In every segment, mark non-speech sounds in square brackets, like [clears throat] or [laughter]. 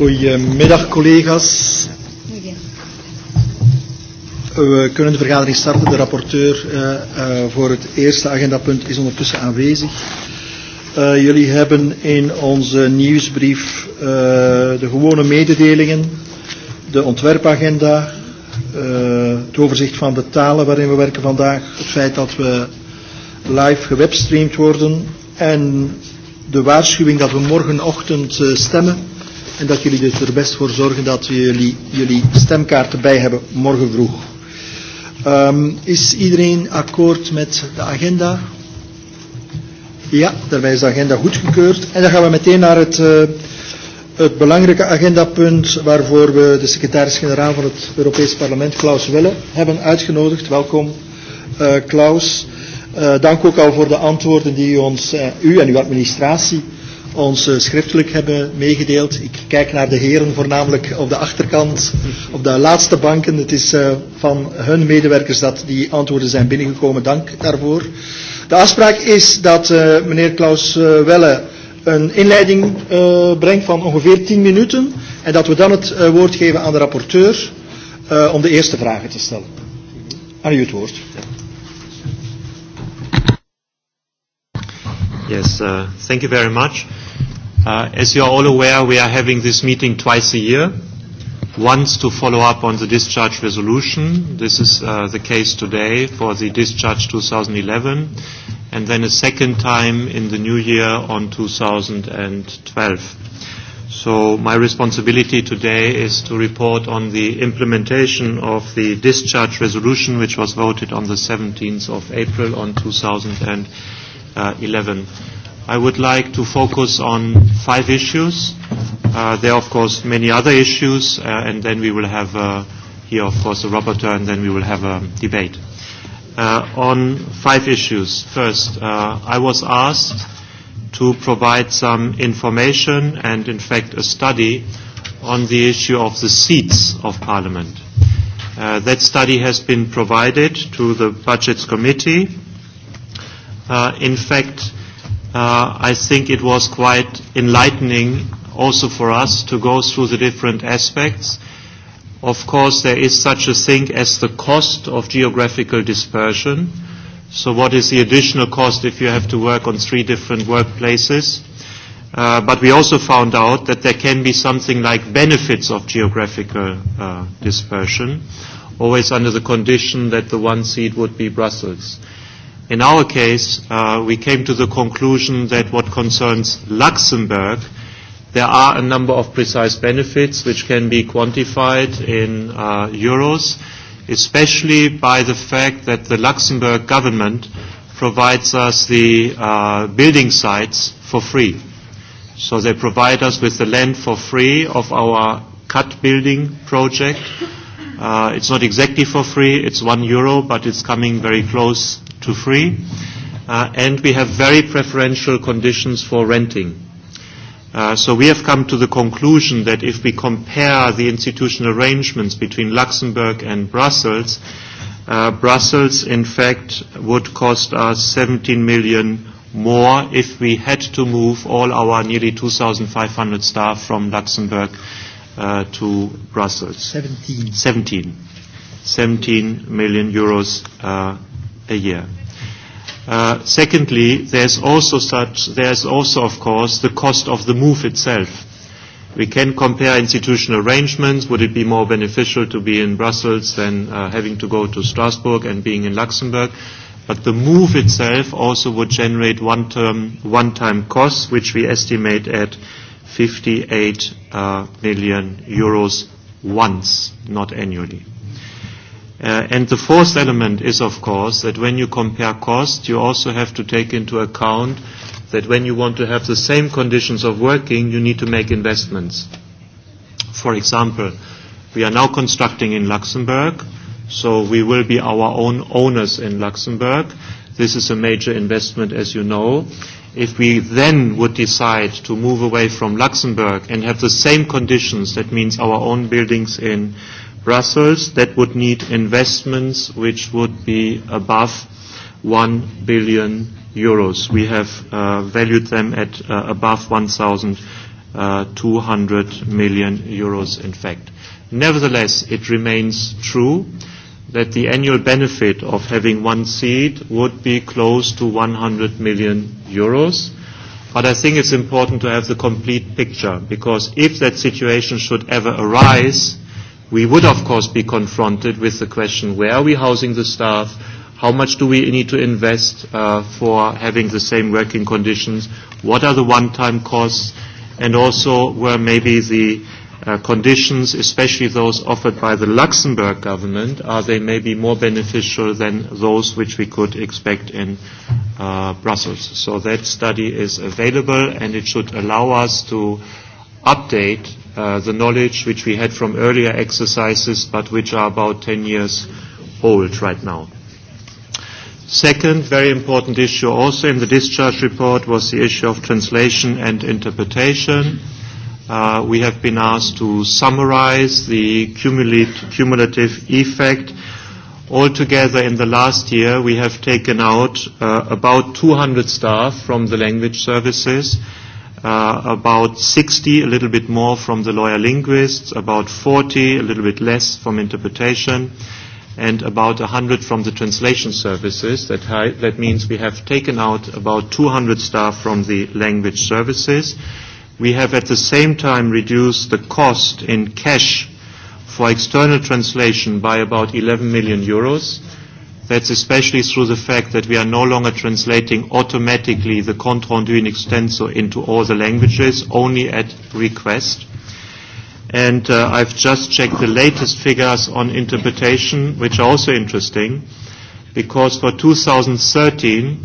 Goedemiddag collega's. We kunnen de vergadering starten. De rapporteur uh, uh, voor het eerste agendapunt is ondertussen aanwezig. Uh, jullie hebben in onze nieuwsbrief uh, de gewone mededelingen, de ontwerpagenda, uh, het overzicht van de talen waarin we werken vandaag, het feit dat we live gewebstreamd worden en de waarschuwing dat we morgenochtend uh, stemmen En dat jullie dus er best voor zorgen dat jullie jullie stemkaarten bij hebben morgen vroeg. Um, is iedereen akkoord met de agenda? Ja, daarbij is de agenda goedgekeurd. En dan gaan we meteen naar het, uh, het belangrijke agendapunt waarvoor we de secretaris-generaal van het Europees Parlement, Klaus Wille, hebben uitgenodigd. Welkom, uh, Klaus. Uh, dank ook al voor de antwoorden die u ons, uh, u en uw administratie, ons uh, schriftelijk hebben meegedeeld. Ik kijk naar de heren voornamelijk op de achterkant, op de laatste banken. Het is uh, van hun medewerkers dat die antwoorden zijn binnengekomen. Dank daarvoor. De afspraak is dat uh, meneer Klaus uh, Welle een inleiding uh, brengt van ongeveer 10 minuten en dat we dan het uh, woord geven aan de rapporteur uh, om de eerste vragen te stellen. Aan u het woord. Yes, uh, thank you very much. Uh, as you are all aware, we are having this meeting twice a year. Once to follow up on the discharge resolution. This is uh, the case today for the discharge 2011. And then a second time in the new year on 2012. So my responsibility today is to report on the implementation of the discharge resolution which was voted on the 17th of April on 2011. I would like to focus on five issues. Uh, there are, of course, many other issues, uh, and then we will have uh, here, of course, a rapporteur, and then we will have a debate. Uh, on five issues. First, uh, I was asked to provide some information and, in fact, a study on the issue of the seats of Parliament. Uh, that study has been provided to the Budgets Committee. Uh, in fact, uh, I think it was quite enlightening also for us to go through the different aspects. Of course, there is such a thing as the cost of geographical dispersion. So what is the additional cost if you have to work on three different workplaces? Uh, but we also found out that there can be something like benefits of geographical uh, dispersion, always under the condition that the one seat would be Brussels. Uh, In our case, uh, we came to the conclusion that what concerns Luxembourg, there are a number of precise benefits which can be quantified in uh, euros, especially by the fact that the Luxembourg government provides us the uh, building sites for free. So they provide us with the land for free of our cut building project. Uh, it's not exactly for free, it's one euro, but it's coming very close to free, uh, and we have very preferential conditions for renting. Uh, so we have come to the conclusion that if we compare the institutional arrangements between Luxembourg and Brussels, uh, Brussels in fact would cost us 17 million more if we had to move all our nearly 2,500 staff from Luxembourg uh, to Brussels. 17. 17. 17 million euros uh, a year. Uh, secondly, there's also such, there's also, of course, the cost of the move itself. We can compare institutional arrangements. Would it be more beneficial to be in Brussels than uh, having to go to Strasbourg and being in Luxembourg? But the move itself also would generate one term, one -time costs, which we estimate at 58 uh, million euros once, not annually. Uh, and the fourth element is, of course, that when you compare costs, you also have to take into account that when you want to have the same conditions of working, you need to make investments. For example, we are now constructing in Luxembourg, so we will be our own owners in Luxembourg. This is a major investment, as you know. If we then would decide to move away from Luxembourg and have the same conditions, that means our own buildings in Brussels that would need investments which would be above 1 billion euros. We have uh, valued them at uh, above 1,200 uh, million euros, in fact. Nevertheless, it remains true that the annual benefit of having one seat would be close to 100 million euros. But I think it's important to have the complete picture because if that situation should ever arise, we would of course be confronted with the question, where are we housing the staff? How much do we need to invest uh, for having the same working conditions? What are the one-time costs? And also where maybe the uh, conditions, especially those offered by the Luxembourg government, are they maybe more beneficial than those which we could expect in uh, Brussels? So that study is available and it should allow us to update Uh, the knowledge which we had from earlier exercises, but which are about 10 years old right now. Second very important issue also in the discharge report was the issue of translation and interpretation. Uh, we have been asked to summarize the cumulative effect. Altogether in the last year we have taken out uh, about 200 staff from the language services uh, about 60, a little bit more from the lawyer linguists, about 40, a little bit less from interpretation, and about 100 from the translation services. That, high, that means we have taken out about 200 staff from the language services. We have at the same time reduced the cost in cash for external translation by about 11 million euros That's especially through the fact that we are no longer translating automatically the compte rendu in extenso into all the languages, only at request. And uh, I've just checked the latest figures on interpretation, which are also interesting, because for 2013,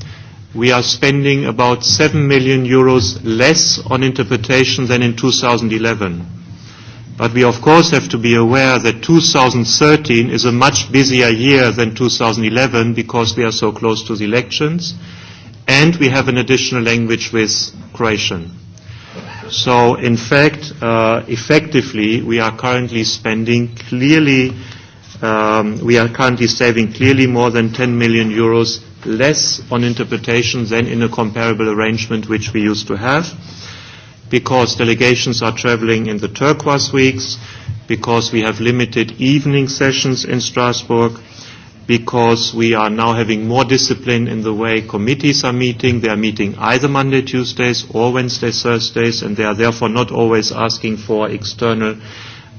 we are spending about 7 million euros less on interpretation than in 2011 But we of course have to be aware that 2013 is a much busier year than 2011 because we are so close to the elections and we have an additional language with Croatian. So in fact, uh, effectively, we are currently spending clearly, um, we are currently saving clearly more than 10 million euros less on interpretation than in a comparable arrangement which we used to have because delegations are traveling in the turquoise weeks, because we have limited evening sessions in Strasbourg, because we are now having more discipline in the way committees are meeting. They are meeting either Monday, Tuesdays or Wednesday, Thursdays, and they are therefore not always asking for external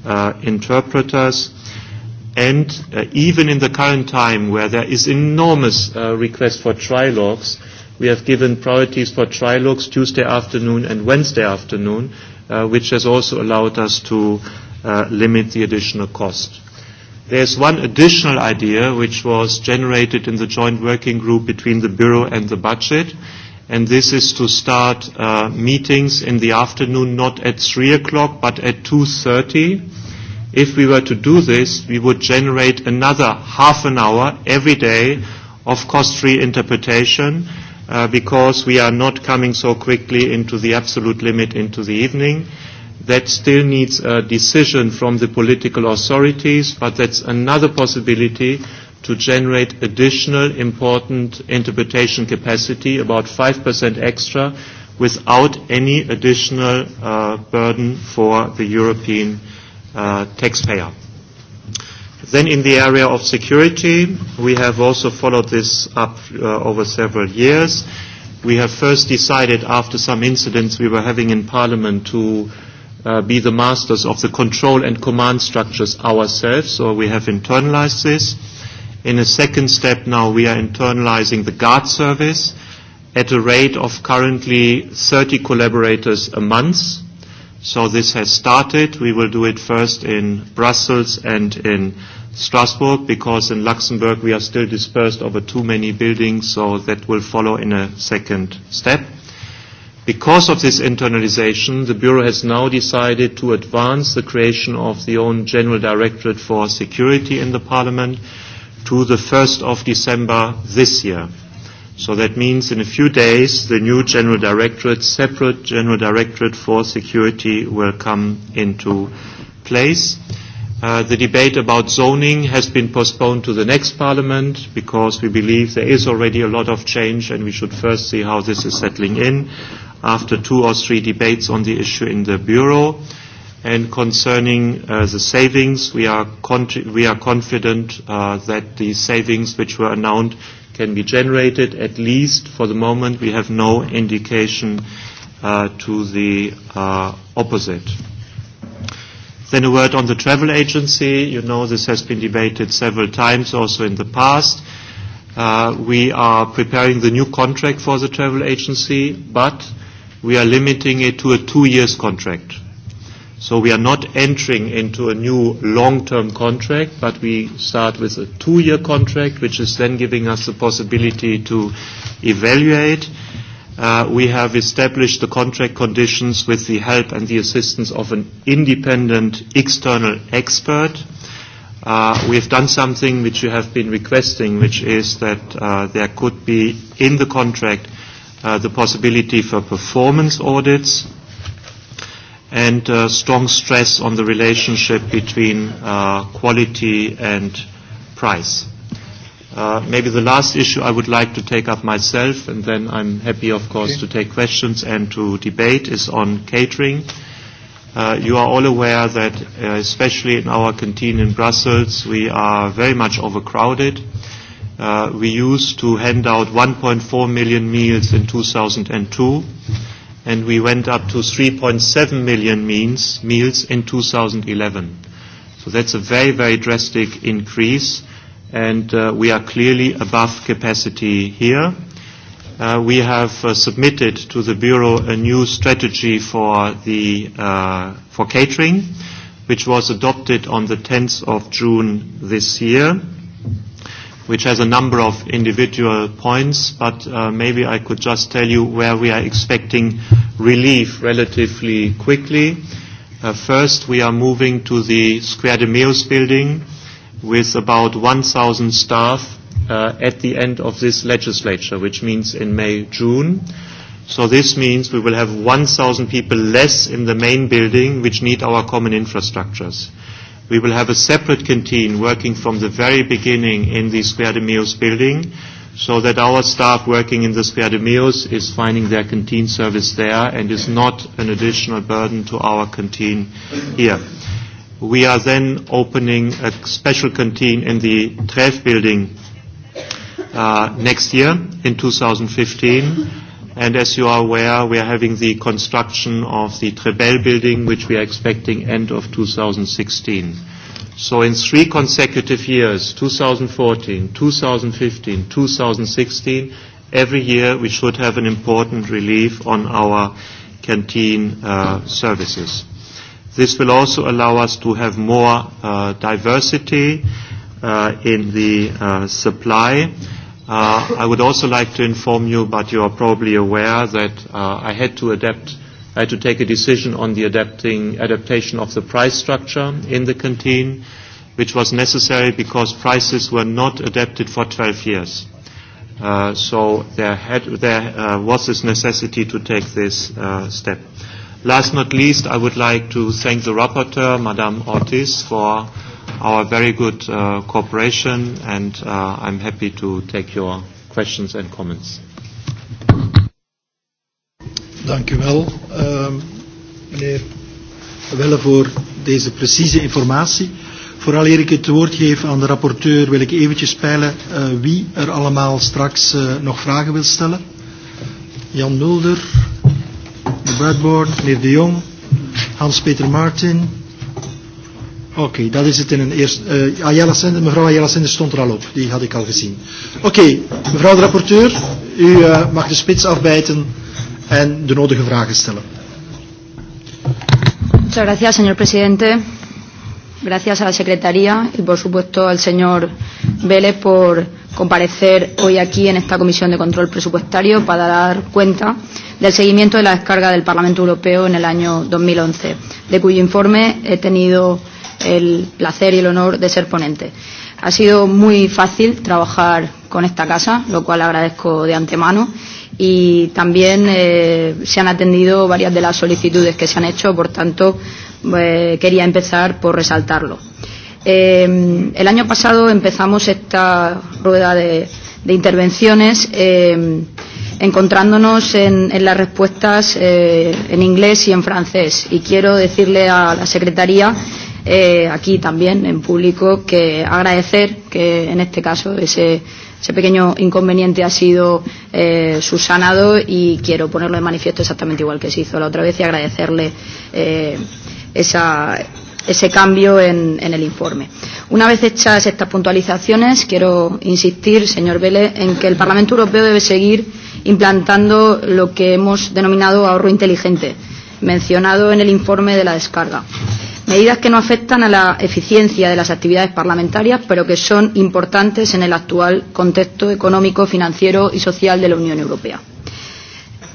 uh, interpreters. And uh, even in the current time where there is enormous uh, request for trilogues, uh, We have given priorities for trilogues Tuesday afternoon and Wednesday afternoon, uh, which has also allowed us to uh, limit the additional cost. There's one additional idea which was generated in the joint working group between the Bureau and the budget, and this is to start uh, meetings in the afternoon, not at 3 o'clock, but at 2.30. If we were to do this, we would generate another half an hour every day of cost-free interpretation, uh, because we are not coming so quickly into the absolute limit into the evening. That still needs a decision from the political authorities, but that's another possibility to generate additional important interpretation capacity, about 5% extra, without any additional uh, burden for the European uh, taxpayer. Then in the area of security, we have also followed this up uh, over several years. We have first decided after some incidents we were having in Parliament to uh, be the masters of the control and command structures ourselves, so we have internalized this. In a second step now we are internalizing the guard service at a rate of currently 30 collaborators a month. So this has started. We will do it first in Brussels and in Strasbourg because in Luxembourg we are still dispersed over too many buildings, so that will follow in a second step. Because of this internalization, the Bureau has now decided to advance the creation of the own General Directorate for Security in the Parliament to the 1st of December this year. So that means in a few days the new General Directorate, separate General Directorate for Security will come into place. Uh, the debate about zoning has been postponed to the next parliament because we believe there is already a lot of change and we should first see how this is settling in after two or three debates on the issue in the Bureau. And concerning uh, the savings, we are, con- we are confident uh, that the savings which were announced can be generated. At least for the moment, we have no indication uh, to the uh, opposite. Then a word on the travel agency. You know this has been debated several times also in the past. Uh, we are preparing the new contract for the travel agency, but we are limiting it to a two years contract. So we are not entering into a new long-term contract, but we start with a two-year contract, which is then giving us the possibility to evaluate uh, we have established the contract conditions with the help and the assistance of an independent external expert. Uh, we have done something which you have been requesting, which is that uh, there could be in the contract uh, the possibility for performance audits and uh, strong stress on the relationship between uh, quality and price. Uh, maybe the last issue I would like to take up myself, and then I'm happy, of course, okay. to take questions and to debate, is on catering. Uh, you are all aware that, uh, especially in our canteen in Brussels, we are very much overcrowded. Uh, we used to hand out 1.4 million meals in 2002, and we went up to 3.7 million means, meals in 2011. So that's a very, very drastic increase and uh, we are clearly above capacity here. Uh, we have uh, submitted to the Bureau a new strategy for, the, uh, for catering, which was adopted on the 10th of June this year, which has a number of individual points, but uh, maybe I could just tell you where we are expecting relief relatively quickly. Uh, first, we are moving to the Square de Meos building, with about 1,000 staff uh, at the end of this legislature, which means in May, June. So this means we will have 1,000 people less in the main building, which need our common infrastructures. We will have a separate canteen working from the very beginning in the Square de Meos building, so that our staff working in the Square de Meos is finding their canteen service there and is not an additional burden to our canteen here we are then opening a special canteen in the Treff building uh, next year in 2015. And as you are aware, we are having the construction of the Trebel building, which we are expecting end of 2016. So in three consecutive years, 2014, 2015, 2016, every year we should have an important relief on our canteen uh, services. This will also allow us to have more uh, diversity uh, in the uh, supply. Uh, I would also like to inform you, but you are probably aware, that uh, I had to adapt, I had to take a decision on the adapting, adaptation of the price structure in the canteen, which was necessary because prices were not adapted for 12 years. Uh, so there, had, there uh, was this necessity to take this uh, step. Last not least, I would like to thank the rapporteur, Madame Ortiz, for our very good uh, cooperation, and uh, I'm happy to take your questions and comments. Thank you well. uh, ehm, meneer Welle, voor deze precieze informatie. Vooral eer ik het woord geef aan de rapporteur, wil ik eventjes peilen uh, wie er allemaal straks uh, nog vragen wil stellen. Jan Mulder, de Bradbourne, meneer De Jong, Hans-Peter Martin. Oké, okay, dat is het in een eerste... Uh, Ayala Sender, mevrouw Ayala Sender stond er al op, die had ik al gezien. Oké, okay, mevrouw de rapporteur, u uh, mag de spits afbijten en de nodige vragen stellen. Muchas gracias, señor presidente. Gracias a la Secretaría y, por supuesto, al señor Vélez por comparecer hoy aquí en esta Comisión de Control Presupuestario para dar cuenta del seguimiento de la descarga del Parlamento Europeo en el año 2011, de cuyo informe he tenido el placer y el honor de ser ponente. Ha sido muy fácil trabajar con esta casa, lo cual agradezco de antemano, y también eh, se han atendido varias de las solicitudes que se han hecho, por tanto, eh, quería empezar por resaltarlo. Eh, Eh, el año pasado empezamos esta rueda de, de intervenciones eh, encontrándonos en, en las respuestas eh, en inglés y en francés. Y quiero decirle a la Secretaría eh, aquí también en público que agradecer que en este caso ese, ese pequeño inconveniente ha sido eh, subsanado y quiero ponerlo de manifiesto exactamente igual que se hizo la otra vez y agradecerle eh, esa ese cambio en, en el informe. Una vez hechas estas puntualizaciones, quiero insistir, señor Vélez, en que el Parlamento Europeo debe seguir implantando lo que hemos denominado ahorro inteligente, mencionado en el informe de la descarga. Medidas que no afectan a la eficiencia de las actividades parlamentarias, pero que son importantes en el actual contexto económico, financiero y social de la Unión Europea.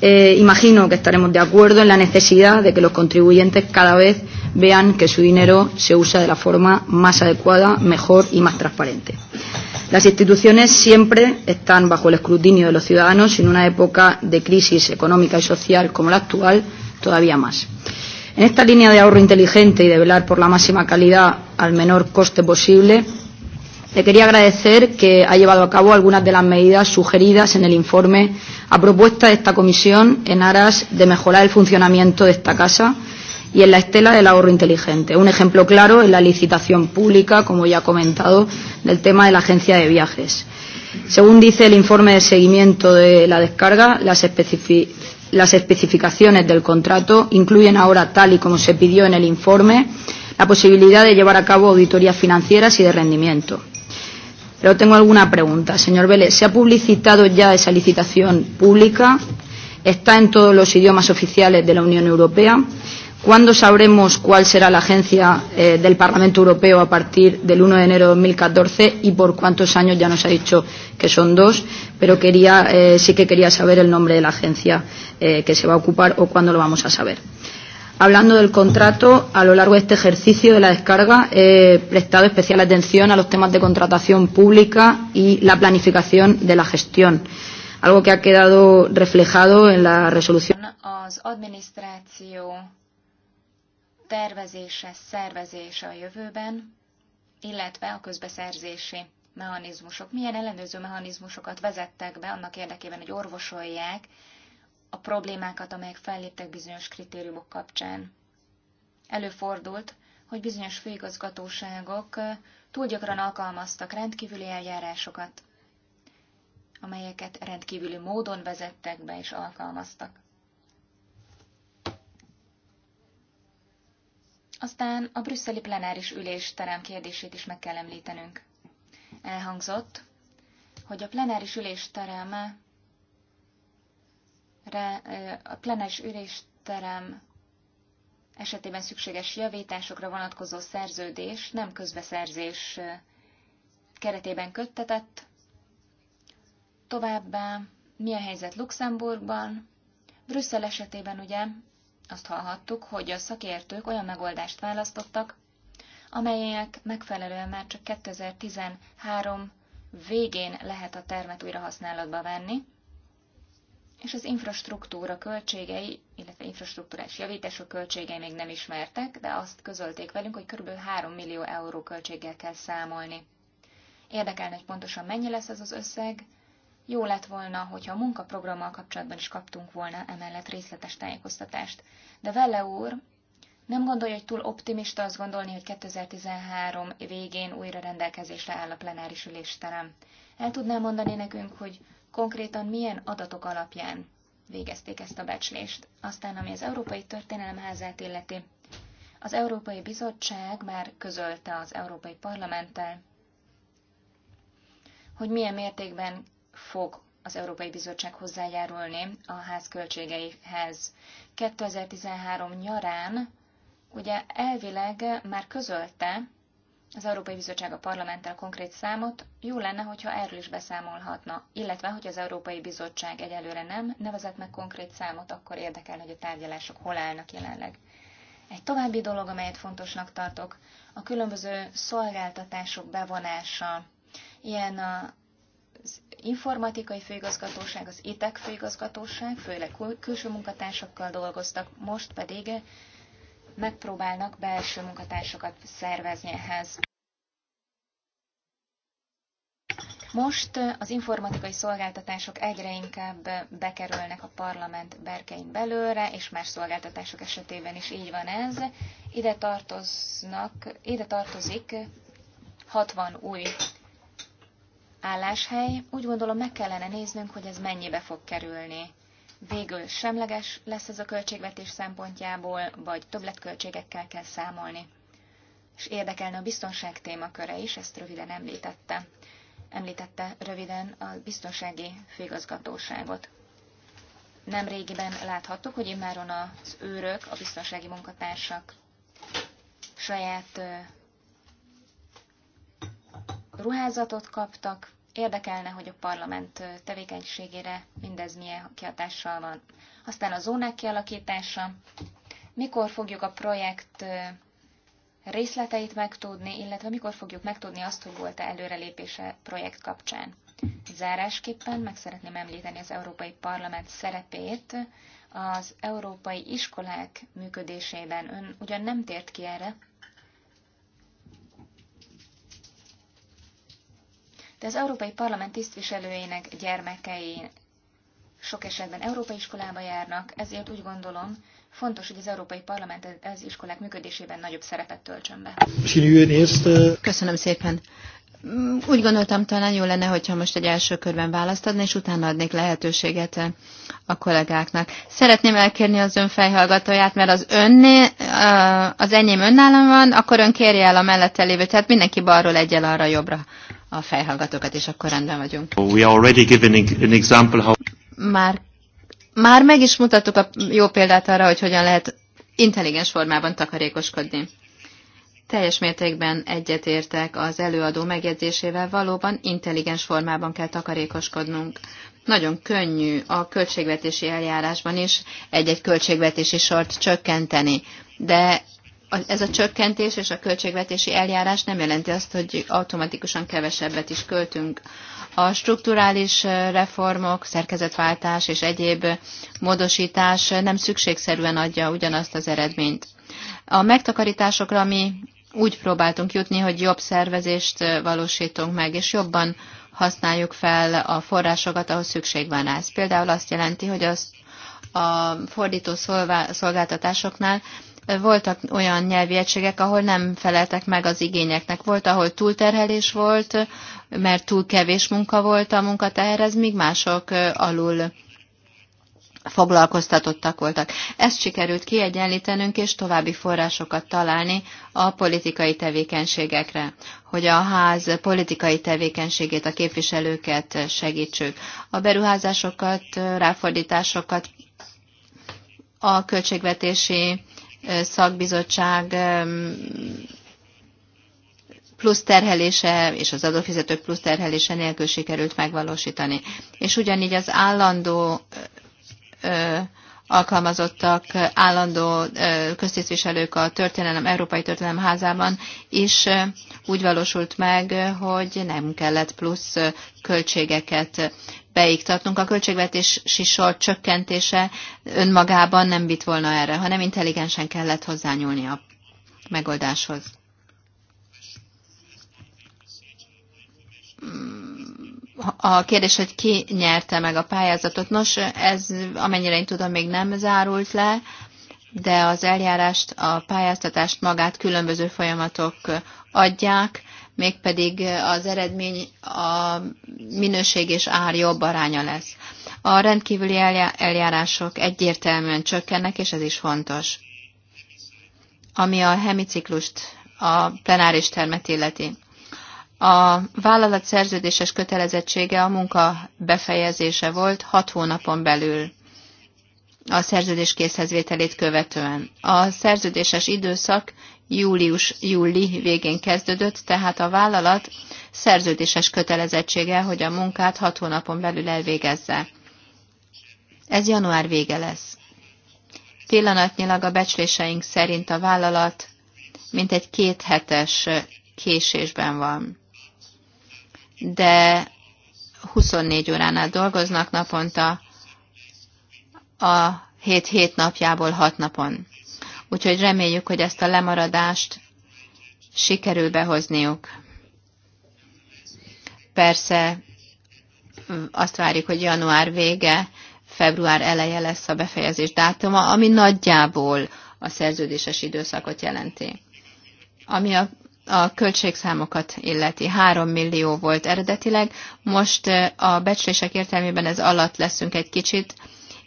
Eh, imagino que estaremos de acuerdo en la necesidad de que los contribuyentes cada vez vean que su dinero se usa de la forma más adecuada, mejor y más transparente. Las instituciones siempre están bajo el escrutinio de los ciudadanos y en una época de crisis económica y social como la actual, todavía más. En esta línea de ahorro inteligente y de velar por la máxima calidad al menor coste posible, le quería agradecer que ha llevado a cabo algunas de las medidas sugeridas en el informe a propuesta de esta comisión en aras de mejorar el funcionamiento de esta casa y en la estela del ahorro inteligente. Un ejemplo claro es la licitación pública, como ya ha comentado, del tema de la agencia de viajes. Según dice el informe de seguimiento de la descarga, las, especific las especificaciones del contrato incluyen ahora, tal y como se pidió en el informe, la posibilidad de llevar a cabo auditorías financieras y de rendimiento. Pero tengo alguna pregunta, señor Vélez. ¿Se ha publicitado ya esa licitación pública? ¿Está en todos los idiomas oficiales de la Unión Europea? ¿Cuándo sabremos cuál será la agencia eh, del Parlamento Europeo a partir del 1 de enero de 2014 y por cuántos años? Ya nos ha dicho que son dos, pero quería, eh, sí que quería saber el nombre de la agencia eh, que se va a ocupar o cuándo lo vamos a saber. Hablando del contrato, a lo largo de este ejercicio de la descarga he prestado especial atención a los temas de contratación pública y la planificación de la gestión, algo que ha quedado reflejado en la resolución. Az adminisztráció tervezése, szervezése a jövőben, illetve a közbeszerzési mechanizmusok. Milyen ellenőrző mechanizmusokat vezettek be annak érdekében, hogy orvosolják a problémákat, amelyek felléptek bizonyos kritériumok kapcsán. Előfordult, hogy bizonyos főigazgatóságok túl gyakran alkalmaztak rendkívüli eljárásokat, amelyeket rendkívüli módon vezettek be és alkalmaztak. Aztán a brüsszeli plenáris ülésterem kérdését is meg kell említenünk. Elhangzott, hogy a plenáris ülésterem a plenes ülésterem esetében szükséges javításokra vonatkozó szerződés nem közbeszerzés keretében köttetett. Továbbá mi a helyzet Luxemburgban? Brüsszel esetében ugye azt hallhattuk, hogy a szakértők olyan megoldást választottak, amelyek megfelelően már csak 2013 végén lehet a termet újra használatba venni, és az infrastruktúra költségei, illetve infrastruktúrás javítások költségei még nem ismertek, de azt közölték velünk, hogy kb. 3 millió euró költséggel kell számolni. Érdekelne, hogy pontosan mennyi lesz ez az összeg. Jó lett volna, hogyha a munkaprogrammal kapcsolatban is kaptunk volna emellett részletes tájékoztatást. De Velle úr nem gondolja, hogy túl optimista azt gondolni, hogy 2013 végén újra rendelkezésre áll a plenáris ülésterem. El tudná mondani nekünk, hogy konkrétan milyen adatok alapján végezték ezt a becslést. Aztán, ami az Európai Házát illeti, az Európai Bizottság már közölte az Európai Parlamenttel, hogy milyen mértékben fog az Európai Bizottság hozzájárulni a ház költségeihez. 2013 nyarán ugye elvileg már közölte az Európai Bizottság a parlamenttel konkrét számot, jó lenne, hogyha erről is beszámolhatna, illetve, hogy az Európai Bizottság egyelőre nem nevezett meg konkrét számot, akkor érdekel, hogy a tárgyalások hol állnak jelenleg. Egy további dolog, amelyet fontosnak tartok, a különböző szolgáltatások bevonása. Ilyen az informatikai főigazgatóság, az ITEK főigazgatóság, főleg kül külső munkatársakkal dolgoztak, most pedig megpróbálnak belső munkatársakat szervezni ehhez. Most az informatikai szolgáltatások egyre inkább bekerülnek a parlament berkein belőle, és más szolgáltatások esetében is így van ez. Ide, tartoznak, ide tartozik 60 új álláshely. Úgy gondolom meg kellene néznünk, hogy ez mennyibe fog kerülni végül semleges lesz ez a költségvetés szempontjából, vagy többletköltségekkel kell számolni. És érdekelne a biztonság témaköre is, ezt röviden említette. Említette röviden a biztonsági főigazgatóságot. Nem régiben láthattuk, hogy immáron az őrök, a biztonsági munkatársak saját ruházatot kaptak, Érdekelne, hogy a parlament tevékenységére mindez milyen kihatással van. Aztán a zónák kialakítása. Mikor fogjuk a projekt részleteit megtudni, illetve mikor fogjuk megtudni azt, hogy volt-e előrelépése projekt kapcsán. Zárásképpen meg szeretném említeni az Európai Parlament szerepét az európai iskolák működésében. Ön ugyan nem tért ki erre, de az Európai Parlament tisztviselőjének gyermekei sok esetben európai iskolába járnak, ezért úgy gondolom, fontos, hogy az Európai Parlament az iskolák működésében nagyobb szerepet töltsön be. Köszönöm szépen. Úgy gondoltam, talán jó lenne, hogyha most egy első körben választ adni, és utána adnék lehetőséget a kollégáknak. Szeretném elkérni az ön fejhallgatóját, mert az önné, az enyém önnálam van, akkor ön kérje el a mellette lévő, tehát mindenki balról egyel arra jobbra a fejhallgatókat, és akkor rendben vagyunk. We given an example how... Már, már meg is mutattuk a jó példát arra, hogy hogyan lehet intelligens formában takarékoskodni. Teljes mértékben egyetértek az előadó megjegyzésével, valóban intelligens formában kell takarékoskodnunk. Nagyon könnyű a költségvetési eljárásban is egy-egy költségvetési sort csökkenteni, de ez a csökkentés és a költségvetési eljárás nem jelenti azt, hogy automatikusan kevesebbet is költünk. A strukturális reformok, szerkezetváltás és egyéb módosítás nem szükségszerűen adja ugyanazt az eredményt. A megtakarításokra mi úgy próbáltunk jutni, hogy jobb szervezést valósítunk meg, és jobban használjuk fel a forrásokat, ahol szükség van rá. Ez például azt jelenti, hogy az a fordító szolgáltatásoknál voltak olyan nyelvi egységek, ahol nem feleltek meg az igényeknek. Volt, ahol túlterhelés volt, mert túl kevés munka volt a munkateherhez, míg mások alul foglalkoztatottak voltak. Ezt sikerült kiegyenlítenünk és további forrásokat találni a politikai tevékenységekre, hogy a ház politikai tevékenységét, a képviselőket segítsük. A beruházásokat, ráfordításokat a költségvetési szakbizottság plusz terhelése és az adófizetők plusz terhelése nélkül sikerült megvalósítani. És ugyanígy az állandó alkalmazottak, állandó köztisztviselők a történelem, Európai Történelem házában is úgy valósult meg, hogy nem kellett plusz költségeket beiktatnunk. A költségvetési sor csökkentése önmagában nem vitt volna erre, hanem intelligensen kellett hozzányúlni a megoldáshoz a kérdés, hogy ki nyerte meg a pályázatot. Nos, ez amennyire én tudom, még nem zárult le, de az eljárást, a pályáztatást magát különböző folyamatok adják, mégpedig az eredmény a minőség és ár jobb aránya lesz. A rendkívüli eljárások egyértelműen csökkennek, és ez is fontos. Ami a hemiciklust, a plenáris termet illeti. A vállalat szerződéses kötelezettsége a munka befejezése volt hat hónapon belül a szerződés készhezvételét követően. A szerződéses időszak július-júli végén kezdődött, tehát a vállalat szerződéses kötelezettsége, hogy a munkát hat hónapon belül elvégezze. Ez január vége lesz. Pillanatnyilag a becsléseink szerint a vállalat mintegy kéthetes késésben van de 24 óránál dolgoznak naponta, a 7-7 napjából 6 napon. Úgyhogy reméljük, hogy ezt a lemaradást sikerül behozniuk. Persze azt várjuk, hogy január vége, február eleje lesz a befejezés dátuma, ami nagyjából a szerződéses időszakot jelenti. Ami a a költségszámokat illeti. 3 millió volt eredetileg, most a becslések értelmében ez alatt leszünk egy kicsit,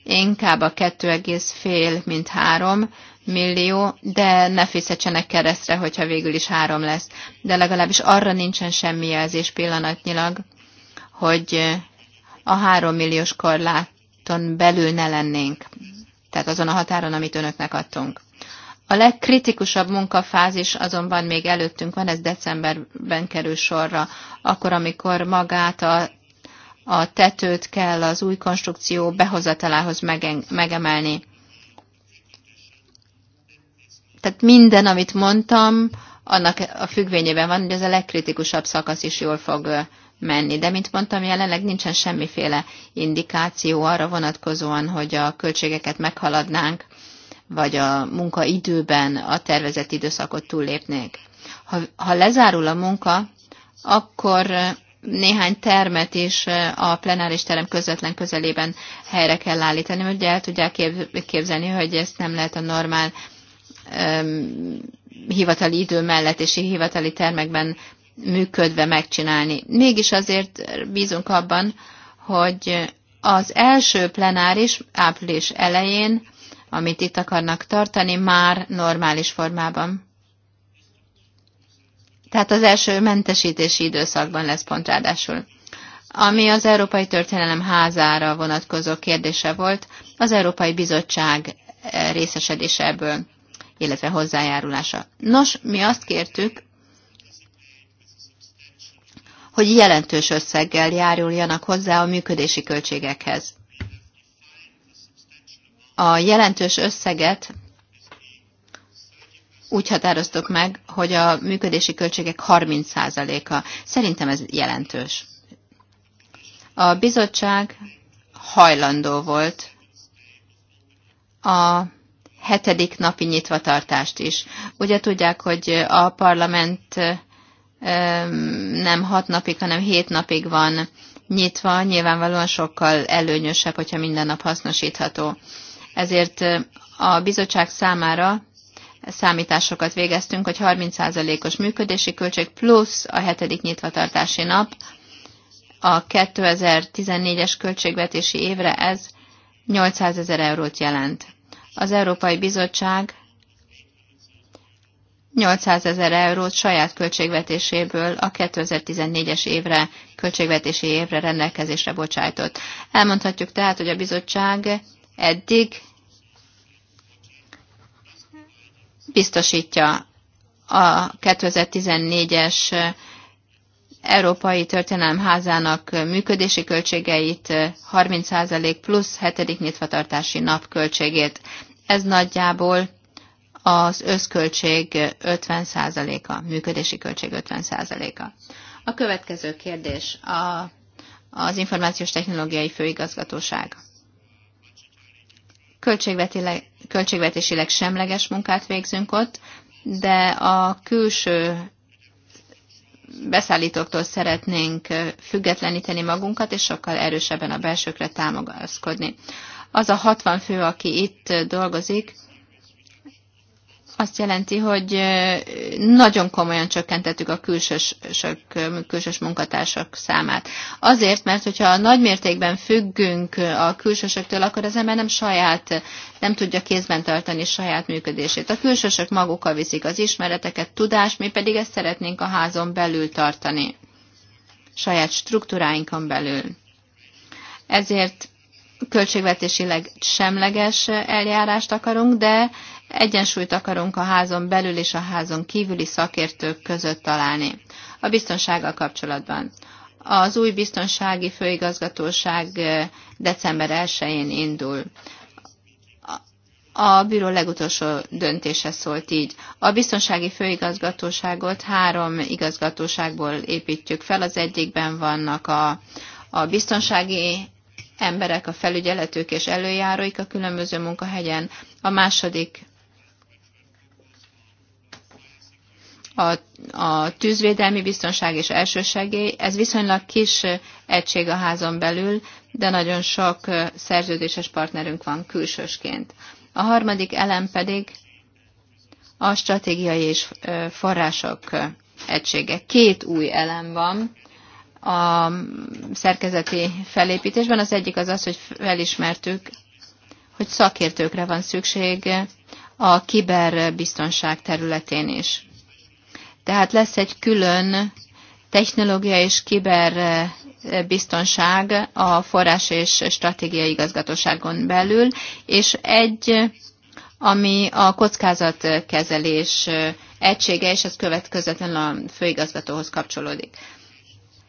inkább a 2,5, mint 3 millió, de ne fizetsenek keresztre, hogyha végül is 3 lesz. De legalábbis arra nincsen semmi jelzés pillanatnyilag, hogy a 3 milliós korláton belül ne lennénk. Tehát azon a határon, amit önöknek adtunk. A legkritikusabb munkafázis azonban még előttünk van, ez decemberben kerül sorra, akkor, amikor magát a, a tetőt kell az új konstrukció behozatalához megen, megemelni. Tehát minden, amit mondtam, annak a függvényében van, hogy ez a legkritikusabb szakasz is jól fog menni. De, mint mondtam, jelenleg nincsen semmiféle indikáció arra vonatkozóan, hogy a költségeket meghaladnánk vagy a munkaidőben a tervezett időszakot túllépnék. Ha, ha lezárul a munka, akkor néhány termet is a plenáris terem közvetlen közelében helyre kell állítani, ugye el tudják képzelni, hogy ezt nem lehet a normál um, hivatali idő mellett és hivatali termekben működve megcsinálni. Mégis azért bízunk abban, hogy az első plenáris április elején amit itt akarnak tartani, már normális formában. Tehát az első mentesítési időszakban lesz pont ráadásul. Ami az Európai Történelem házára vonatkozó kérdése volt, az Európai Bizottság eh, részesedése ebből, illetve hozzájárulása. Nos, mi azt kértük, hogy jelentős összeggel járuljanak hozzá a működési költségekhez a jelentős összeget úgy határoztuk meg, hogy a működési költségek 30%-a. Szerintem ez jelentős. A bizottság hajlandó volt a hetedik napi nyitvatartást is. Ugye tudják, hogy a parlament nem hat napig, hanem hét napig van nyitva, nyilvánvalóan sokkal előnyösebb, hogyha minden nap hasznosítható ezért a bizottság számára számításokat végeztünk, hogy 30%-os működési költség plusz a hetedik nyitvatartási nap, a 2014-es költségvetési évre ez 800 ezer eurót jelent. Az Európai Bizottság 800 ezer eurót saját költségvetéséből a 2014-es évre, költségvetési évre rendelkezésre bocsájtott. Elmondhatjuk tehát, hogy a bizottság eddig biztosítja a 2014-es Európai Történelem Házának működési költségeit, 30% plusz 7. nyitvatartási nap költségét. Ez nagyjából az összköltség 50%-a, működési költség 50%-a. A következő kérdés a, az Információs Technológiai Főigazgatóság költségvetésileg semleges munkát végzünk ott, de a külső beszállítóktól szeretnénk függetleníteni magunkat, és sokkal erősebben a belsőkre támaszkodni. Az a 60 fő, aki itt dolgozik, azt jelenti, hogy nagyon komolyan csökkentettük a külsősök, külsős munkatársak számát. Azért, mert hogyha nagy mértékben függünk a külsősöktől, akkor az ember nem saját, nem tudja kézben tartani saját működését. A külsősök magukkal viszik az ismereteket, tudást, mi pedig ezt szeretnénk a házon belül tartani, saját struktúráinkon belül. Ezért költségvetésileg semleges eljárást akarunk, de Egyensúlyt akarunk a házon belül és a házon kívüli szakértők között találni. A biztonsággal kapcsolatban. Az új biztonsági főigazgatóság december 1-én indul. A bíró legutolsó döntése szólt így. A biztonsági főigazgatóságot három igazgatóságból építjük fel. Az egyikben vannak a, a biztonsági emberek, a felügyeletők és előjáróik a különböző munkahelyen. A második a, a tűzvédelmi biztonság és elsősegély, ez viszonylag kis egység a házon belül, de nagyon sok szerződéses partnerünk van külsősként. A harmadik elem pedig a stratégiai és források egysége. Két új elem van a szerkezeti felépítésben. Az egyik az az, hogy felismertük, hogy szakértőkre van szükség a kiberbiztonság területén is. Tehát lesz egy külön technológia és kiber eh, biztonság a forrás és stratégiai igazgatóságon belül, és egy, ami a kockázatkezelés eh, egysége, és ez következetlenül a főigazgatóhoz kapcsolódik.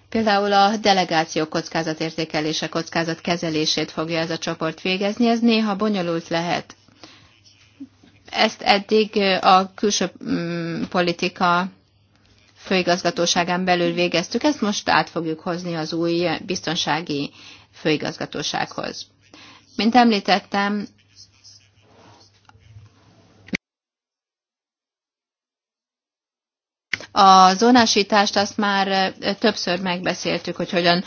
Például a delegáció kockázatértékelése, kockázatkezelését fogja ez a csoport végezni, ez néha bonyolult lehet. Ezt eddig eh, a külső mm, politika főigazgatóságán belül végeztük, ezt most át fogjuk hozni az új biztonsági főigazgatósághoz. Mint említettem, A zónásítást azt már többször megbeszéltük, hogy hogyan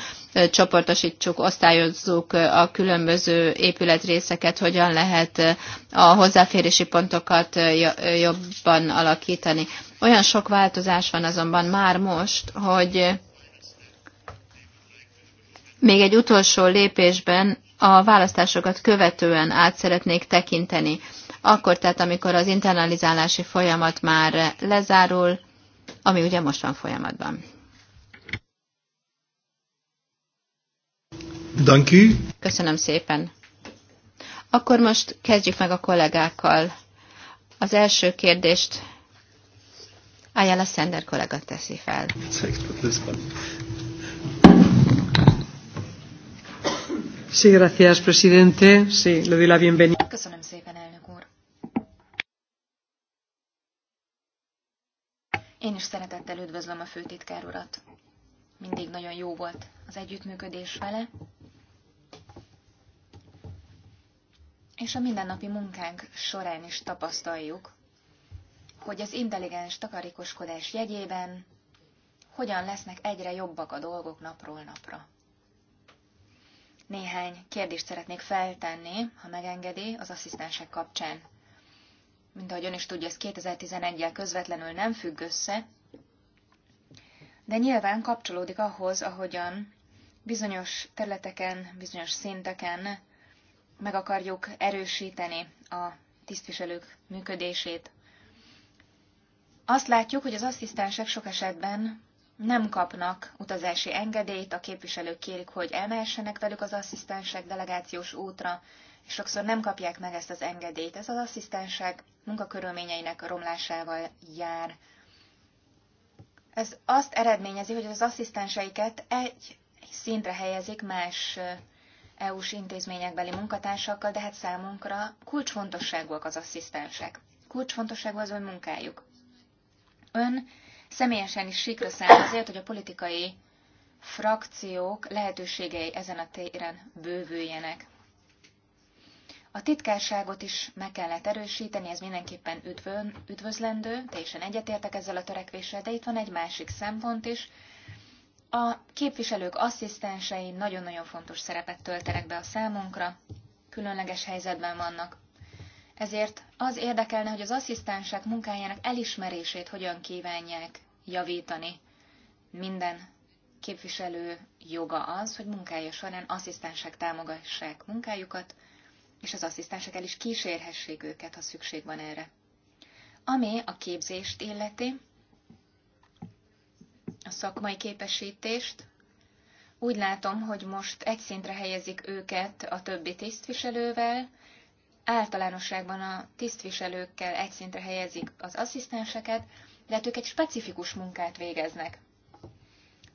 csoportosítsuk, osztályozzuk a különböző épületrészeket, hogyan lehet a hozzáférési pontokat jobban alakítani. Olyan sok változás van azonban már most, hogy még egy utolsó lépésben a választásokat követően át szeretnék tekinteni. Akkor tehát, amikor az internalizálási folyamat már lezárul, ami ugye most van folyamatban. Danki. Köszönöm szépen. Akkor most kezdjük meg a kollégákkal. Az első kérdést Ayala Sender kollega teszi fel. Sí, gracias, presidente. Sí, le doy la bienvenida. Köszönöm szépen, Én is szeretettel üdvözlöm a főtitkár urat. Mindig nagyon jó volt az együttműködés vele. És a mindennapi munkánk során is tapasztaljuk, hogy az intelligens takarékoskodás jegyében hogyan lesznek egyre jobbak a dolgok napról napra. Néhány kérdést szeretnék feltenni, ha megengedi, az asszisztensek kapcsán mint ahogy ön is tudja, ez 2011-jel közvetlenül nem függ össze, de nyilván kapcsolódik ahhoz, ahogyan bizonyos területeken, bizonyos szinteken meg akarjuk erősíteni a tisztviselők működését. Azt látjuk, hogy az asszisztensek sok esetben nem kapnak utazási engedélyt, a képviselők kérik, hogy elmehessenek velük az asszisztensek delegációs útra, és sokszor nem kapják meg ezt az engedélyt. Ez az asszisztensek munkakörülményeinek romlásával jár. Ez azt eredményezi, hogy az asszisztenseiket egy szintre helyezik más EU-s intézményekbeli munkatársakkal, de hát számunkra kulcsfontosságúak az asszisztensek. Kulcsfontosságú az ön munkájuk. Ön személyesen is sikra szám azért, hogy a politikai frakciók lehetőségei ezen a téren bővüljenek. A titkárságot is meg kellett erősíteni, ez mindenképpen üdvön, üdvözlendő, teljesen egyetértek ezzel a törekvéssel, de itt van egy másik szempont is. A képviselők asszisztensei nagyon-nagyon fontos szerepet töltenek be a számunkra, különleges helyzetben vannak. Ezért az érdekelne, hogy az asszisztensek munkájának elismerését hogyan kívánják javítani. Minden képviselő joga az, hogy munkája során asszisztensek támogassák munkájukat, és az asszisztensek el is kísérhessék őket, ha szükség van erre. Ami a képzést illeti, a szakmai képesítést, úgy látom, hogy most egy szintre helyezik őket a többi tisztviselővel, általánosságban a tisztviselőkkel egy szintre helyezik az asszisztenseket, de hát ők egy specifikus munkát végeznek.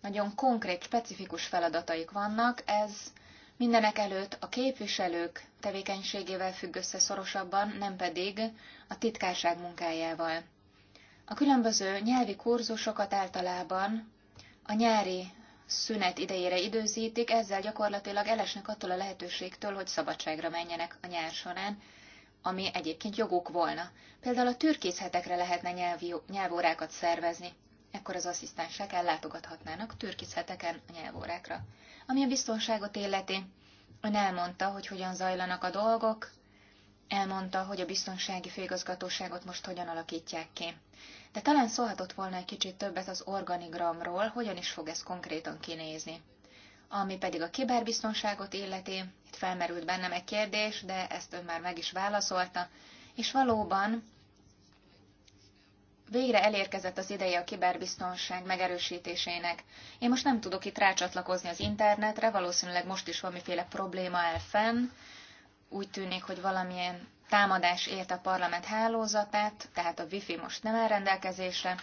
Nagyon konkrét, specifikus feladataik vannak, ez Mindenek előtt a képviselők tevékenységével függ össze szorosabban, nem pedig a titkárság munkájával. A különböző nyelvi kurzusokat általában a nyári szünet idejére időzítik, ezzel gyakorlatilag elesnek attól a lehetőségtől, hogy szabadságra menjenek a nyár során, ami egyébként joguk volna. Például a türkészhetekre lehetne nyelvi, nyelvórákat szervezni ekkor az asszisztensek ellátogathatnának türkizheteken a nyelvórákra. Ami a biztonságot illeti, ön elmondta, hogy hogyan zajlanak a dolgok, elmondta, hogy a biztonsági főigazgatóságot most hogyan alakítják ki. De talán szólhatott volna egy kicsit többet az organigramról, hogyan is fog ez konkrétan kinézni. Ami pedig a kiberbiztonságot illeti, itt felmerült bennem egy kérdés, de ezt ön már meg is válaszolta, és valóban Végre elérkezett az ideje a kiberbiztonság megerősítésének. Én most nem tudok itt rácsatlakozni az internetre, valószínűleg most is valamiféle probléma el fenn. Úgy tűnik, hogy valamilyen támadás ért a parlament hálózatát, tehát a wifi most nem áll rendelkezésre.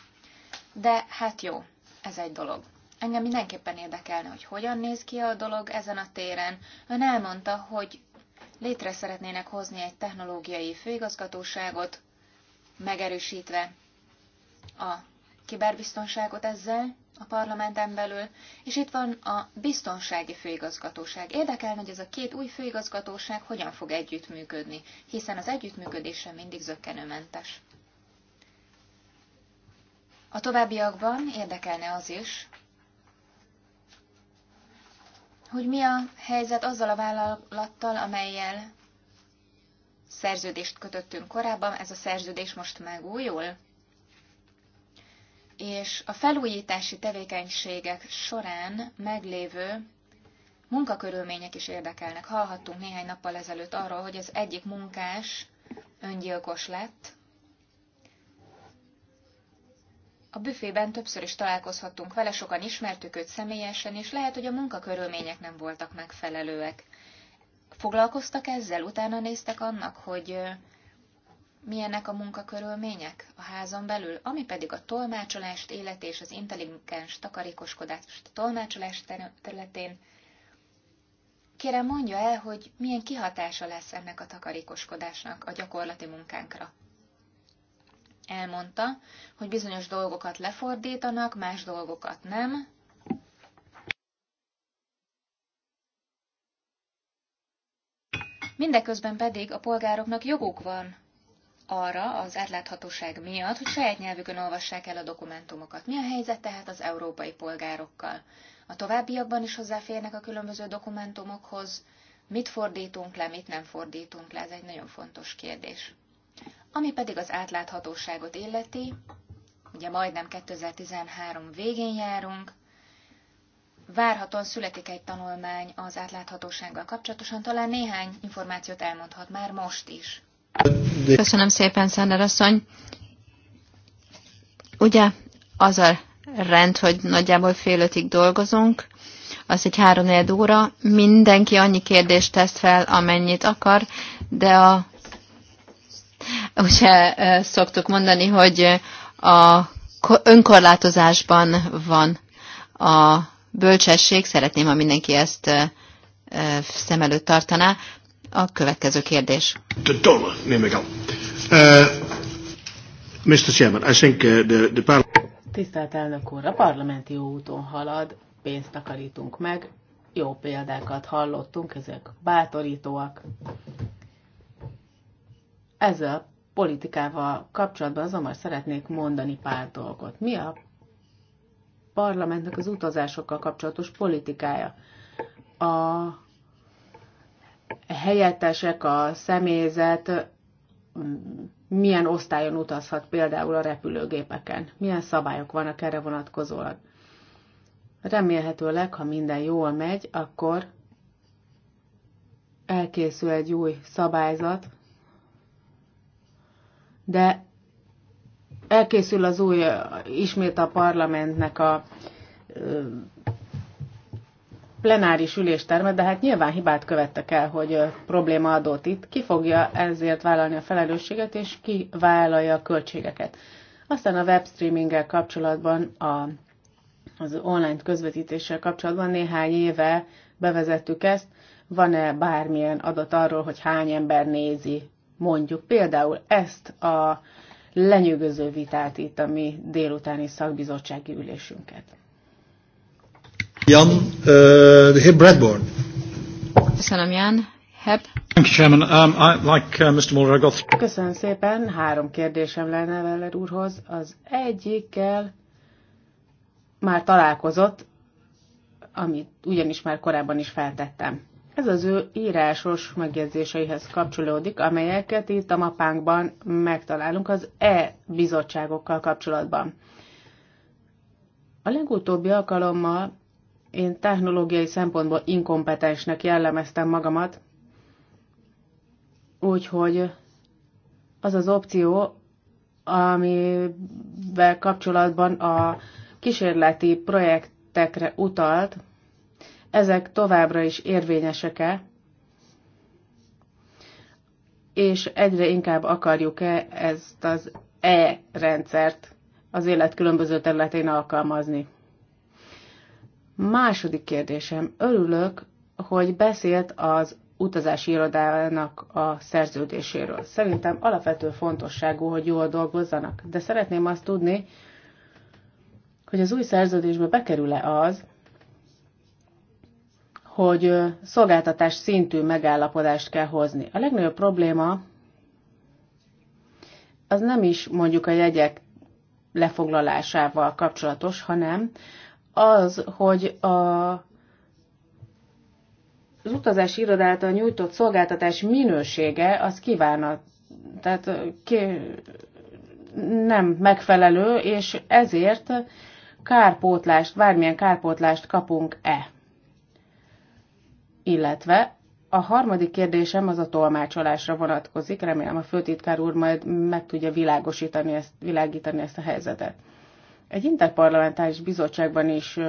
De hát jó, ez egy dolog. Engem mindenképpen érdekelne, hogy hogyan néz ki a dolog ezen a téren. Ön elmondta, hogy létre szeretnének hozni egy technológiai főigazgatóságot, megerősítve a kiberbiztonságot ezzel a parlamenten belül, és itt van a biztonsági főigazgatóság. Érdekelne, hogy ez a két új főigazgatóság hogyan fog együttműködni, hiszen az együttműködése mindig zöggenőmentes. A továbbiakban érdekelne az is, hogy mi a helyzet azzal a vállalattal, amelyel szerződést kötöttünk korábban, ez a szerződés most megújul? és a felújítási tevékenységek során meglévő munkakörülmények is érdekelnek. Hallhattunk néhány nappal ezelőtt arról, hogy az egyik munkás öngyilkos lett. A büfében többször is találkozhattunk vele, sokan ismertük őt személyesen, és lehet, hogy a munkakörülmények nem voltak megfelelőek. Foglalkoztak ezzel? Utána néztek annak, hogy milyenek a munkakörülmények a házon belül, ami pedig a tolmácsolást, élet és az intelligens takarékoskodást tolmácsolás területén. Kérem mondja el, hogy milyen kihatása lesz ennek a takarékoskodásnak a gyakorlati munkánkra. Elmondta, hogy bizonyos dolgokat lefordítanak, más dolgokat nem, Mindeközben pedig a polgároknak joguk van arra az átláthatóság miatt, hogy saját nyelvükön olvassák el a dokumentumokat. Mi a helyzet tehát az európai polgárokkal? A továbbiakban is hozzáférnek a különböző dokumentumokhoz? Mit fordítunk le, mit nem fordítunk le? Ez egy nagyon fontos kérdés. Ami pedig az átláthatóságot illeti, ugye majdnem 2013 végén járunk, Várhatóan születik egy tanulmány az átláthatósággal kapcsolatosan, talán néhány információt elmondhat már most is. Köszönöm szépen, Szander asszony. Ugye az a rend, hogy nagyjából fél ötig dolgozunk, az egy három óra, mindenki annyi kérdést tesz fel, amennyit akar, de a, ugye szoktuk mondani, hogy a önkorlátozásban van a bölcsesség, szeretném, ha mindenki ezt szem előtt tartaná a következő kérdés. The dollar, Uh, Mr. Chairman, I think eh, the, the parliament... Tisztelt elnök úr, a parlamenti úton halad, pénzt takarítunk meg, jó példákat hallottunk, ezek bátorítóak. Ezzel a politikával kapcsolatban azonban szeretnék mondani pár dolgot. Mi a parlamentnek az utazásokkal kapcsolatos politikája? A helyettesek, a személyzet milyen osztályon utazhat például a repülőgépeken, milyen szabályok vannak erre vonatkozólag. Remélhetőleg, ha minden jól megy, akkor elkészül egy új szabályzat, de elkészül az új, ismét a parlamentnek a plenáris üléstermet, de hát nyilván hibát követtek el, hogy probléma adott itt. Ki fogja ezért vállalni a felelősséget, és ki vállalja a költségeket. Aztán a webstreaminggel kapcsolatban, a, az online közvetítéssel kapcsolatban néhány éve bevezettük ezt. Van-e bármilyen adat arról, hogy hány ember nézi mondjuk például ezt a lenyűgöző vitát itt a mi délutáni szakbizottsági ülésünket? Jan, uh, de heer Bradbourn. Köszönöm, Jan. Heb. Thank you, Chairman. Um, I, like uh, Mr. Mulder, I got... Köszönöm szépen. Három kérdésem lenne veled úrhoz. Az egyikkel már találkozott, amit ugyanis már korábban is feltettem. Ez az ő írásos megjegyzéseihez kapcsolódik, amelyeket itt a mapánkban megtalálunk az e-bizottságokkal kapcsolatban. A legutóbbi alkalommal én technológiai szempontból inkompetensnek jellemeztem magamat, úgyhogy az az opció, amivel kapcsolatban a kísérleti projektekre utalt, ezek továbbra is érvényesek-e, és egyre inkább akarjuk-e ezt az E-rendszert az élet különböző területén alkalmazni. Második kérdésem. Örülök, hogy beszélt az utazási irodának a szerződéséről. Szerintem alapvető fontosságú, hogy jól dolgozzanak, de szeretném azt tudni, hogy az új szerződésbe bekerül-e az, hogy szolgáltatás szintű megállapodást kell hozni. A legnagyobb probléma az nem is mondjuk a jegyek lefoglalásával kapcsolatos, hanem az, hogy a, az utazási iroda által nyújtott szolgáltatás minősége az kívánat, tehát ki, nem megfelelő, és ezért kárpótlást, bármilyen kárpótlást kapunk-e. Illetve a harmadik kérdésem az a tolmácsolásra vonatkozik, remélem a főtitkár úr majd meg tudja világosítani ezt, világítani ezt a helyzetet egy interparlamentáris bizottságban is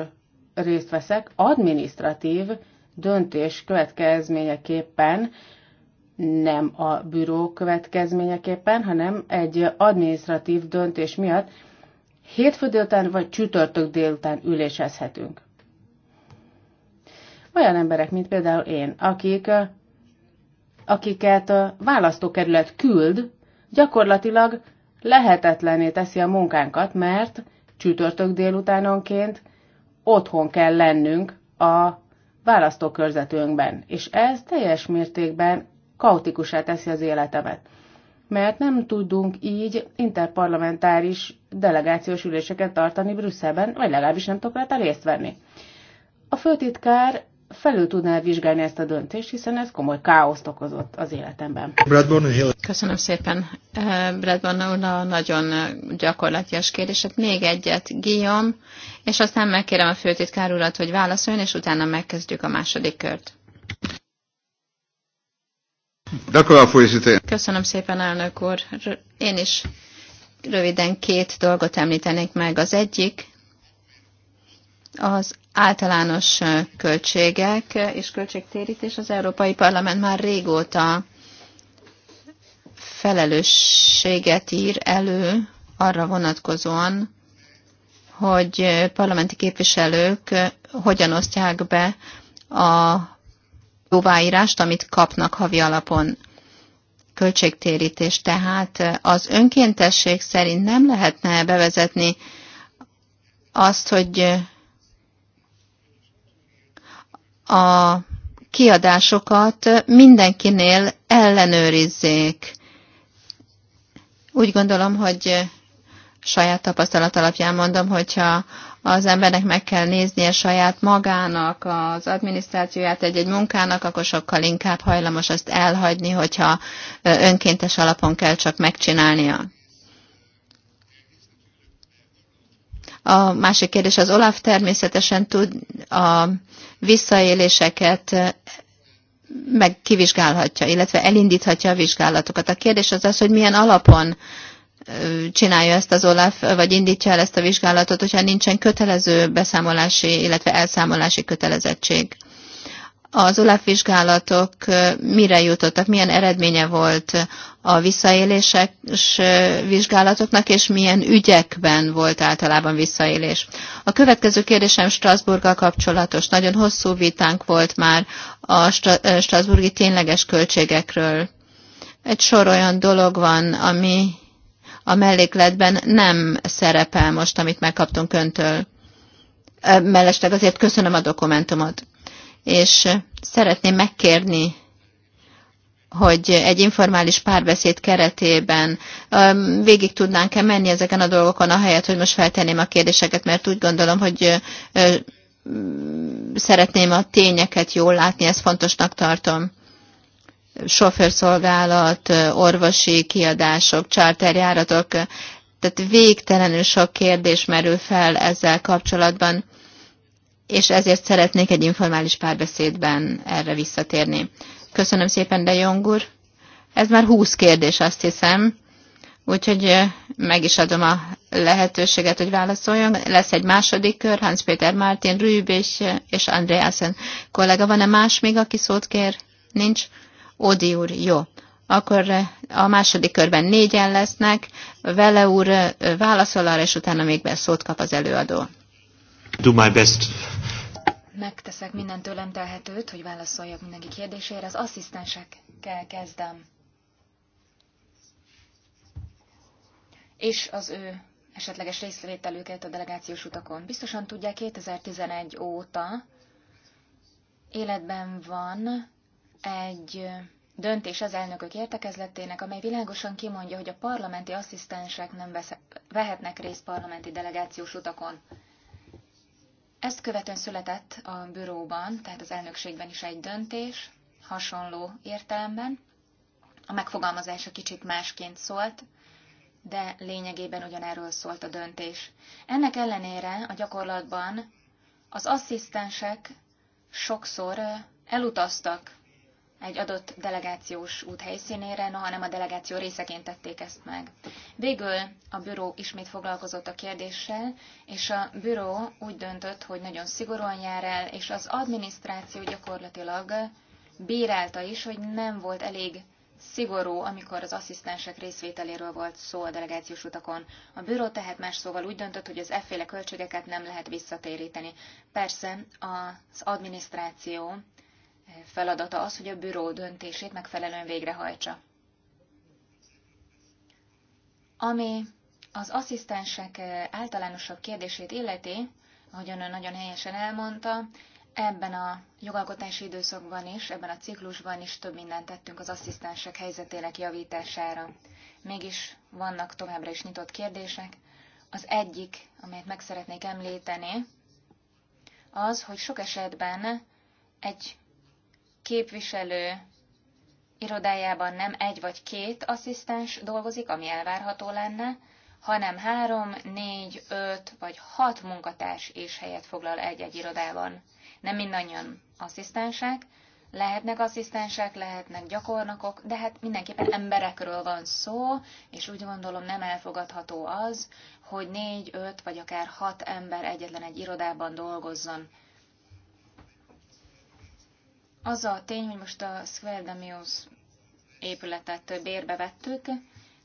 részt veszek, administratív döntés következményeképpen, nem a büró következményeképpen, hanem egy administratív döntés miatt hétfő délután vagy csütörtök délután ülésezhetünk. Olyan emberek, mint például én, akik, akiket a választókerület küld, gyakorlatilag lehetetlené teszi a munkánkat, mert csütörtök délutánonként otthon kell lennünk a választókörzetünkben, és ez teljes mértékben kaotikusá teszi az életemet. Mert nem tudunk így interparlamentáris delegációs üléseket tartani Brüsszelben, vagy legalábbis nem tudok rá részt venni. A főtitkár felül tudnál vizsgálni ezt a döntést, hiszen ez komoly káoszt okozott az életemben. Bradburn Köszönöm szépen. Eh, Bradburn úr, nagyon gyakorlatias kérdések. Még egyet, Guillaume, és aztán megkérem a főtitkár urat, hogy válaszoljon, és utána megkezdjük a második kört. Köszönöm szépen, elnök úr. Én is röviden két dolgot említenék meg. Az egyik az általános költségek és költségtérítés az Európai Parlament már régóta felelősséget ír elő arra vonatkozóan, hogy parlamenti képviselők hogyan osztják be a jóváírást, amit kapnak havi alapon. Költségtérítés tehát az önkéntesség szerint nem lehetne bevezetni azt, hogy a kiadásokat mindenkinél ellenőrizzék. Úgy gondolom, hogy saját tapasztalat alapján mondom, hogyha az embernek meg kell néznie saját magának, az adminisztrációját egy-egy munkának, akkor sokkal inkább hajlamos azt elhagyni, hogyha önkéntes alapon kell csak megcsinálnia. A másik kérdés, az Olaf természetesen tud a visszaéléseket meg kivizsgálhatja, illetve elindíthatja a vizsgálatokat. A kérdés az az, hogy milyen alapon csinálja ezt az Olaf, vagy indítja el ezt a vizsgálatot, hogyha nincsen kötelező beszámolási, illetve elszámolási kötelezettség az ULAP vizsgálatok mire jutottak, milyen eredménye volt a visszaélések vizsgálatoknak, és milyen ügyekben volt általában visszaélés. A következő kérdésem Strasburggal kapcsolatos. Nagyon hosszú vitánk volt már a Strasburgi tényleges költségekről. Egy sor olyan dolog van, ami a mellékletben nem szerepel most, amit megkaptunk öntől. Mellesleg azért köszönöm a dokumentumot és eh, szeretném megkérni hogy egy informális párbeszéd keretében um, végig tudnánk-e menni ezeken a dolgokon, ahelyett, hogy most feltenném a kérdéseket, mert úgy gondolom, hogy eh, eh, szeretném a tényeket jól látni, ezt fontosnak tartom. Sofőrszolgálat, orvosi kiadások, charterjáratok, tehát végtelenül sok kérdés merül fel ezzel kapcsolatban és ezért szeretnék egy informális párbeszédben erre visszatérni. Köszönöm szépen, de Jong úr. Ez már 20 kérdés, azt hiszem. Úgyhogy eh, meg is adom a lehetőséget, hogy válaszoljon. Lesz egy második kör, Hans Péter Mártin, Rüb és, eh, és Andreasen kollega. Van-e más még, aki szót kér? Nincs? Odi úr, jó. Akkor eh, a második körben négyen lesznek, vele úr válaszol arra, és utána még szót kap az előadó. Do my best megteszek minden tőlem telhetőt, hogy válaszoljak mindenki kérdésére. Az asszisztensekkel kezdem. És az ő esetleges részvételüket a delegációs utakon. Biztosan tudják, 2011 óta életben van egy döntés az elnökök értekezletének, amely világosan kimondja, hogy a parlamenti asszisztensek nem vesz- vehetnek részt parlamenti delegációs utakon. Ezt követően született a büróban, tehát az elnökségben is egy döntés, hasonló értelemben. A megfogalmazása kicsit másként szólt, de lényegében ugyanerről szólt a döntés. Ennek ellenére a gyakorlatban az asszisztensek sokszor elutaztak egy adott delegációs út helyszínére, no, hanem a delegáció részeként tették ezt meg. Végül a büró ismét foglalkozott a kérdéssel, és a büró úgy döntött, hogy nagyon szigorúan jár el, és az adminisztráció gyakorlatilag bírálta is, hogy nem volt elég szigorú, amikor az asszisztensek részvételéről volt szó a delegációs utakon. A bűró tehát más szóval úgy döntött, hogy az efféle költségeket nem lehet visszatéríteni. Persze az adminisztráció feladata az, hogy a büró döntését megfelelően végrehajtsa. Ami az asszisztensek általánosabb kérdését illeti, ahogyan ön nagyon helyesen elmondta, ebben a jogalkotási időszakban is, ebben a ciklusban is több mindent tettünk az asszisztensek helyzetének javítására. Mégis vannak továbbra is nyitott kérdések. Az egyik, amelyet meg szeretnék említeni, az, hogy sok esetben egy képviselő irodájában nem egy vagy két asszisztens dolgozik, ami elvárható lenne, hanem három, négy, öt vagy hat munkatárs és helyet foglal egy-egy irodában. Nem mindannyian asszisztensek, lehetnek asszisztensek, lehetnek gyakornokok, de hát mindenképpen emberekről van szó, és úgy gondolom nem elfogadható az, hogy négy, öt vagy akár hat ember egyetlen egy irodában dolgozzon. Az a tény, hogy most a Square Damios épületet bérbe vettük,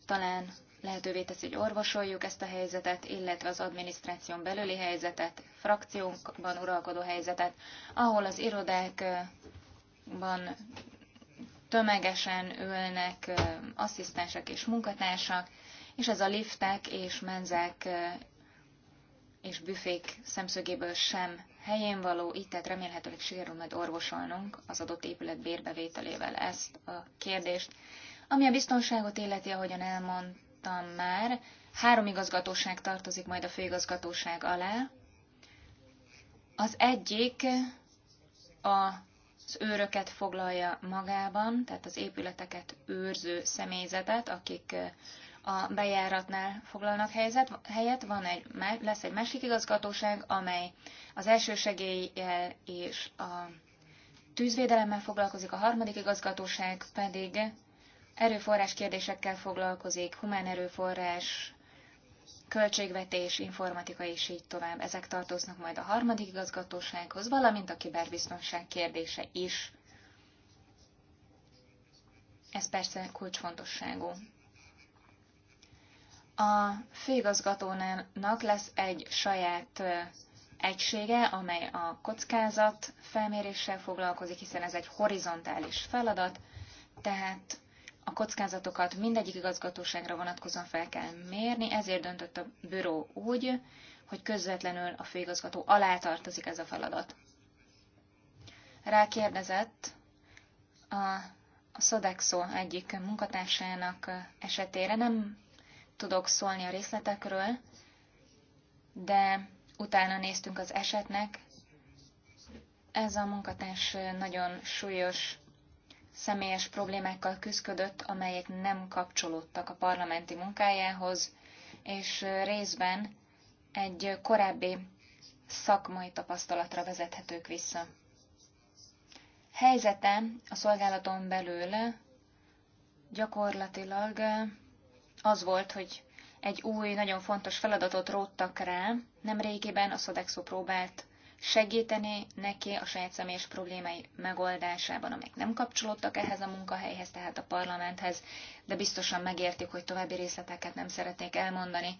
talán lehetővé teszi, hogy orvosoljuk ezt a helyzetet, illetve az adminisztráción belüli helyzetet, frakciónkban uralkodó helyzetet, ahol az irodákban tömegesen ülnek asszisztensek és munkatársak, és ez a liftek és menzek és büfék szemszögéből sem helyén való, itt tehát remélhetőleg sikerül majd orvosolnunk az adott épület bérbevételével ezt a kérdést. Ami a biztonságot illeti, ahogyan elmondtam már, három igazgatóság tartozik majd a főigazgatóság alá. Az egyik az őröket foglalja magában, tehát az épületeket őrző személyzetet, akik a bejáratnál foglalnak helyzet, helyet. Van egy, lesz egy másik igazgatóság, amely az első segéllyel és a tűzvédelemmel foglalkozik, a harmadik igazgatóság pedig erőforrás kérdésekkel foglalkozik, humán erőforrás, költségvetés, informatika és így tovább. Ezek tartoznak majd a harmadik igazgatósághoz, valamint a kiberbiztonság kérdése is. Ez persze kulcsfontosságú. A főigazgatónak lesz egy saját egysége, amely a kockázat felméréssel foglalkozik, hiszen ez egy horizontális feladat, tehát a kockázatokat mindegyik igazgatóságra vonatkozóan fel kell mérni, ezért döntött a büró úgy, hogy közvetlenül a főigazgató alá tartozik ez a feladat. Rákérdezett a, Sodexo egyik munkatársának esetére, nem tudok szólni a részletekről, de utána néztünk az esetnek. Ez a munkatárs nagyon súlyos személyes problémákkal küzdött, amelyek nem kapcsolódtak a parlamenti munkájához, és részben egy korábbi szakmai tapasztalatra vezethetők vissza. Helyzete a szolgálaton belül gyakorlatilag az volt, hogy egy új, nagyon fontos feladatot róttak rá. Nemrégiben a Sodexo próbált segíteni neki a saját személyes problémái megoldásában, amelyek nem kapcsolódtak ehhez a munkahelyhez, tehát a parlamenthez, de biztosan megértik, hogy további részleteket nem szeretnék elmondani,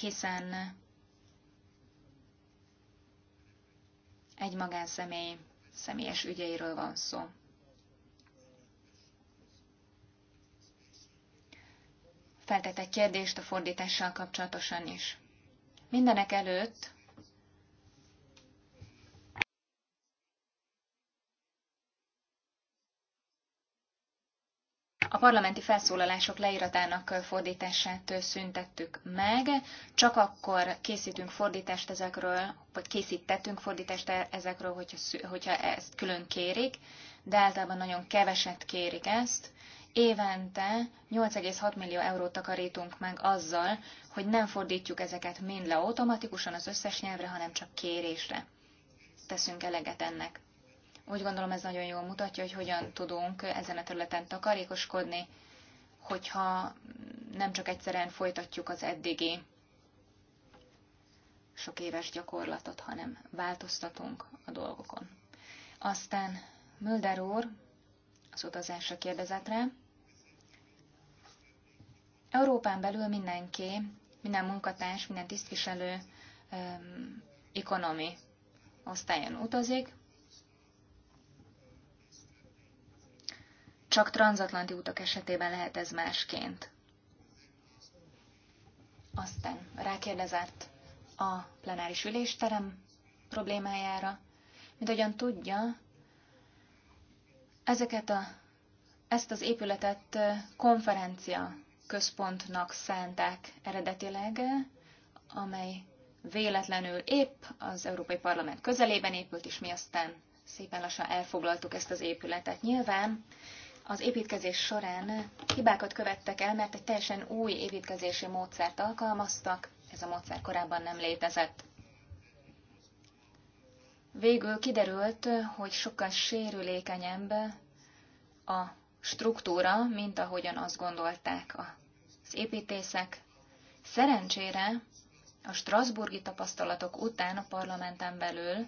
hiszen egy magánszemély személyes ügyeiről van szó. feltett egy kérdést a fordítással kapcsolatosan is. Mindenek előtt a parlamenti felszólalások leíratának fordítását szüntettük meg, csak akkor készítünk fordítást ezekről, vagy készítettünk fordítást e- ezekről, hogyha, hogyha ezt külön kérik, de általában nagyon keveset kérik ezt, évente 8,6 millió eurót takarítunk meg azzal, hogy nem fordítjuk ezeket mind le automatikusan az összes nyelvre, hanem csak kérésre. Teszünk eleget ennek. Úgy gondolom ez nagyon jól mutatja, hogy hogyan tudunk ezen a területen takarékoskodni, hogyha nem csak egyszerűen folytatjuk az eddigi sok éves gyakorlatot, hanem változtatunk a dolgokon. Aztán Mölder úr az utazásra kérdezett rá. Európán belül mindenki, minden munkatárs, minden tisztviselő um, ekonomi osztályon utazik, Csak transatlanti utak esetében lehet ez másként. Aztán rákérdezett a plenáris ülésterem problémájára. Mint ahogyan tudja, ezeket a, ezt az épületet konferencia központnak szánták eredetileg, amely véletlenül épp az Európai Parlament közelében épült, és mi aztán szépen lassan elfoglaltuk ezt az épületet. Nyilván az építkezés során hibákat követtek el, mert egy teljesen új építkezési módszert alkalmaztak, ez a módszer korábban nem létezett. Végül kiderült, hogy sokkal sérülékenyebb a struktúra, mint ahogyan azt gondolták az építészek. Szerencsére a Strasburgi tapasztalatok után a parlamenten belül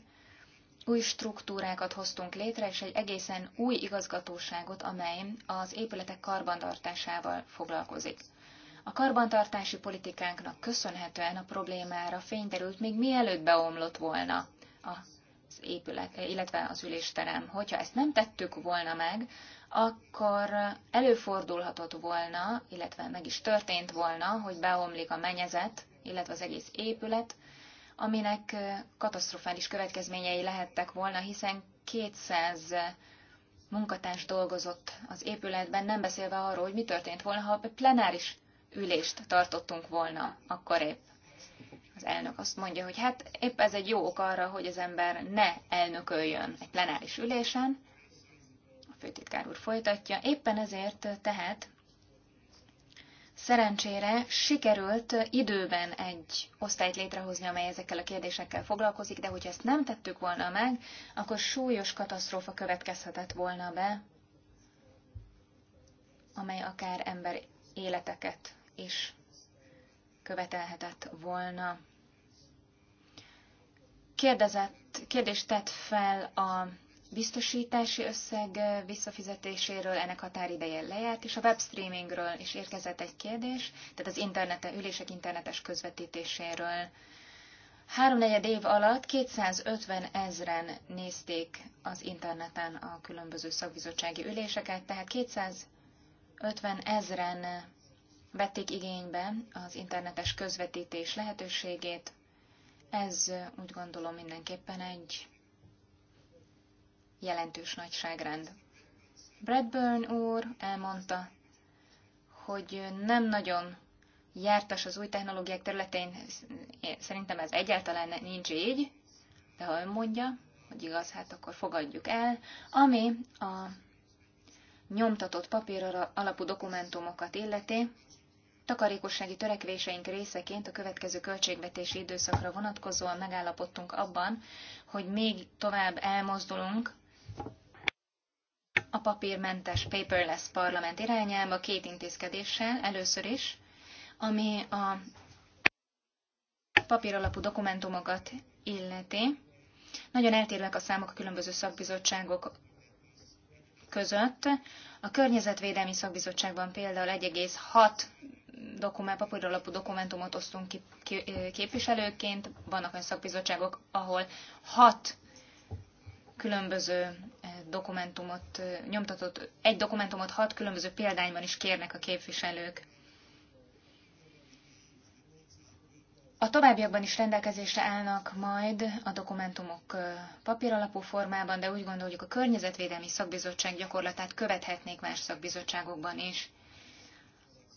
új struktúrákat hoztunk létre, és egy egészen új igazgatóságot, amely az épületek karbantartásával foglalkozik. A karbantartási politikánknak köszönhetően a problémára fényderült még mielőtt beomlott volna az épület, illetve az ülésterem. Hogyha ezt nem tettük volna meg, akkor előfordulhatott volna, illetve meg is történt volna, hogy beomlik a menyezet, illetve az egész épület, aminek katasztrofális következményei lehettek volna, hiszen 200 munkatárs dolgozott az épületben, nem beszélve arról, hogy mi történt volna, ha plenáris ülést tartottunk volna, akkor épp az elnök azt mondja, hogy hát épp ez egy jó ok arra, hogy az ember ne elnököljön egy plenáris ülésen, főtitkár úr folytatja. Éppen ezért tehát Szerencsére sikerült időben egy osztályt létrehozni, amely ezekkel a kérdésekkel foglalkozik, de hogyha ezt nem tettük volna meg, akkor súlyos katasztrófa következhetett volna be, amely akár ember életeket is követelhetett volna. Kérdezett, kérdést tett fel a biztosítási összeg eh, visszafizetéséről, ennek határideje lejárt, és a webstreamingről is érkezett egy kérdés, tehát az internete, ülések internetes közvetítéséről. Háromnegyed év alatt 250 ezren nézték az interneten a különböző szakbizottsági üléseket, tehát 250 ezren vették igénybe az internetes közvetítés lehetőségét. Ez úgy gondolom mindenképpen egy jelentős nagyságrend. Bradburn úr elmondta, hogy nem nagyon jártas az új technológiák területén, szerintem ez egyáltalán nincs így, de ha ön mondja, hogy igaz, hát akkor fogadjuk el, ami a nyomtatott papír alapú dokumentumokat illeti, Takarékossági törekvéseink részeként a következő költségvetési időszakra vonatkozóan megállapodtunk abban, hogy még tovább elmozdulunk a papírmentes paperless parlament irányába két intézkedéssel először is, ami a papíralapú dokumentumokat illeti. Nagyon eltérnek a számok a különböző szakbizottságok között. A környezetvédelmi szakbizottságban például 1,6 dokument, papíralapú dokumentumot osztunk ki képviselőként, vannak olyan szakbizottságok, ahol 6 különböző eh, dokumentumot, eh, nyomtatott, egy dokumentumot hat különböző példányban is kérnek a képviselők. A továbbiakban is rendelkezésre állnak majd a dokumentumok eh, papíralapú formában, de úgy gondoljuk a Környezetvédelmi Szakbizottság gyakorlatát követhetnék más szakbizottságokban is.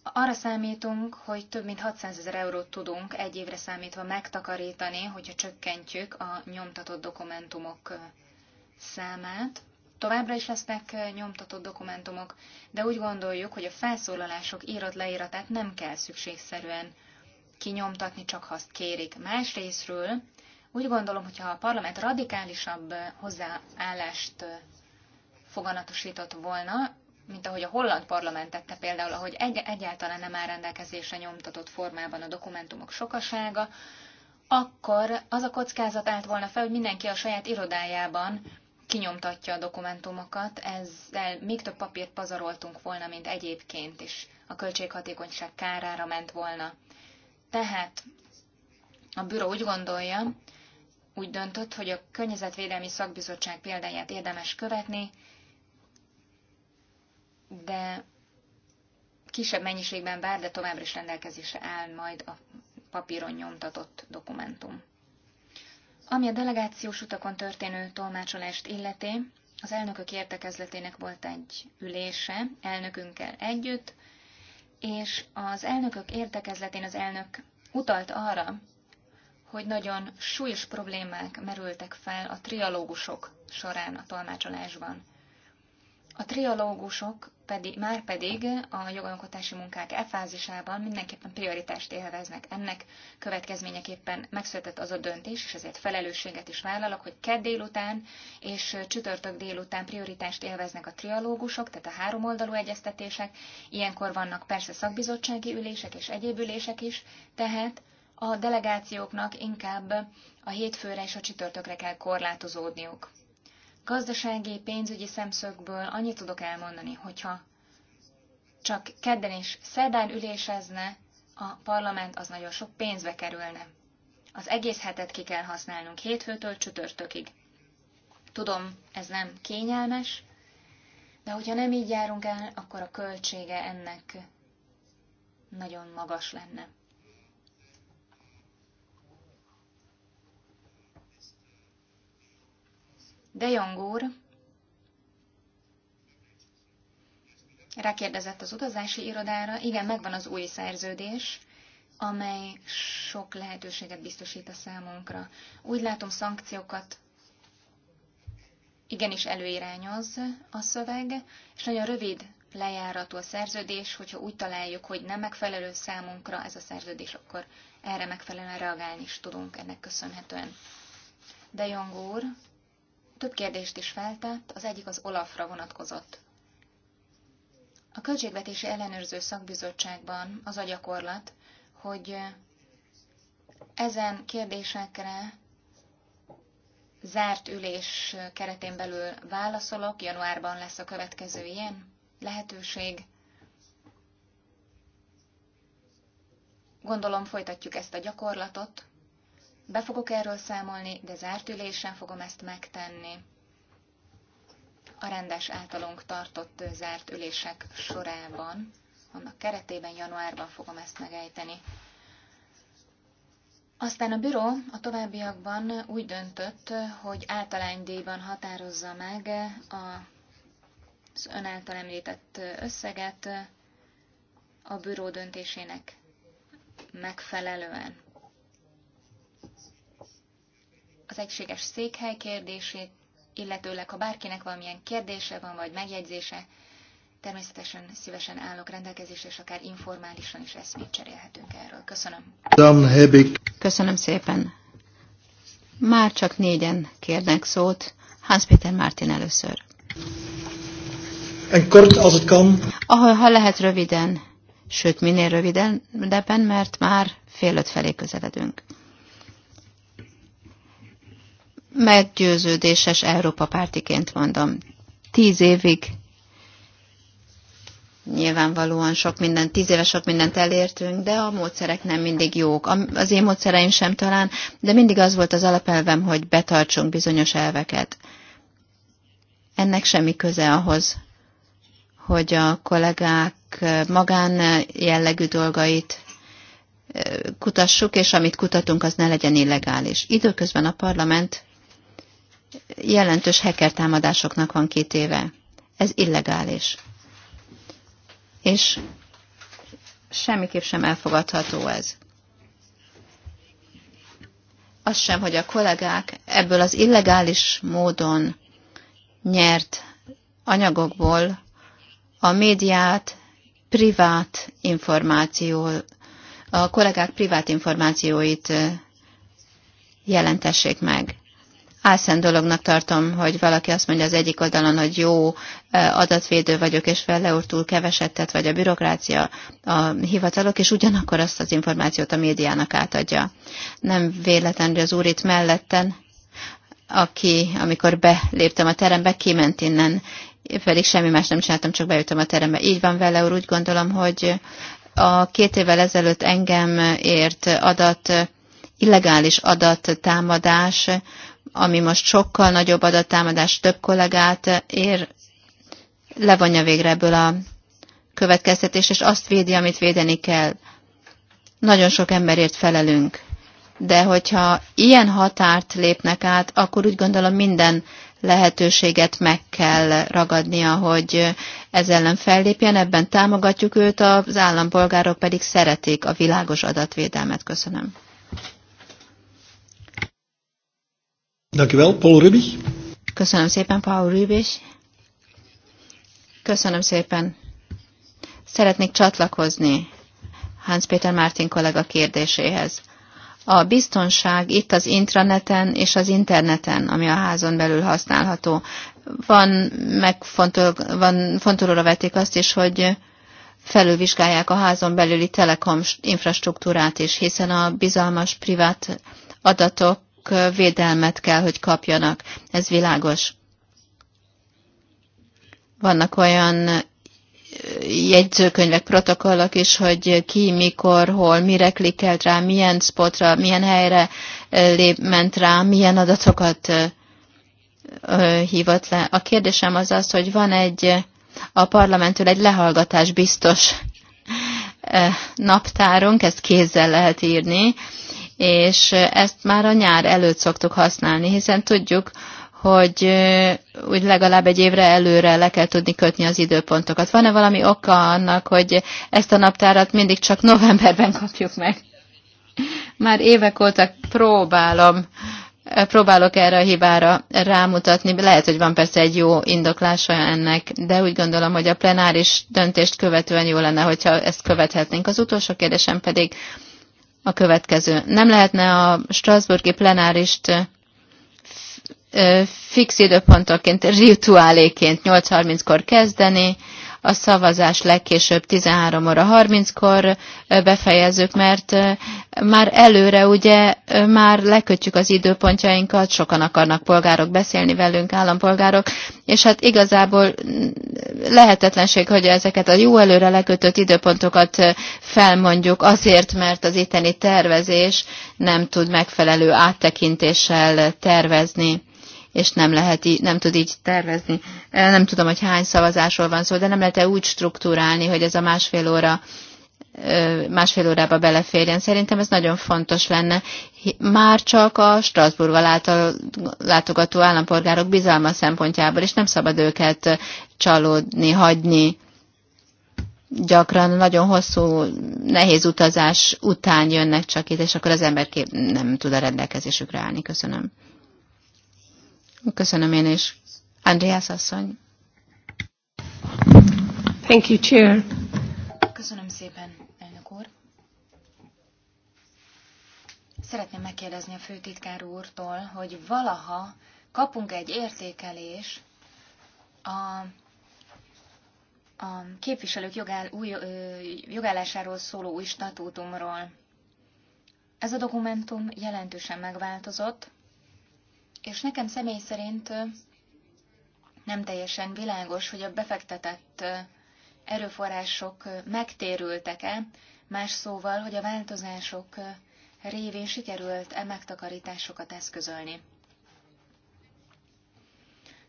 Arra számítunk, hogy több mint 600 ezer eurót tudunk egy évre számítva megtakarítani, hogyha csökkentjük a nyomtatott dokumentumok számát, Továbbra is lesznek nyomtatott dokumentumok, de úgy gondoljuk, hogy a felszólalások írott leíratát nem kell szükségszerűen kinyomtatni, csak ha azt kérik. Másrésztről úgy gondolom, hogy ha a parlament radikálisabb hozzáállást foganatosított volna, mint ahogy a holland parlament tette például, ahogy egy- egyáltalán nem áll rendelkezésre nyomtatott formában a dokumentumok sokasága, akkor az a kockázat állt volna fel, hogy mindenki a saját irodájában kinyomtatja a dokumentumokat, ezzel még több papírt pazaroltunk volna, mint egyébként is. A költséghatékonyság kárára ment volna. Tehát a büro úgy gondolja, úgy döntött, hogy a Környezetvédelmi Szakbizottság példáját érdemes követni, de kisebb mennyiségben bár, de továbbra is rendelkezésre áll majd a papíron nyomtatott dokumentum. Ami a delegációs utakon történő tolmácsolást illeti, az elnökök értekezletének volt egy ülése elnökünkkel együtt, és az elnökök értekezletén az elnök utalt arra, hogy nagyon súlyos problémák merültek fel a trialógusok során a tolmácsolásban. A trialógusok pedig, már pedig a jogalkotási munkák fázisában mindenképpen prioritást élveznek. Ennek következményeképpen megszületett az a döntés, és ezért felelősséget is vállalok, hogy kedd délután és csütörtök délután prioritást élveznek a trialógusok, tehát a háromoldalú egyeztetések. Ilyenkor vannak persze szakbizottsági ülések és egyéb ülések is, tehát a delegációknak inkább a hétfőre és a csütörtökre kell korlátozódniuk. Gazdasági, pénzügyi szemszögből annyit tudok elmondani, hogyha csak kedden és szerdán ülésezne a parlament, az nagyon sok pénzbe kerülne. Az egész hetet ki kell használnunk hétfőtől csütörtökig. Tudom, ez nem kényelmes, de hogyha nem így járunk el, akkor a költsége ennek nagyon magas lenne. De Jong úr rákérdezett az utazási irodára, igen, megvan az új szerződés, amely sok lehetőséget biztosít a számunkra. Úgy látom, szankciókat igenis előirányoz a szöveg, és nagyon rövid lejáratú a szerződés, hogyha úgy találjuk, hogy nem megfelelő számunkra ez a szerződés, akkor erre megfelelően reagálni is tudunk ennek köszönhetően. De Jong úr több kérdést is feltett, az egyik az Olafra vonatkozott. A Költségvetési Ellenőrző Szakbizottságban az a gyakorlat, hogy ezen kérdésekre zárt ülés keretén belül válaszolok, januárban lesz a következő ilyen lehetőség. Gondolom folytatjuk ezt a gyakorlatot, be fogok erről számolni, de zárt ülésen fogom ezt megtenni. A rendes általunk tartott zárt ülések sorában, annak keretében januárban fogom ezt megejteni. Aztán a büró a továbbiakban úgy döntött, hogy általánydíjban határozza meg a, az ön által említett összeget a büró döntésének megfelelően az egységes székhely kérdését, illetőleg ha bárkinek valamilyen kérdése van, vagy megjegyzése, természetesen szívesen állok rendelkezésre, és akár informálisan is eszmét cserélhetünk erről. Köszönöm. Köszönöm szépen. Már csak négyen kérnek szót. Hans-Peter Martin először. kort, kan. Ahol, ha lehet röviden, sőt minél röviden, ben, mert már fél öt felé közeledünk. meggyőződéses Európa pártiként mondom. Tíz évig nyilvánvalóan sok minden tíz éve sok mindent elértünk, de a módszerek nem mindig jók. Az én módszereim sem talán, de mindig az volt az alapelvem, hogy betartsunk bizonyos elveket. Ennek semmi köze ahhoz, hogy a kollégák magán jellegű dolgait eh, kutassuk, és amit kutatunk, az ne legyen illegális. Időközben a parlament jelentős hacker támadásoknak van két éve. Ez illegális. És semmiképp sem elfogadható ez. Az sem, hogy a kollégák ebből az illegális módon nyert anyagokból a médiát privát információ, a kollégák privát információit jelentessék meg álszent dolognak tartom, hogy valaki azt mondja az egyik oldalon, hogy jó adatvédő vagyok, és vele úr túl keveset tett, vagy a bürokrácia, a hivatalok, és ugyanakkor azt az információt a médiának átadja. Nem véletlen, hogy az úr itt melletten, aki, amikor beléptem a terembe, kiment innen, pedig semmi más nem csináltam, csak bejöttem a terembe. Így van vele, úr, úgy gondolom, hogy a két évvel ezelőtt engem ért adat, illegális adattámadás ami most sokkal nagyobb adattámadás több kollégát ér, levonja végre ebből a következtetés, és azt védi, amit védeni kell. Nagyon sok emberért felelünk. De hogyha ilyen határt lépnek át, akkor úgy gondolom minden lehetőséget meg kell ragadnia, hogy ez ellen fellépjen, ebben támogatjuk őt, az állampolgárok pedig szeretik a világos adatvédelmet. Köszönöm. Dank u wel, Paul Rubig. Köszönöm szépen, Paul Rübis. Köszönöm szépen. Szeretnék csatlakozni Hans Péter Martin kollega kérdéséhez. A biztonság itt az intraneten és az interneten, ami a házon belül használható. Van, megfontol, van fontolóra vették azt is, hogy felülvizsgálják a házon belüli telekom infrastruktúrát is, hiszen a bizalmas privát adatok védelmet kell, hogy kapjanak. Ez világos. Vannak olyan jegyzőkönyvek, protokollok is, hogy ki, mikor, hol, mire klikkelt rá, milyen spotra, milyen helyre lép, ment rá, milyen adatokat hívott le. A kérdésem az az, hogy van egy a parlamentől egy lehallgatás biztos naptárunk, ezt kézzel lehet írni, és ezt már a nyár előtt szoktuk használni, hiszen tudjuk, hogy úgy legalább egy évre előre le kell tudni kötni az időpontokat. Van-e valami oka annak, hogy ezt a naptárat mindig csak novemberben [laughs] kapjuk meg? Már évek óta próbálom, próbálok erre a hibára rámutatni. Lehet, hogy van persze egy jó indoklása ennek, de úgy gondolom, hogy a plenáris döntést követően jó lenne, hogyha ezt követhetnénk. Az utolsó kérdésem pedig, a következő. Nem lehetne a Strasburgi plenárist fix időpontokként, rituáléként 8.30-kor kezdeni, a szavazás legkésőbb 13 óra 30-kor befejezzük, mert már előre ugye már lekötjük az időpontjainkat, sokan akarnak polgárok beszélni velünk, állampolgárok, és hát igazából lehetetlenség, hogy ezeket a jó előre lekötött időpontokat felmondjuk azért, mert az itteni tervezés nem tud megfelelő áttekintéssel tervezni és nem, lehet, így, nem tud így tervezni. Nem tudom, hogy hány szavazásról van szó, de nem lehet-e úgy struktúrálni, hogy ez a másfél óra másfél órába beleférjen. Szerintem ez nagyon fontos lenne. Már csak a Strasbourgba láta, látogató állampolgárok bizalma szempontjából, és nem szabad őket csalódni, hagyni. Gyakran nagyon hosszú, nehéz utazás után jönnek csak itt, és akkor az ember nem tud a rendelkezésükre állni. Köszönöm. Köszönöm én is. Andreas asszony. Thank you, Chair. Köszönöm szépen, elnök úr. Szeretném megkérdezni a főtitkár úrtól, hogy valaha kapunk egy értékelés a, a képviselők jogáll, új, ö, jogállásáról szóló új statútumról. Ez a dokumentum jelentősen megváltozott, és nekem személy szerint nem teljesen világos, hogy a befektetett erőforrások megtérültek-e, más szóval, hogy a változások révén sikerült-e megtakarításokat eszközölni.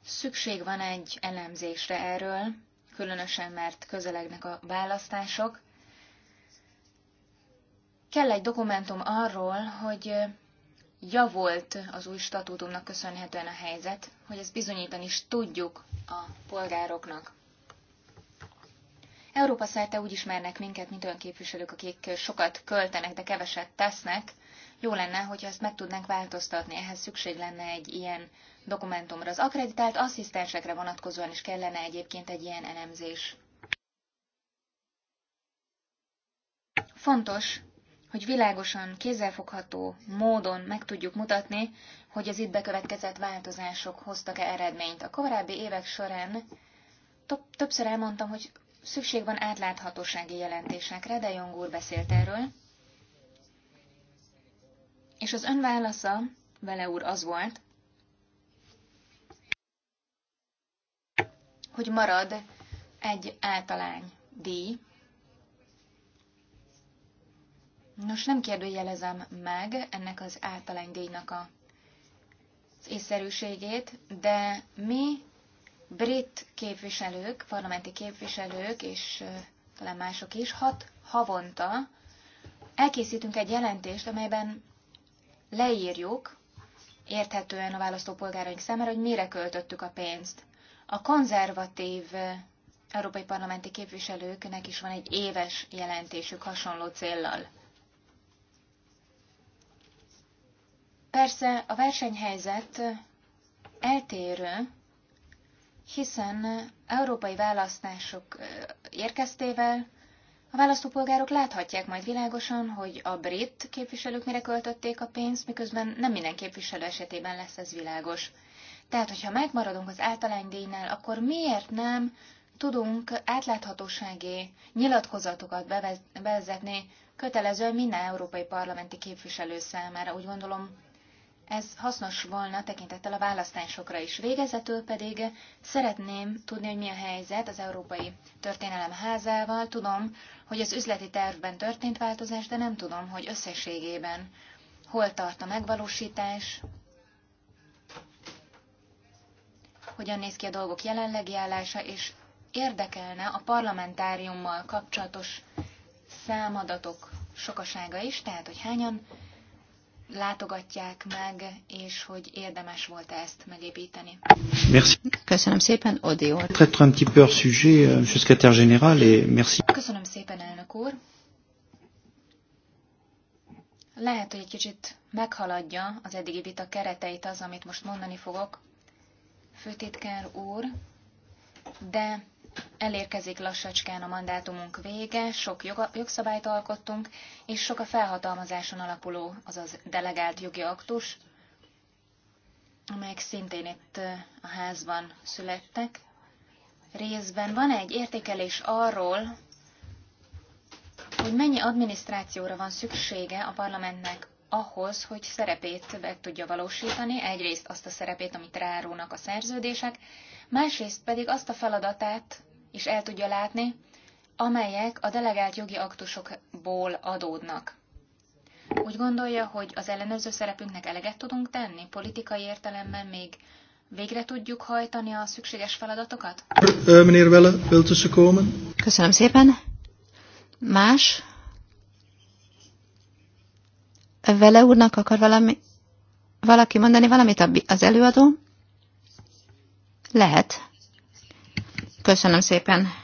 Szükség van egy elemzésre erről, különösen mert közelegnek a választások. Kell egy dokumentum arról, hogy javult az új statútumnak köszönhetően a helyzet, hogy ezt bizonyítani is tudjuk a polgároknak. Európa szerte úgy ismernek minket, mint olyan képviselők, akik sokat költenek, de keveset tesznek. Jó lenne, hogyha ezt meg tudnánk változtatni, ehhez szükség lenne egy ilyen dokumentumra. Az akreditált asszisztensekre vonatkozóan is kellene egyébként egy ilyen elemzés. Fontos hogy világosan, kézzelfogható módon meg tudjuk mutatni, hogy az itt bekövetkezett változások hoztak-e eredményt. A korábbi évek során többször elmondtam, hogy szükség van átláthatósági jelentésekre, de Jong úr beszélt erről. És az ön válasza, vele úr, az volt, hogy marad egy általány díj, Nos, nem kérdőjelezem meg ennek az általánydíjnak a, az észszerűségét, de mi brit képviselők, parlamenti képviselők és talán mások is, hat havonta elkészítünk egy jelentést, amelyben leírjuk érthetően a választópolgáraink számára, hogy mire költöttük a pénzt. A konzervatív európai parlamenti képviselőknek is van egy éves jelentésük hasonló céllal. Persze a versenyhelyzet eltérő, hiszen európai választások érkeztével a választópolgárok láthatják majd világosan, hogy a brit képviselők mire költötték a pénzt, miközben nem minden képviselő esetében lesz ez világos. Tehát, hogyha megmaradunk az általánydíjnál, akkor miért nem tudunk átláthatósági nyilatkozatokat bevezetni kötelezően minden európai parlamenti képviselő számára? Úgy gondolom, ez hasznos volna tekintettel a választásokra is. Végezetül pedig szeretném tudni, hogy mi a helyzet az Európai Történelem házával. Tudom, hogy az üzleti tervben történt változás, de nem tudom, hogy összességében hol tart a megvalósítás, hogyan néz ki a dolgok jelenlegi állása, és érdekelne a parlamentáriummal kapcsolatos számadatok sokasága is, tehát hogy hányan látogatják meg, és hogy érdemes volt -e ezt megépíteni. Merci. Köszönöm szépen, Odi úr. un petit peu hors sujet, euh, monsieur secrétaire général, et merci. Köszönöm szépen, elnök úr. Lehet, hogy egy kicsit meghaladja az eddigi vita kereteit az, amit most mondani fogok, főtitkár úr, de Elérkezik lassacskán a mandátumunk vége, sok joga, jogszabályt alkottunk, és sok a felhatalmazáson alapuló, azaz delegált jogi aktus, amelyek szintén itt a házban születtek. Részben van egy értékelés arról, hogy mennyi adminisztrációra van szüksége a parlamentnek ahhoz, hogy szerepét meg tudja valósítani, egyrészt azt a szerepét, amit rárónak a szerződések, másrészt pedig azt a feladatát, és el tudja látni, amelyek a delegált jogi aktusokból adódnak. Úgy gondolja, hogy az ellenőrző szerepünknek eleget tudunk tenni, politikai értelemben még végre tudjuk hajtani a szükséges feladatokat? Köszönöm szépen. Más? Vele úrnak akar valami, valaki mondani valamit az előadó? Lehet. Köszönöm szépen.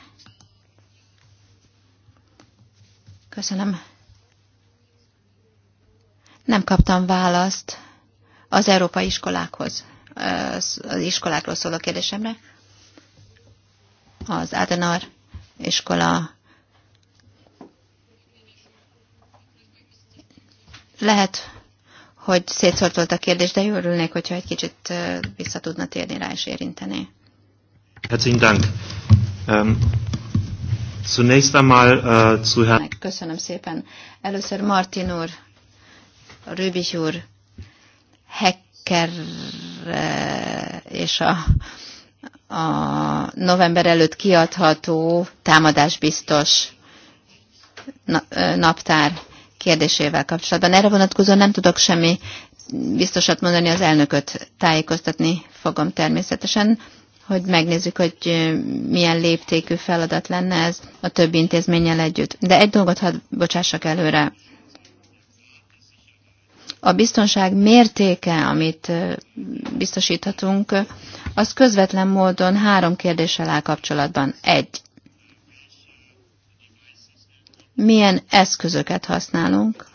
Köszönöm. Nem kaptam választ az európai iskolákhoz, az iskolákról szóló kérdésemre. Az Adenar iskola lehet, hogy szétszortolt a kérdés, de örülnék, hogyha egy kicsit vissza tudna térni rá és érinteni. Herzlichen Dank. Ähm, zunächst einmal äh, zu Herrn... Köszönöm szépen. Először Martin úr, Rübis úr, Hecker eh, és a, a november előtt kiadható támadásbiztos naptár kérdésével kapcsolatban. Erre vonatkozóan nem tudok semmi biztosat mondani, az elnököt tájékoztatni fogom természetesen hogy megnézzük, hogy milyen léptékű feladat lenne ez a többi intézménnyel együtt. De egy dolgot hadd bocsássak előre. A biztonság mértéke, amit biztosíthatunk, az közvetlen módon három kérdéssel áll kapcsolatban. Egy. Milyen eszközöket használunk?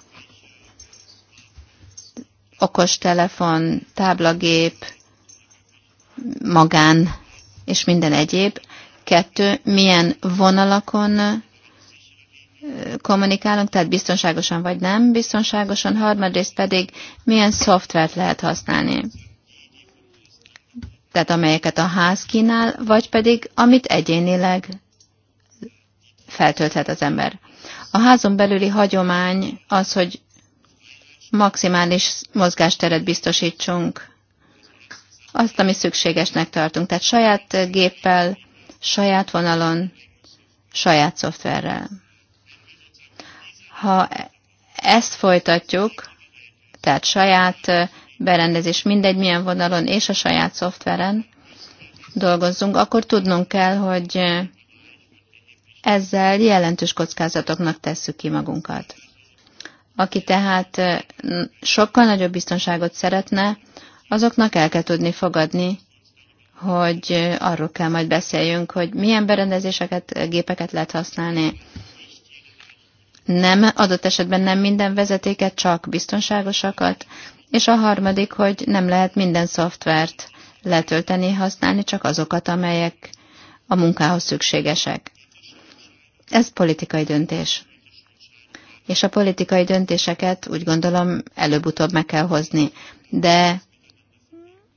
Okostelefon, táblagép, magán és minden egyéb. Kettő, milyen vonalakon kommunikálunk, tehát biztonságosan vagy nem biztonságosan, harmadrészt pedig milyen szoftvert lehet használni. Tehát amelyeket a ház kínál, vagy pedig amit egyénileg feltölthet az ember. A házon belüli hagyomány az, hogy maximális mozgásteret biztosítsunk azt, ami szükségesnek tartunk. Tehát saját géppel, saját vonalon, saját szoftverrel. Ha ezt folytatjuk, tehát saját berendezés mindegy milyen vonalon és a saját szoftveren dolgozzunk, akkor tudnunk kell, hogy ezzel jelentős kockázatoknak tesszük ki magunkat. Aki tehát sokkal nagyobb biztonságot szeretne, azoknak el kell tudni fogadni, hogy arról kell majd beszéljünk, hogy milyen berendezéseket, gépeket lehet használni. Nem, adott esetben nem minden vezetéket, csak biztonságosakat. És a harmadik, hogy nem lehet minden szoftvert letölteni, használni, csak azokat, amelyek a munkához szükségesek. Ez politikai döntés. És a politikai döntéseket úgy gondolom előbb-utóbb meg kell hozni. De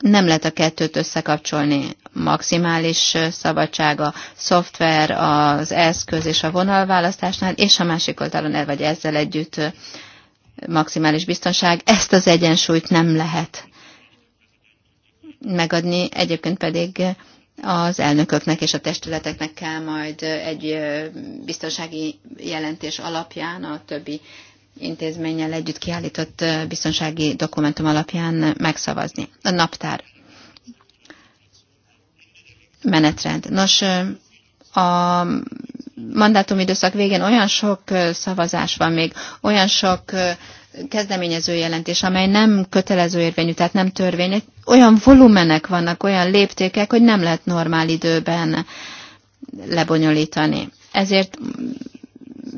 nem lehet a kettőt összekapcsolni. Maximális szabadsága, szoftver, az eszköz és a vonalválasztásnál, és a másik oldalon, el vagy ezzel együtt maximális biztonság. Ezt az egyensúlyt nem lehet megadni, egyébként pedig az elnököknek és a testületeknek kell majd egy biztonsági jelentés alapján a többi intézménnyel együtt kiállított biztonsági dokumentum alapján megszavazni. A naptár menetrend. Nos, a mandátumidőszak végén olyan sok szavazás van még, olyan sok kezdeményező jelentés, amely nem kötelező érvényű, tehát nem törvény, olyan volumenek vannak, olyan léptékek, hogy nem lehet normál időben lebonyolítani. Ezért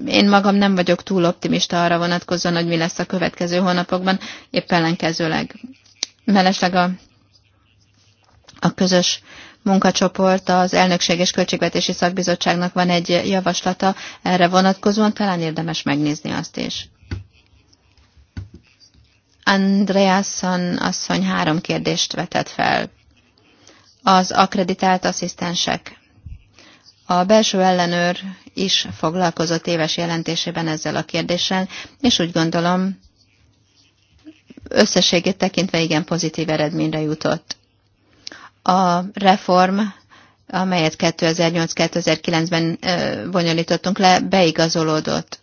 én magam nem vagyok túl optimista arra vonatkozóan, hogy mi lesz a következő hónapokban, épp ellenkezőleg. Mellesleg a, a közös munkacsoport, az elnökség és költségvetési szakbizottságnak van egy javaslata erre vonatkozóan, talán érdemes megnézni azt is. Andreasson asszony három kérdést vetett fel. Az akreditált asszisztensek. A belső ellenőr is foglalkozott éves jelentésében ezzel a kérdéssel, és úgy gondolom, összességét tekintve igen pozitív eredményre jutott. A reform amelyet 2008-2009-ben bonyolítottunk le, beigazolódott.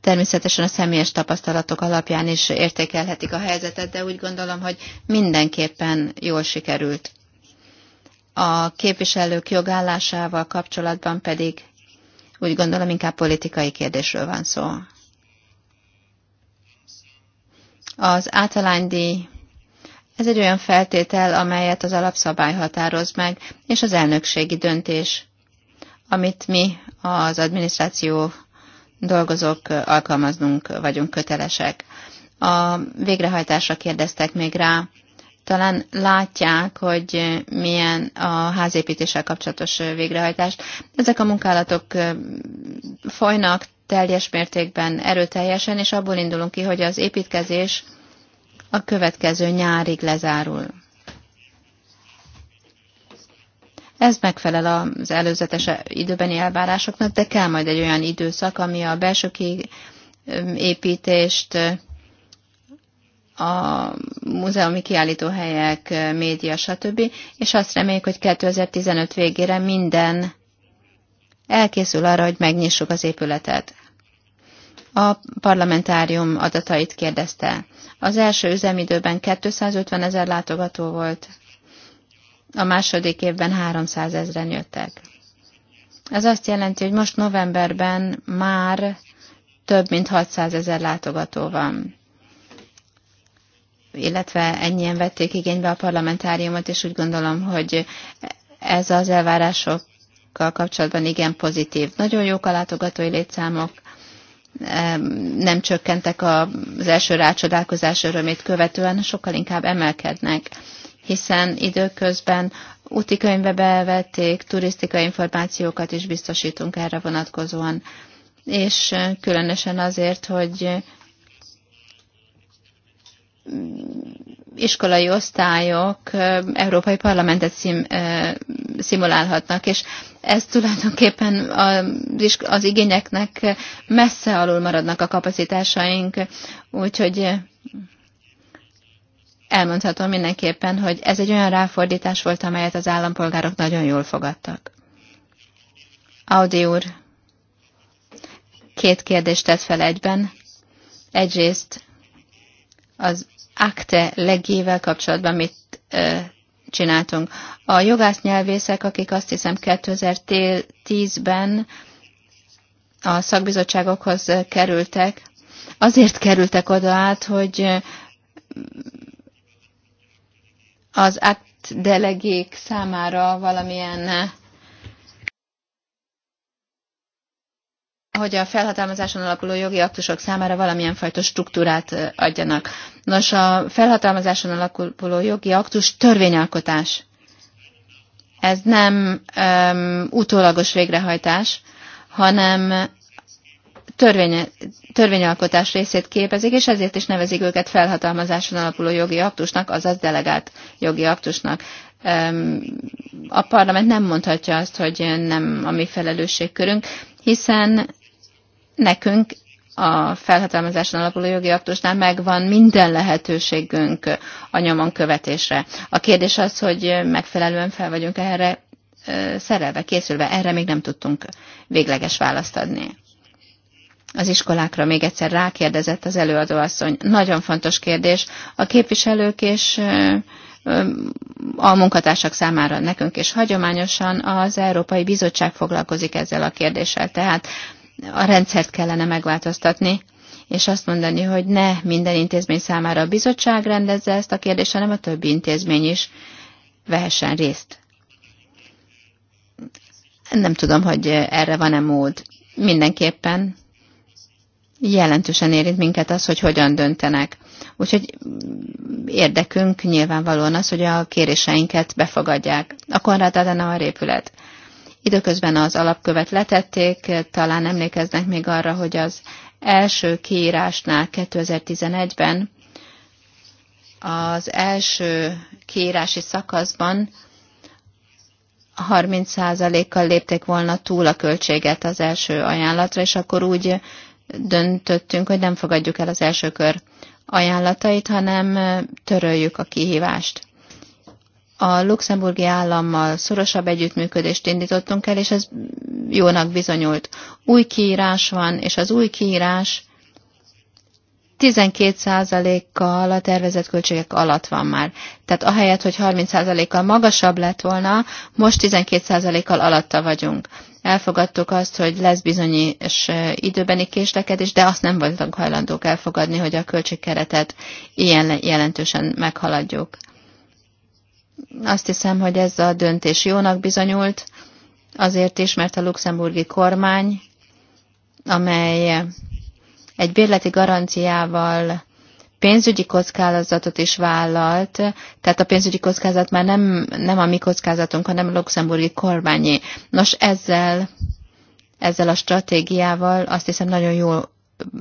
Természetesen a személyes tapasztalatok alapján is értékelhetik a helyzetet, de úgy gondolom, hogy mindenképpen jól sikerült. A képviselők jogállásával kapcsolatban pedig úgy gondolom, inkább politikai kérdésről van szó. Az általánydíj ez egy olyan feltétel, amelyet az alapszabály határoz meg, és az elnökségi döntés, amit mi az adminisztráció dolgozók alkalmaznunk vagyunk kötelesek. A végrehajtásra kérdeztek még rá talán látják, hogy milyen a házépítéssel kapcsolatos végrehajtás. Ezek a munkálatok folynak teljes mértékben, erőteljesen, és abból indulunk ki, hogy az építkezés a következő nyárig lezárul. Ez megfelel az előzetes időbeni elvárásoknak, de kell majd egy olyan időszak, ami a belső építést a múzeumi kiállítóhelyek, média, stb. És azt reméljük, hogy 2015 végére minden elkészül arra, hogy megnyissuk az épületet. A parlamentárium adatait kérdezte. Az első üzemidőben 250 ezer látogató volt, a második évben 300 ezeren jöttek. Ez azt jelenti, hogy most novemberben már több mint 600 ezer látogató van illetve ennyien vették igénybe a parlamentáriumot, és úgy gondolom, hogy ez az elvárásokkal kapcsolatban igen pozitív. Nagyon jók a látogatói létszámok, nem csökkentek az első rácsodálkozás örömét követően, sokkal inkább emelkednek, hiszen időközben úti könyvbe bevették, turisztikai információkat is biztosítunk erre vonatkozóan, és különösen azért, hogy iskolai osztályok Európai Parlamentet szim, szimulálhatnak, és ez tulajdonképpen az, az igényeknek messze alul maradnak a kapacitásaink, úgyhogy elmondhatom mindenképpen, hogy ez egy olyan ráfordítás volt, amelyet az állampolgárok nagyon jól fogadtak. Audi úr, két kérdést tett fel egyben. Egyrészt az akte legével kapcsolatban mit csináltunk. A jogász nyelvészek akik azt hiszem 2010-ben a szakbizottságokhoz kerültek, azért kerültek oda át, hogy az akt delegék számára valamilyen hogy a felhatalmazáson alapuló jogi aktusok számára valamilyen fajta struktúrát adjanak. Nos, a felhatalmazáson alapuló jogi aktus törvényalkotás. Ez nem um, utólagos végrehajtás, hanem törvény, törvényalkotás részét képezik, és ezért is nevezik őket felhatalmazáson alapuló jogi aktusnak, azaz delegált jogi aktusnak. A parlament nem mondhatja azt, hogy nem a mi felelősségkörünk, hiszen nekünk a felhatalmazáson alapuló jogi aktusnál megvan minden lehetőségünk a nyomon követésre. A kérdés az, hogy megfelelően fel vagyunk erre szerelve, készülve. Erre még nem tudtunk végleges választ adni. Az iskolákra még egyszer rákérdezett az előadó asszony. Nagyon fontos kérdés. A képviselők és a munkatársak számára nekünk, és hagyományosan az Európai Bizottság foglalkozik ezzel a kérdéssel. Tehát a rendszert kellene megváltoztatni, és azt mondani, hogy ne minden intézmény számára a bizottság rendezze ezt a kérdést, hanem a többi intézmény is vehessen részt. Nem tudom, hogy erre van-e mód. Mindenképpen jelentősen érint minket az, hogy hogyan döntenek. Úgyhogy érdekünk nyilvánvalóan az, hogy a kéréseinket befogadják. A Konrad Adenauer épület. Időközben az alapkövet letették, talán emlékeznek még arra, hogy az első kiírásnál 2011-ben az első kiírási szakaszban 30%-kal lépték volna túl a költséget az első ajánlatra, és akkor úgy döntöttünk, hogy nem fogadjuk el az első kör ajánlatait, hanem töröljük a kihívást a luxemburgi állammal szorosabb együttműködést indítottunk el, és ez jónak bizonyult. Új kiírás van, és az új kiírás 12%-kal a tervezett költségek alatt van már. Tehát ahelyett, hogy 30%-kal magasabb lett volna, most 12%-kal alatta vagyunk. Elfogadtuk azt, hogy lesz bizonyos időbeni késlekedés, de azt nem voltunk hajlandók elfogadni, hogy a költségkeretet ilyen jelentősen meghaladjuk. Azt hiszem, hogy ez a döntés jónak bizonyult, azért is, mert a luxemburgi kormány, amely egy bérleti garanciával pénzügyi kockázatot is vállalt, tehát a pénzügyi kockázat már nem, nem a mi kockázatunk, hanem a luxemburgi kormányé. Nos, ezzel, ezzel a stratégiával azt hiszem nagyon jó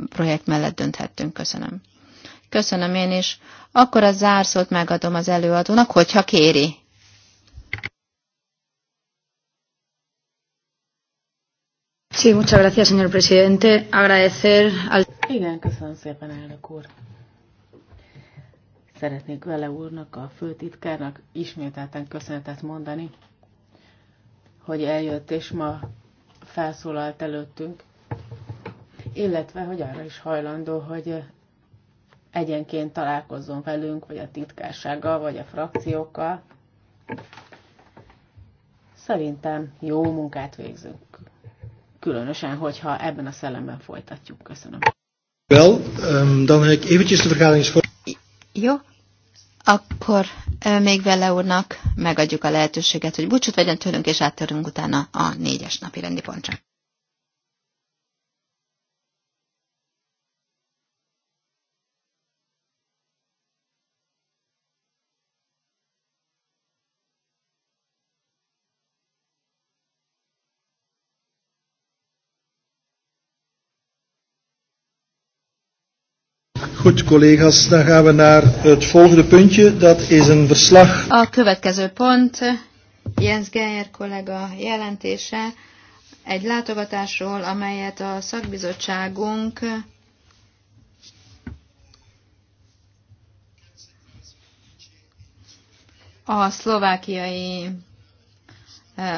projekt mellett dönthettünk. Köszönöm. Köszönöm én is akkor a zárszót megadom az előadónak, hogyha kéri. Sí, muchas gracias, señor presidente. Agradecer al... Igen, köszönöm szépen, elnök úr. Szeretnék vele úrnak, a főtitkárnak ismételten köszönetet mondani, hogy eljött és ma felszólalt előttünk, illetve hogy arra is hajlandó, hogy egyenként találkozzon velünk, vagy a titkársággal, vagy a frakciókkal. Szerintem jó munkát végzünk. Különösen, hogyha ebben a szellemben folytatjuk. Köszönöm. Well, um, dan heb ik eventjes de Jó, akkor még vele úrnak megadjuk a lehetőséget, hogy búcsút vegyen tőlünk, és áttörünk utána a négyes napi rendi pontra. Goed, collega's, dan gaan we naar het volgende puntje. Dat is een verslag. A következő pont Jens Geyer collega jelentése egy látogatásról, amelyet a szakbizottságunk a szlovákiai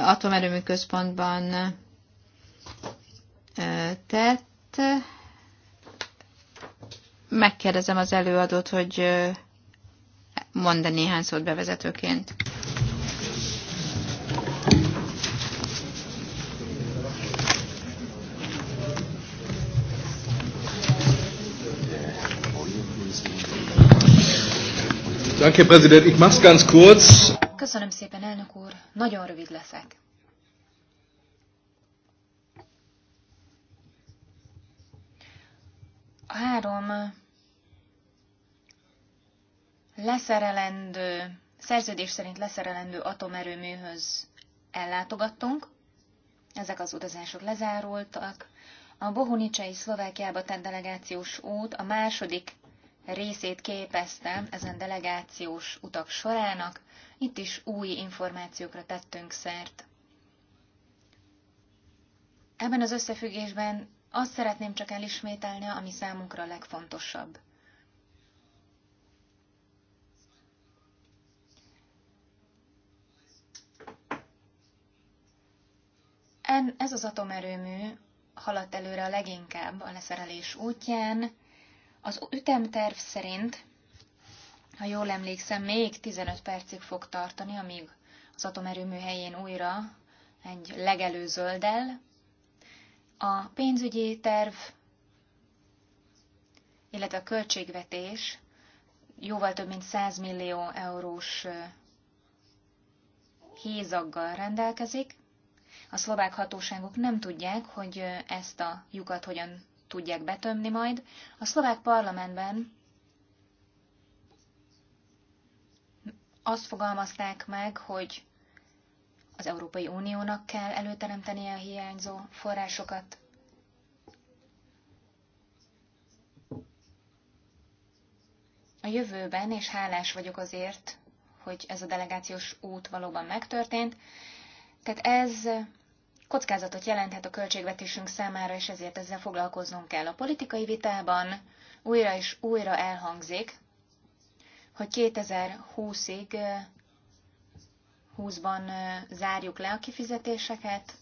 atomerőmű központban tett megkérdezem az előadót, hogy mond-e néhány szót bevezetőként. Köszönöm szépen, elnök úr. Nagyon rövid leszek. A három leszerelendő, szerződés szerint leszerelendő atomerőműhöz ellátogattunk. Ezek az utazások lezárultak. A Bohunicsei Szlovákiába tett delegációs út a második részét képezte ezen delegációs utak sorának. Itt is új információkra tettünk szert. Ebben az összefüggésben azt szeretném csak elismételni, ami számunkra a legfontosabb. En, ez az atomerőmű haladt előre a leginkább a leszerelés útján. Az ütemterv szerint, ha jól emlékszem, még 15 percig fog tartani, amíg az atomerőmű helyén újra egy legelő zöldel a pénzügyi terv, illetve a költségvetés jóval több mint 100 millió eurós hézaggal rendelkezik. A szlovák hatóságok nem tudják, hogy ezt a lyukat hogyan tudják betömni majd. A szlovák parlamentben azt fogalmazták meg, hogy az Európai Uniónak kell előteremtenie a hiányzó forrásokat. A jövőben, és hálás vagyok azért, hogy ez a delegációs út valóban megtörtént, tehát ez kockázatot jelenthet a költségvetésünk számára, és ezért ezzel foglalkoznunk kell. A politikai vitában újra és újra elhangzik, hogy 2020-ig 2020-ban zárjuk le a kifizetéseket,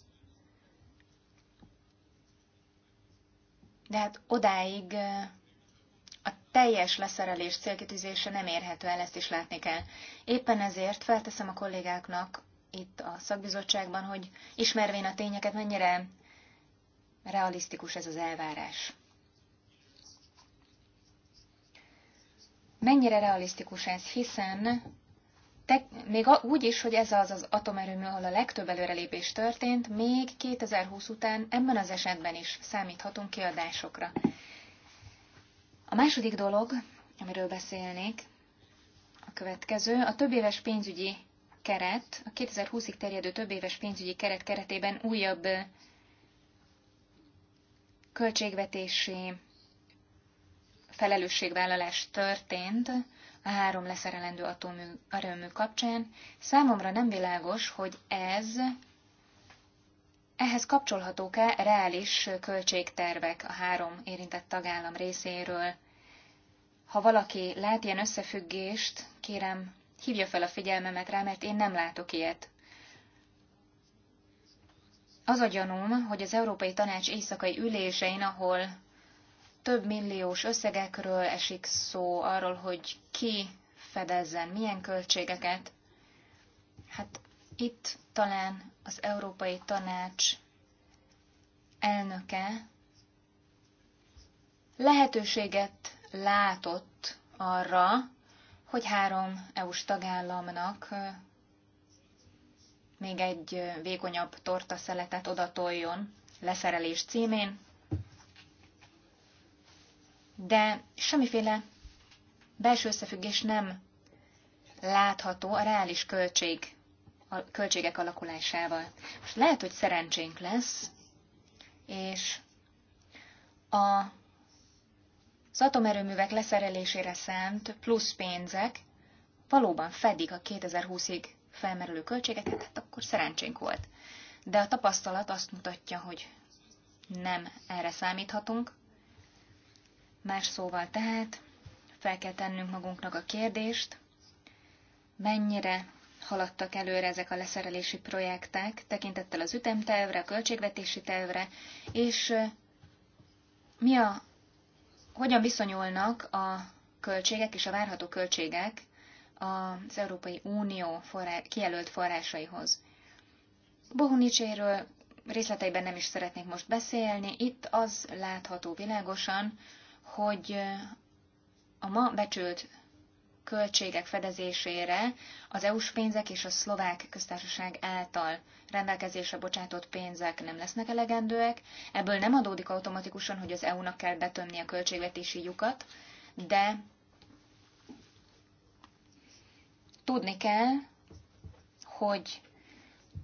de hát odáig a teljes leszerelés célkitűzése nem érhető el, ezt is látni kell. Éppen ezért felteszem a kollégáknak itt a szakbizottságban, hogy ismervén a tényeket, mennyire realisztikus ez az elvárás. Mennyire realisztikus ez, hiszen te, még úgy is, hogy ez az az atomerőmű, ahol a legtöbb előrelépés történt, még 2020 után ebben az esetben is számíthatunk kiadásokra. A második dolog, amiről beszélnék, a következő, a többéves pénzügyi keret, a 2020-ig terjedő többéves pénzügyi keret keretében újabb költségvetési felelősségvállalás történt, a három leszerelendő atomerőmű kapcsán. Számomra nem világos, hogy ez ehhez kapcsolhatók-e reális költségtervek a három érintett tagállam részéről. Ha valaki lát ilyen összefüggést, kérem, hívja fel a figyelmemet rá, mert én nem látok ilyet. Az a gyanúm, hogy az Európai Tanács éjszakai ülésein, ahol több milliós összegekről esik szó, arról, hogy ki fedezzen milyen költségeket. Hát itt talán az Európai Tanács elnöke lehetőséget látott arra, hogy három EU-s tagállamnak még egy vékonyabb tortaszeletet odatoljon leszerelés címén de semmiféle belső összefüggés nem látható a reális költség, a költségek alakulásával. Most lehet, hogy szerencsénk lesz, és a, az atomerőművek leszerelésére szánt plusz pénzek valóban fedik a 2020-ig felmerülő költségeket, hát akkor szerencsénk volt. De a tapasztalat azt mutatja, hogy nem erre számíthatunk, Más szóval tehát fel kell tennünk magunknak a kérdést, mennyire haladtak előre ezek a leszerelési projektek, tekintettel az ütemtervre, a költségvetési tervre, és mi a, hogyan viszonyulnak a költségek és a várható költségek az Európai Unió forrá, kijelölt forrásaihoz. Bohunicséről részleteiben nem is szeretnék most beszélni, itt az látható világosan, hogy a ma becsült költségek fedezésére az EU-s pénzek és a szlovák köztársaság által rendelkezésre bocsátott pénzek nem lesznek elegendőek. Ebből nem adódik automatikusan, hogy az EU-nak kell betömni a költségvetési lyukat, de tudni kell, hogy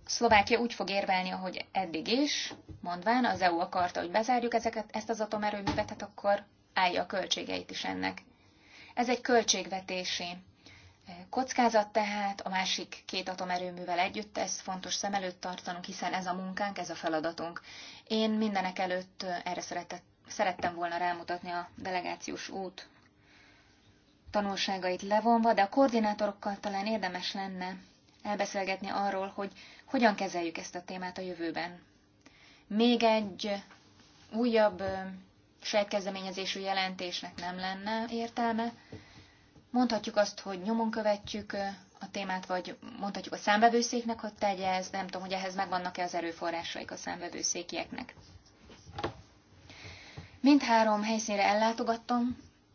Szlovákia úgy fog érvelni, ahogy eddig is, mondván az EU akarta, hogy bezárjuk ezeket, ezt az atomerőművet, hát akkor állja a költségeit is ennek. Ez egy költségvetési eh, kockázat tehát, a másik két atomerőművel együtt, ezt fontos szem előtt tartanunk, hiszen ez a munkánk, ez a feladatunk. Én mindenek előtt eh, erre szeretett, szerettem volna rámutatni a delegációs út tanulságait levonva, de a koordinátorokkal talán érdemes lenne elbeszélgetni arról, hogy hogyan kezeljük ezt a témát a jövőben. Még egy újabb eh, saját kezdeményezésű jelentésnek nem lenne értelme. Mondhatjuk azt, hogy nyomon követjük a témát, vagy mondhatjuk a számbevőszéknek, hogy tegye ezt, nem tudom, hogy ehhez megvannak-e az erőforrásaik a számbevőszékieknek. Mindhárom helyszínre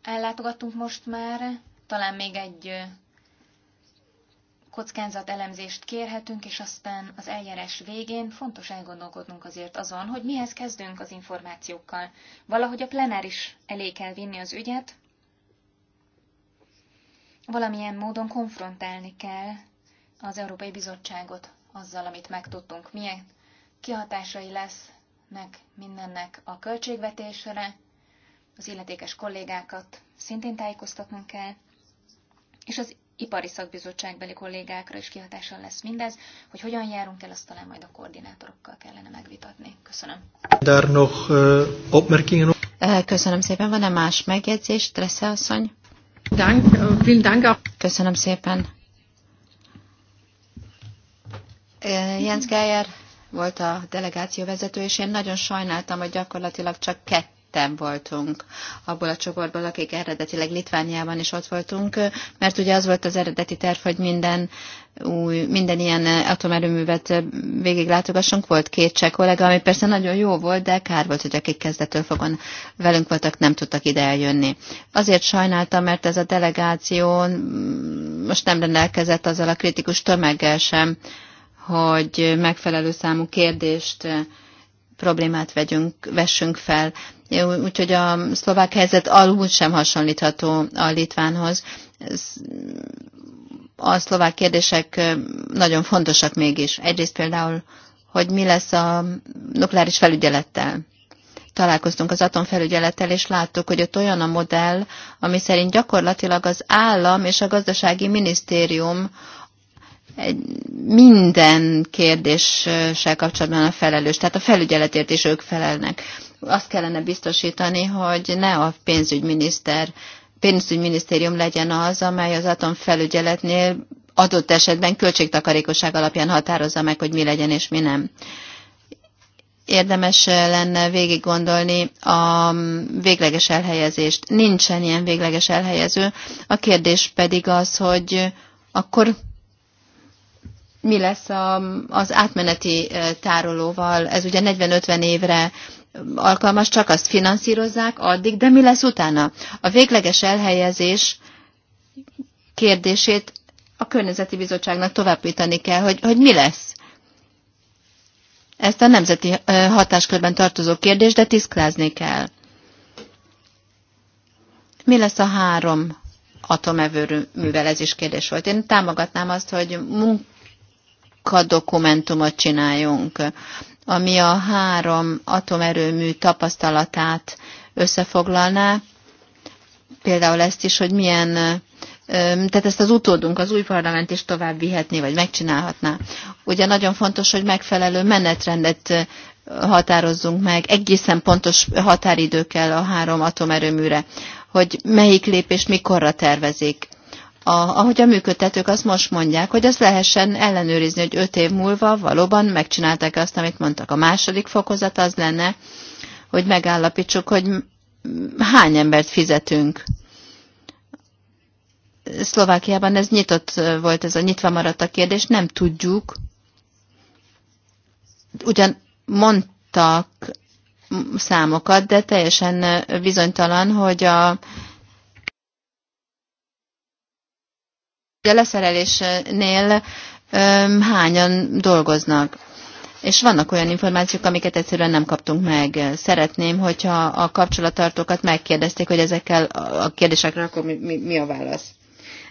ellátogattunk most már, talán még egy kockázatelemzést kérhetünk, és aztán az eljárás végén fontos elgondolkodnunk azért azon, hogy mihez kezdünk az információkkal. Valahogy a plenáris elé kell vinni az ügyet, valamilyen módon konfrontálni kell az Európai Bizottságot azzal, amit megtudtunk. Milyen kihatásai lesznek mindennek a költségvetésre, az illetékes kollégákat szintén tájékoztatnunk kell, és az ipari szakbizottságbeli kollégákra is kihatással lesz mindez, hogy hogyan járunk el, azt talán majd a koordinátorokkal kellene megvitatni. Köszönöm. Eh, eh, köszönöm szépen. Van-e más megjegyzés, Tresze asszony? Eh, köszönöm szépen. Jens Geyer volt a delegáció vezető, és én nagyon sajnáltam, hogy gyakorlatilag csak kettő ketten voltunk abból a csoportból, akik eredetileg Litvániában is ott voltunk, mert ugye az volt az eredeti terv, hogy minden új, minden ilyen atomerőművet végiglátogassunk. Volt két cseh kollega, ami persze nagyon jó volt, de kár volt, hogy akik kezdettől fogon velünk voltak, nem tudtak ide eljönni. Azért sajnáltam, mert ez a delegáció most nem rendelkezett azzal a kritikus tömeggel sem, hogy megfelelő számú kérdést problémát vegyünk, vessünk fel úgyhogy a szlovák helyzet alul sem hasonlítható a litvánhoz. A szlovák kérdések nagyon fontosak mégis. Egyrészt például, hogy mi lesz a nukleáris felügyelettel találkoztunk az atomfelügyelettel, és láttuk, hogy ott olyan a modell, ami szerint gyakorlatilag az állam és a gazdasági minisztérium minden kérdéssel kapcsolatban a felelős, tehát a felügyeletért is ők felelnek azt kellene biztosítani, hogy ne a pénzügyminiszter, pénzügyminisztérium legyen az, amely az atomfelügyeletnél adott esetben költségtakarékosság alapján határozza meg, hogy mi legyen és mi nem. Érdemes lenne végig gondolni a végleges elhelyezést. Nincsen ilyen végleges elhelyező. A kérdés pedig az, hogy akkor mi lesz a, az átmeneti eh, tárolóval. Ez ugye 40-50 évre alkalmas, csak azt finanszírozzák addig, de mi lesz utána? A végleges elhelyezés kérdését a környezeti bizottságnak továbbítani kell, hogy, hogy mi lesz. Ezt a nemzeti hatáskörben tartozó kérdés, de tisztázni kell. Mi lesz a három atomevőművel? Ez is kérdés volt. Én támogatnám azt, hogy munkadokumentumot csináljunk ami a három atomerőmű tapasztalatát összefoglalná, például ezt is, hogy milyen tehát ezt az utódunk, az új parlament is tovább vihetné, vagy megcsinálhatná. Ugye nagyon fontos, hogy megfelelő menetrendet határozzunk meg, egészen pontos határidő kell a három atomerőműre, hogy melyik lépés mikorra tervezik a, ahogy a működtetők azt most mondják, hogy azt lehessen ellenőrizni, hogy öt év múlva valóban megcsinálták azt, amit mondtak. A második fokozat az lenne, hogy megállapítsuk, hogy hány embert fizetünk. Szlovákiában ez nyitott volt, ez a nyitva maradt a kérdés, nem tudjuk. Ugyan mondtak számokat, de teljesen bizonytalan, hogy a, a leszerelésnél hányan dolgoznak. És vannak olyan információk, amiket egyszerűen nem kaptunk meg. Szeretném, hogyha a kapcsolattartókat megkérdezték, hogy ezekkel a kérdésekre akkor mi, mi, mi a válasz.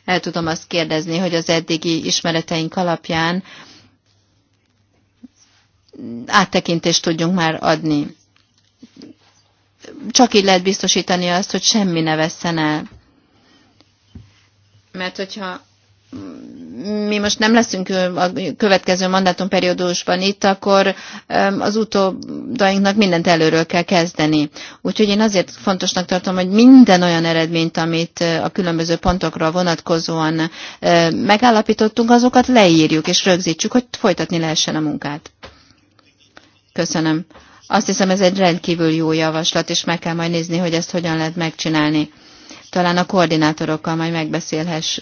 El tudom azt kérdezni, hogy az eddigi ismereteink alapján áttekintést tudjunk már adni. Csak így lehet biztosítani azt, hogy semmi ne vesszen el. Mert hogyha mi most nem leszünk a következő mandátumperiódusban itt, akkor az utódainknak mindent előről kell kezdeni. Úgyhogy én azért fontosnak tartom, hogy minden olyan eredményt, amit a különböző pontokra vonatkozóan megállapítottunk, azokat leírjuk és rögzítsük, hogy folytatni lehessen a munkát. Köszönöm. Azt hiszem, ez egy rendkívül jó javaslat, és meg kell majd nézni, hogy ezt hogyan lehet megcsinálni talán a koordinátorokkal majd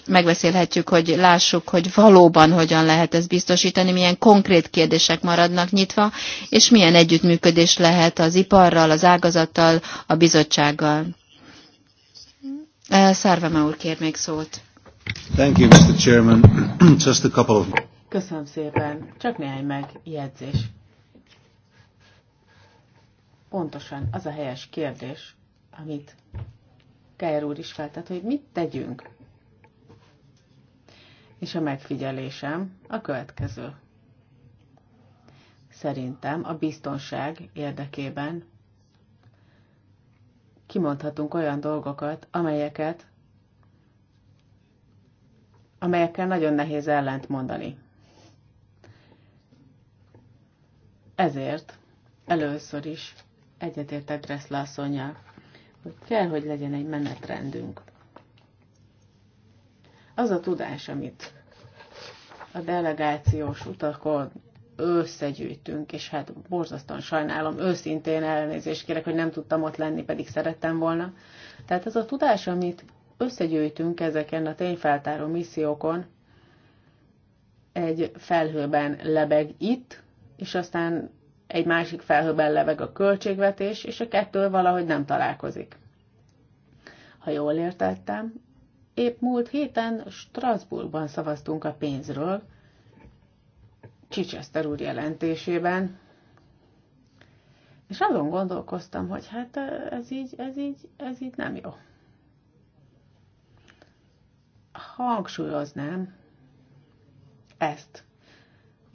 megbeszélhetjük, hogy lássuk, hogy valóban hogyan lehet ezt biztosítani, milyen konkrét kérdések maradnak nyitva, és milyen együttműködés lehet az iparral, az ágazattal, a bizottsággal. Eh, Szárvama úr kér még szót. Thank you, Mr. Chairman. [clears throat] Just a couple of... Köszönöm szépen. Csak néhány megjegyzés. Pontosan az a helyes kérdés, amit Gájer úr is feltett, hogy mit tegyünk. És a megfigyelésem a következő. Szerintem a biztonság érdekében kimondhatunk olyan dolgokat, amelyeket amelyekkel nagyon nehéz ellent mondani. Ezért először is egyetértek Dressla asszonyjal hogy kell, hogy legyen egy menetrendünk. Az a tudás, amit a delegációs utakon összegyűjtünk, és hát borzasztóan sajnálom, őszintén elnézést kérek, hogy nem tudtam ott lenni, pedig szerettem volna. Tehát ez a tudás, amit összegyűjtünk ezeken a tényfeltáró missziókon, egy felhőben lebeg itt, és aztán egy másik felhőben leveg a költségvetés, és a kettő valahogy nem találkozik. Ha jól értettem, épp múlt héten Strasbourgban szavaztunk a pénzről, Csicseszter úr jelentésében, és azon gondolkoztam, hogy hát ez így, ez így, ez így nem jó. Hangsúlyoznám ezt,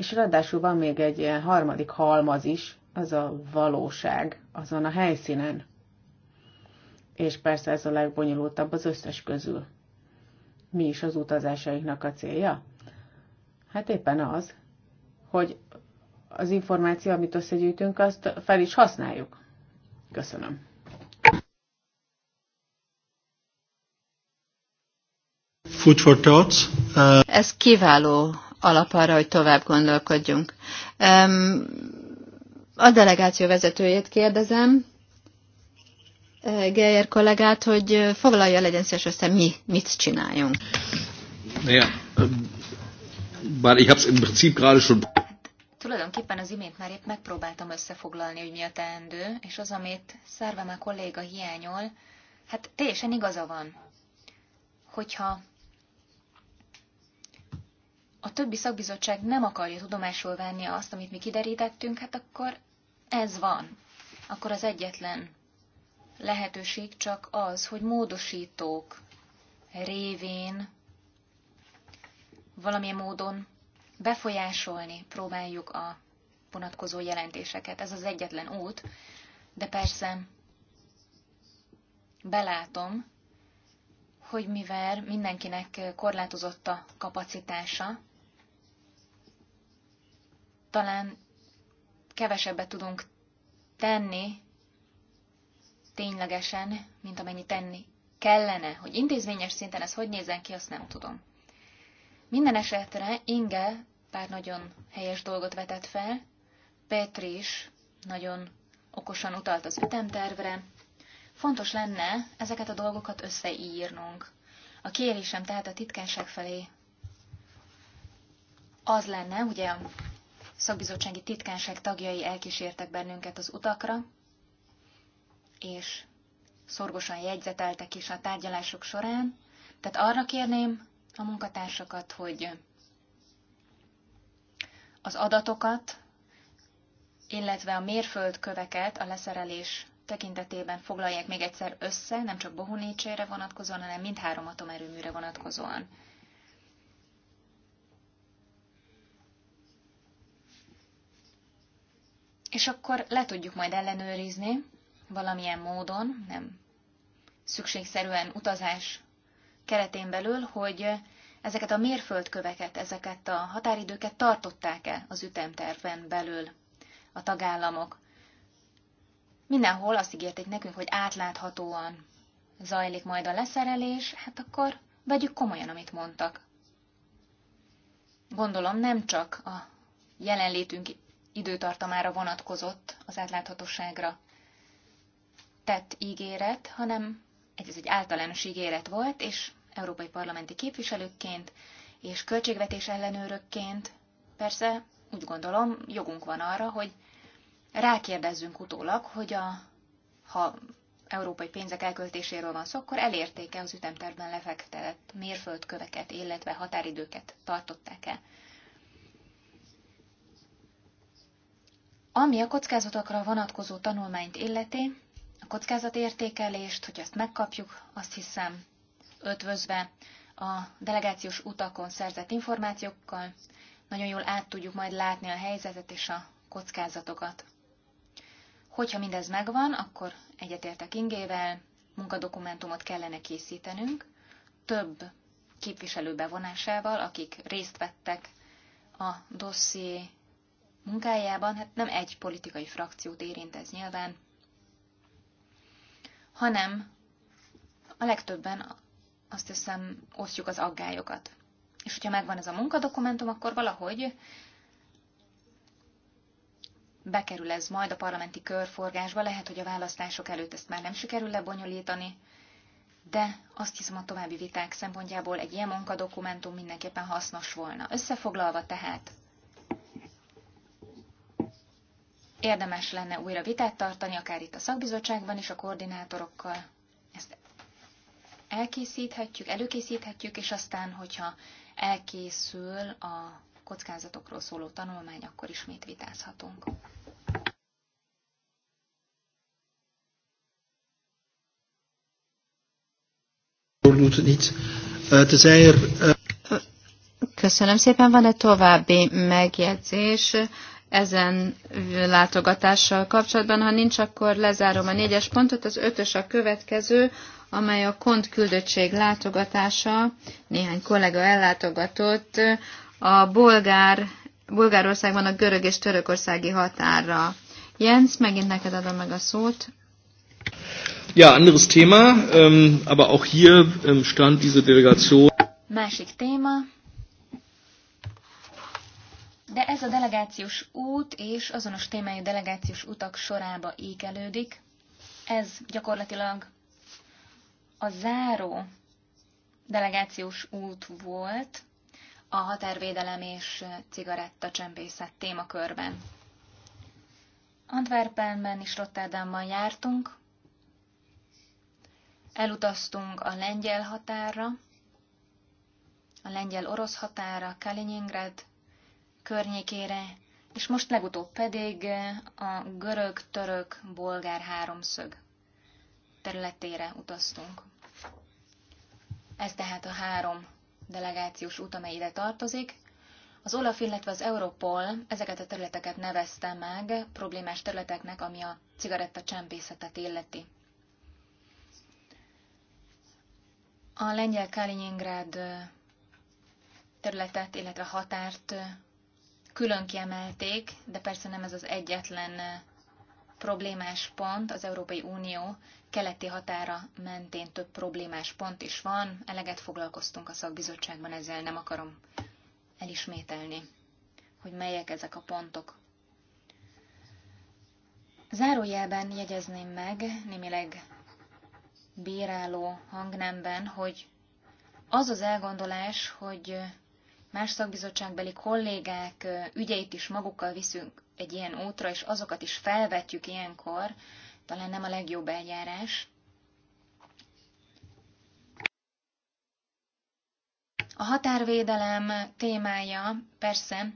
és ráadásul van még egy ilyen harmadik halmaz is, az a valóság azon a helyszínen. És persze ez a legbonyolultabb az összes közül. Mi is az utazásainknak a célja? Hát éppen az, hogy az információ, amit összegyűjtünk, azt fel is használjuk. Köszönöm. Food for thoughts. Uh... Ez kiváló alap arra, hogy tovább gondolkodjunk. A delegáció vezetőjét kérdezem, eh, Geyer kollégát, hogy eh, foglalja legyen szíves össze, mi mit csináljunk. Ja, eh, bár ich hab's im Prinzip gerade schon... Tulajdonképpen az imént már épp megpróbáltam összefoglalni, hogy mi a teendő, és az, amit Szárvámá kolléga hiányol, hát teljesen igaza van. Hogyha a többi szakbizottság nem akarja tudomásul venni azt, amit mi kiderítettünk, hát akkor ez van. Akkor az egyetlen lehetőség csak az, hogy módosítók révén valamilyen módon befolyásolni próbáljuk a vonatkozó jelentéseket. Ez az egyetlen út, de persze belátom, hogy mivel mindenkinek korlátozott a kapacitása, talán kevesebbet tudunk tenni ténylegesen, mint amennyi tenni kellene. Hogy intézményes szinten ez hogy nézzen ki, azt nem tudom. Minden esetre Inge pár nagyon helyes dolgot vetett fel, Petri is nagyon okosan utalt az ütemtervre. Fontos lenne ezeket a dolgokat összeírnunk. A kérésem tehát a titkenség felé az lenne, ugye szakbizottsági titkánság tagjai elkísértek bennünket az utakra, és szorgosan jegyzeteltek is a tárgyalások során. Tehát arra kérném a munkatársakat, hogy az adatokat, illetve a mérföldköveket a leszerelés tekintetében foglalják még egyszer össze, nem csak Bohunicsére vonatkozóan, hanem mindhárom atomerőműre vonatkozóan. és akkor le tudjuk majd ellenőrizni valamilyen módon, nem szükségszerűen utazás keretén belül, hogy ezeket a mérföldköveket, ezeket a határidőket tartották-e az ütemterven belül a tagállamok. Mindenhol azt ígérték nekünk, hogy átláthatóan zajlik majd a leszerelés, hát akkor vegyük komolyan, amit mondtak. Gondolom nem csak a jelenlétünk időtartamára vonatkozott az átláthatóságra tett ígéret, hanem ez egy általános ígéret volt, és európai parlamenti képviselőkként és költségvetés ellenőrökként persze úgy gondolom jogunk van arra, hogy rákérdezzünk utólag, hogy a, ha európai pénzek elköltéséről van szó, akkor elérték-e az ütemtervben lefektetett mérföldköveket, illetve határidőket tartották-e. Ami a kockázatokra vonatkozó tanulmányt illeti, a kockázatértékelést, hogy ezt megkapjuk, azt hiszem ötvözve a delegációs utakon szerzett információkkal, nagyon jól át tudjuk majd látni a helyzetet és a kockázatokat. Hogyha mindez megvan, akkor egyetértek ingével, munkadokumentumot kellene készítenünk, több képviselő bevonásával, akik részt vettek a dosszié munkájában, hát nem egy politikai frakciót érint ez nyilván, hanem a legtöbben azt hiszem osztjuk az aggályokat. És hogyha megvan ez a munkadokumentum, akkor valahogy bekerül ez majd a parlamenti körforgásba, lehet, hogy a választások előtt ezt már nem sikerül lebonyolítani, de azt hiszem a további viták szempontjából egy ilyen munkadokumentum mindenképpen hasznos volna. Összefoglalva tehát, érdemes lenne újra vitát tartani, akár itt a szakbizottságban is a koordinátorokkal. Ezt elkészíthetjük, előkészíthetjük, és aztán, hogyha elkészül a kockázatokról szóló tanulmány, akkor ismét vitázhatunk. Köszönöm szépen, van-e további megjegyzés? ezen látogatással kapcsolatban. Ha nincs, akkor lezárom a négyes pontot. Az ötös a következő, amely a kont küldöttség látogatása. Néhány kollega ellátogatott a bolgár, Bulgárországban a görög és törökországi határra. Jens, megint neked adom meg a szót. Ja, anderes Thema, ähm, aber auch hier ähm, stand diese Delegation. Másik téma, de ez a delegációs út és azonos témájú delegációs utak sorába ékelődik. Ez gyakorlatilag a záró delegációs út volt a határvédelem és csempészet témakörben. Antwerpenben és Rotterdamban jártunk, elutaztunk a lengyel határra, a lengyel-orosz határa, Kaliningrad, környékére, és most legutóbb pedig eh, a görög-török-bolgár háromszög területére utaztunk. Ez tehát a három delegációs út, amely ide tartozik. Az OLAF, illetve az Europol ezeket a területeket nevezte meg problémás területeknek, ami a cigaretta csempészetet illeti. A lengyel Kaliningrad eh, területet, illetve határt eh, külön kiemelték, de persze nem ez az egyetlen eh, problémás pont, az Európai Unió keleti határa mentén több problémás pont is van, eleget foglalkoztunk a szakbizottságban, ezzel nem akarom elismételni, hogy melyek ezek a pontok. Zárójelben jegyezném meg, némileg bíráló hangnemben, hogy az az elgondolás, hogy eh, más szakbizottságbeli kollégák ügyeit is magukkal viszünk egy ilyen útra, és azokat is felvetjük ilyenkor, talán nem a legjobb eljárás. A határvédelem témája persze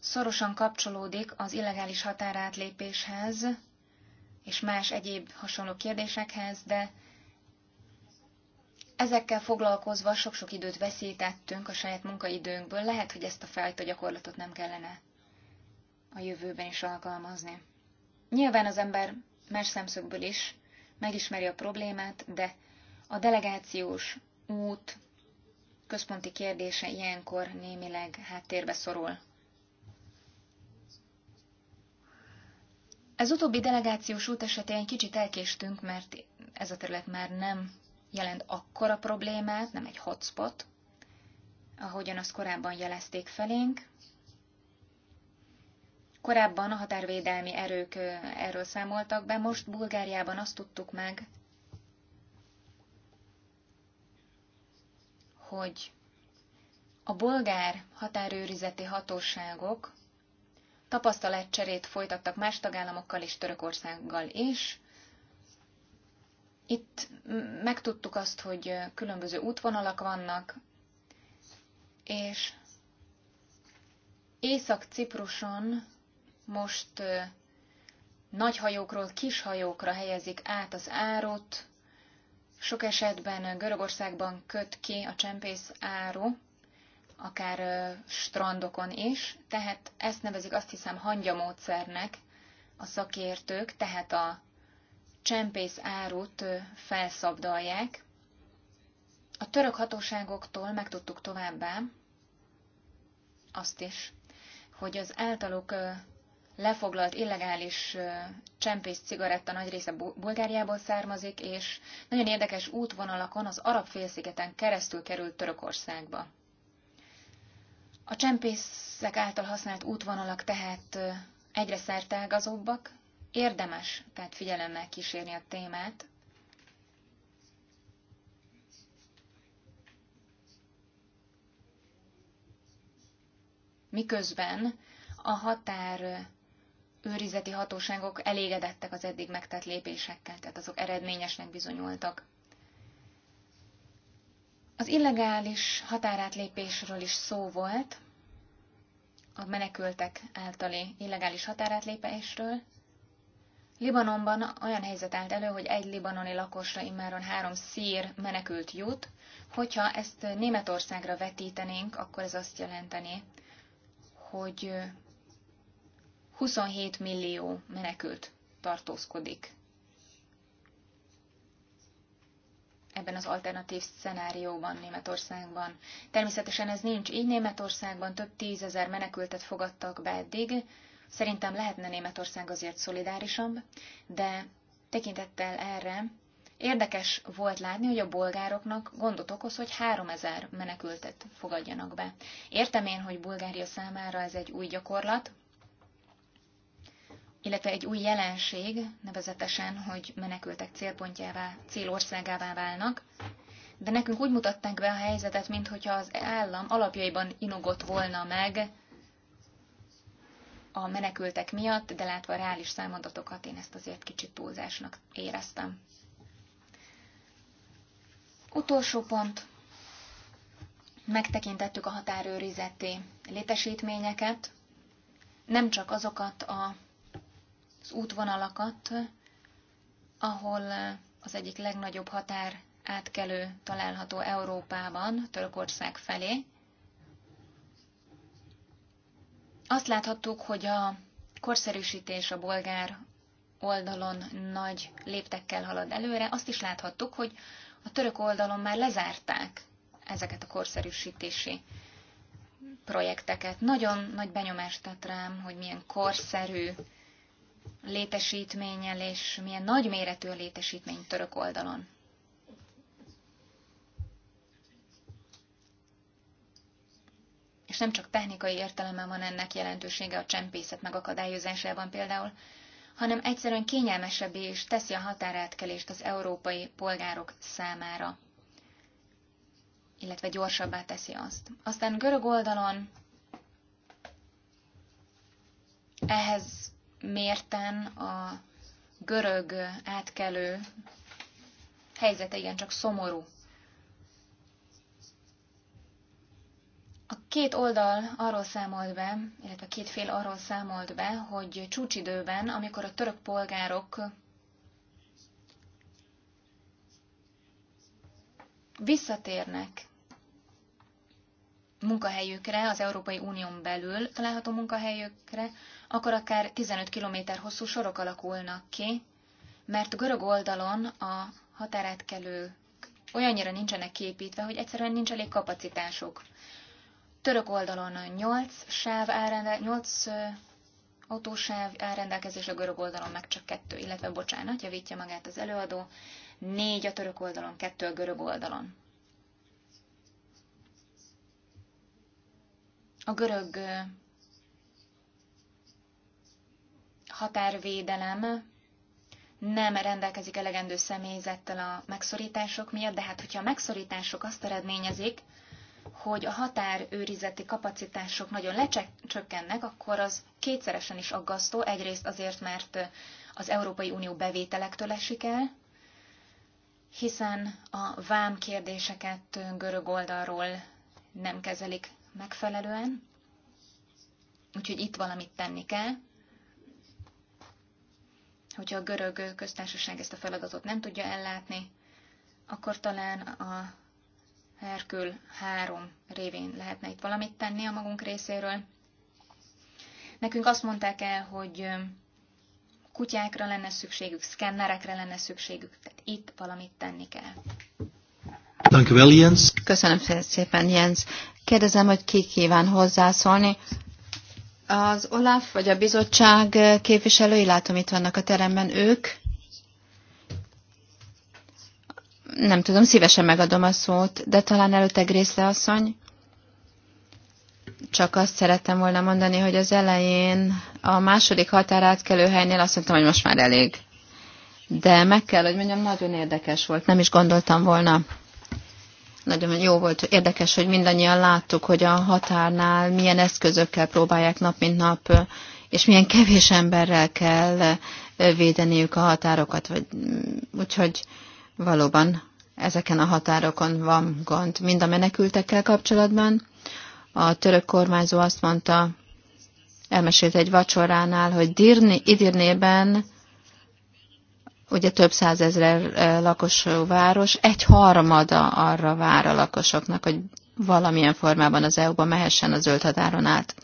szorosan kapcsolódik az illegális határátlépéshez és más egyéb hasonló kérdésekhez, de Ezekkel foglalkozva sok-sok időt veszítettünk a saját munkaidőnkből, lehet, hogy ezt a fajta gyakorlatot nem kellene a jövőben is alkalmazni. Nyilván az ember más szemszögből is megismeri a problémát, de a delegációs út központi kérdése ilyenkor némileg háttérbe szorul. Ez utóbbi delegációs út esetén kicsit elkéstünk, mert ez a terület már nem jelent akkora problémát, nem egy hotspot, ahogyan azt korábban jelezték felénk. Korábban a határvédelmi erők erről számoltak be, most Bulgáriában azt tudtuk meg, hogy a bolgár határőrizeti hatóságok tapasztalatcserét folytattak más tagállamokkal és Törökországgal is, itt megtudtuk azt, hogy különböző útvonalak vannak, és Észak-Cipruson most nagy hajókról kis hajókra helyezik át az árut, sok esetben Görögországban köt ki a csempész áru, akár strandokon is, tehát ezt nevezik azt hiszem hangyamódszernek a szakértők, tehát a csempész árut felszabdalják. A török hatóságoktól megtudtuk továbbá azt is, hogy az általuk lefoglalt illegális csempész cigaretta nagy része Bulgáriából származik, és nagyon érdekes útvonalakon az arab félszigeten keresztül került Törökországba. A csempészek által használt útvonalak tehát egyre szertágazóbbak, Érdemes tehát figyelemmel kísérni a témát. Miközben a határ őrizeti hatóságok elégedettek az eddig megtett lépésekkel, tehát azok eredményesnek bizonyultak. Az illegális határátlépésről is szó volt, a menekültek általi illegális határátlépésről, Libanonban olyan helyzet állt elő, hogy egy libanoni lakosra immáron három szír menekült jut. Hogyha ezt Németországra vetítenénk, akkor ez azt jelenteni, hogy 27 millió menekült tartózkodik ebben az alternatív szenárióban Németországban. Természetesen ez nincs így. Németországban több tízezer menekültet fogadtak be eddig, Szerintem lehetne Németország azért szolidárisabb, de tekintettel erre érdekes volt látni, hogy a bolgároknak gondot okoz, hogy 3000 menekültet fogadjanak be. Értem én, hogy Bulgária számára ez egy új gyakorlat, illetve egy új jelenség, nevezetesen, hogy menekültek célpontjává, célországává válnak, de nekünk úgy mutatták be a helyzetet, mintha az állam alapjaiban inogott volna meg a menekültek miatt, de látva a reális számadatokat, én ezt azért kicsit túlzásnak éreztem. Utolsó pont. Megtekintettük a határőrizeti létesítményeket, nem csak azokat a, az útvonalakat, ahol az egyik legnagyobb határ átkelő található Európában, Törökország felé, Azt láthattuk, hogy a korszerűsítés a bolgár oldalon nagy léptekkel halad előre. Azt is láthattuk, hogy a török oldalon már lezárták ezeket a korszerűsítési projekteket. Nagyon nagy benyomást tett rám, hogy milyen korszerű létesítménnyel és milyen nagyméretű a létesítmény török oldalon. és nem csak technikai értelemben van ennek jelentősége a csempészet megakadályozásában például, hanem egyszerűen kényelmesebbé és teszi a határátkelést az európai polgárok számára, illetve gyorsabbá teszi azt. Aztán görög oldalon ehhez mérten a görög átkelő helyzete igen csak szomorú. Két oldal arról számolt be, illetve két fél arról számolt be, hogy csúcsidőben, amikor a török polgárok visszatérnek munkahelyükre, az Európai Unión belül található munkahelyükre, akkor akár 15 km hosszú sorok alakulnak ki, mert a görög oldalon a határátkelők olyannyira nincsenek képítve, hogy egyszerűen nincs elég kapacitásuk. Török oldalon 8 sáv elrendel 8 autósáv elrendelkezés, a görög oldalon meg csak kettő, illetve bocsánat, javítja magát az előadó, négy a török oldalon, kettő a görög oldalon. A görög határvédelem nem rendelkezik elegendő személyzettel a megszorítások miatt, de hát hogyha a megszorítások azt eredményezik, hogy a határőrizeti kapacitások nagyon lecsökkennek, akkor az kétszeresen is aggasztó. Egyrészt azért, mert az Európai Unió bevételektől esik el, hiszen a vám kérdéseket görög oldalról nem kezelik megfelelően. Úgyhogy itt valamit tenni kell. Hogyha a görög köztársaság ezt a feladatot nem tudja ellátni, akkor talán a Herkül három révén lehetne itt valamit tenni a magunk részéről. Nekünk azt mondták el, hogy kutyákra lenne szükségük, szkennerekre lenne szükségük, tehát itt valamit tenni kell. Köszönöm szépen, Jens. Kérdezem, hogy ki kíván hozzászólni. Az Olaf vagy a bizottság képviselői, látom itt vannak a teremben ők. nem tudom, szívesen megadom a szót, de talán előtte Grészle asszony. Csak azt szerettem volna mondani, hogy az elején a második határátkelő helynél azt mondtam, hogy most már elég. De meg kell, hogy mondjam, nagyon érdekes volt, nem is gondoltam volna. Nagyon jó volt, érdekes, hogy mindannyian láttuk, hogy a határnál milyen eszközökkel próbálják nap mint nap, és milyen kevés emberrel kell védeniük a határokat. Vagy, úgyhogy Valóban ezeken a határokon van gond. Mind a menekültekkel kapcsolatban. A török kormányzó azt mondta, elmesélt egy vacsoránál, hogy Dirni, Idirnében ugye több százezer lakosú város, egy harmada arra vár a lakosoknak, hogy valamilyen formában az EU-ba mehessen a zöld határon át.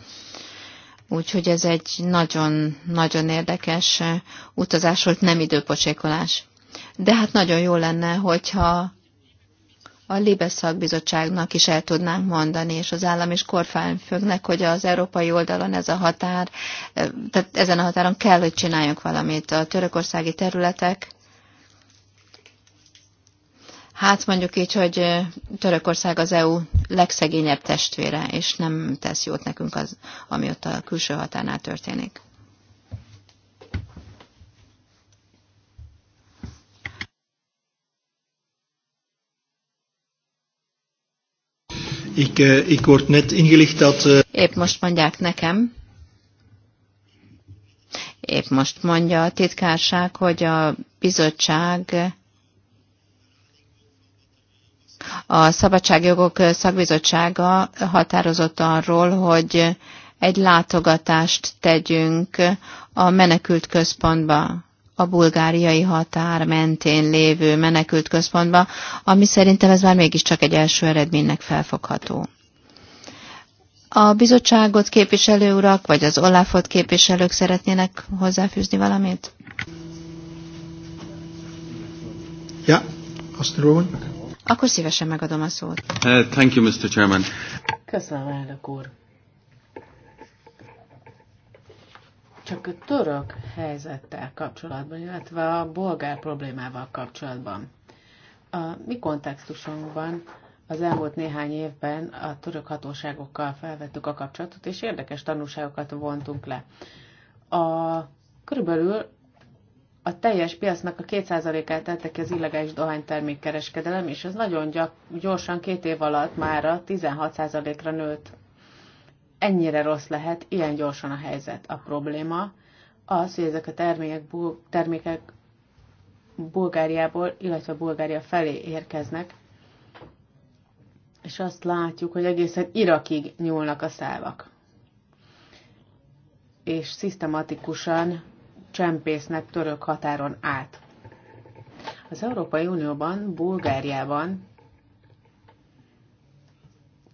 Úgyhogy ez egy nagyon-nagyon érdekes utazás volt, nem időpocsékolás de hát nagyon jó lenne, hogyha a Libeszakbizottságnak is el tudnánk mondani, és az állam és kormányfőknek, hogy az európai oldalon ez a határ, eh, tehát ezen a határon kell, hogy csináljunk valamit. A törökországi területek, hát mondjuk így, hogy eh, Törökország az EU legszegényebb testvére, és nem tesz jót nekünk az, ami ott a külső határnál történik. Ik, uh, ik word net ingelicht dat... Uh... Épp most mondják nekem. Épp most mondja a titkárság, hogy a bizottság a Szabadságjogok Szakbizottsága határozott arról, hogy egy látogatást tegyünk a menekült központba a bulgáriai határ mentén lévő menekült központba, ami szerintem ez már mégiscsak egy első eredménynek felfogható. A bizottságot képviselő urak, vagy az Olafot képviselők szeretnének hozzáfűzni valamit? Ja, azt Akkor szívesen megadom a szót. Uh, thank you, Mr. Chairman. Köszönöm, elnök úr. csak a török helyzettel kapcsolatban, illetve a bolgár problémával kapcsolatban. A mi kontextusunkban az elmúlt néhány évben a török hatóságokkal felvettük a kapcsolatot, és érdekes tanulságokat vontunk le. A, körülbelül a teljes piacnak a 2%-át tette ki az illegális dohánytermékkereskedelem, és ez nagyon gyak, gyorsan két év alatt már a 16%-ra nőtt ennyire rossz lehet ilyen gyorsan a helyzet. A probléma az, hogy ezek a termékek, bul- termékek Bulgáriából, illetve Bulgária felé érkeznek, és azt látjuk, hogy egészen Irakig nyúlnak a szávak. És szisztematikusan csempésznek török határon át. Az Európai Unióban, Bulgáriában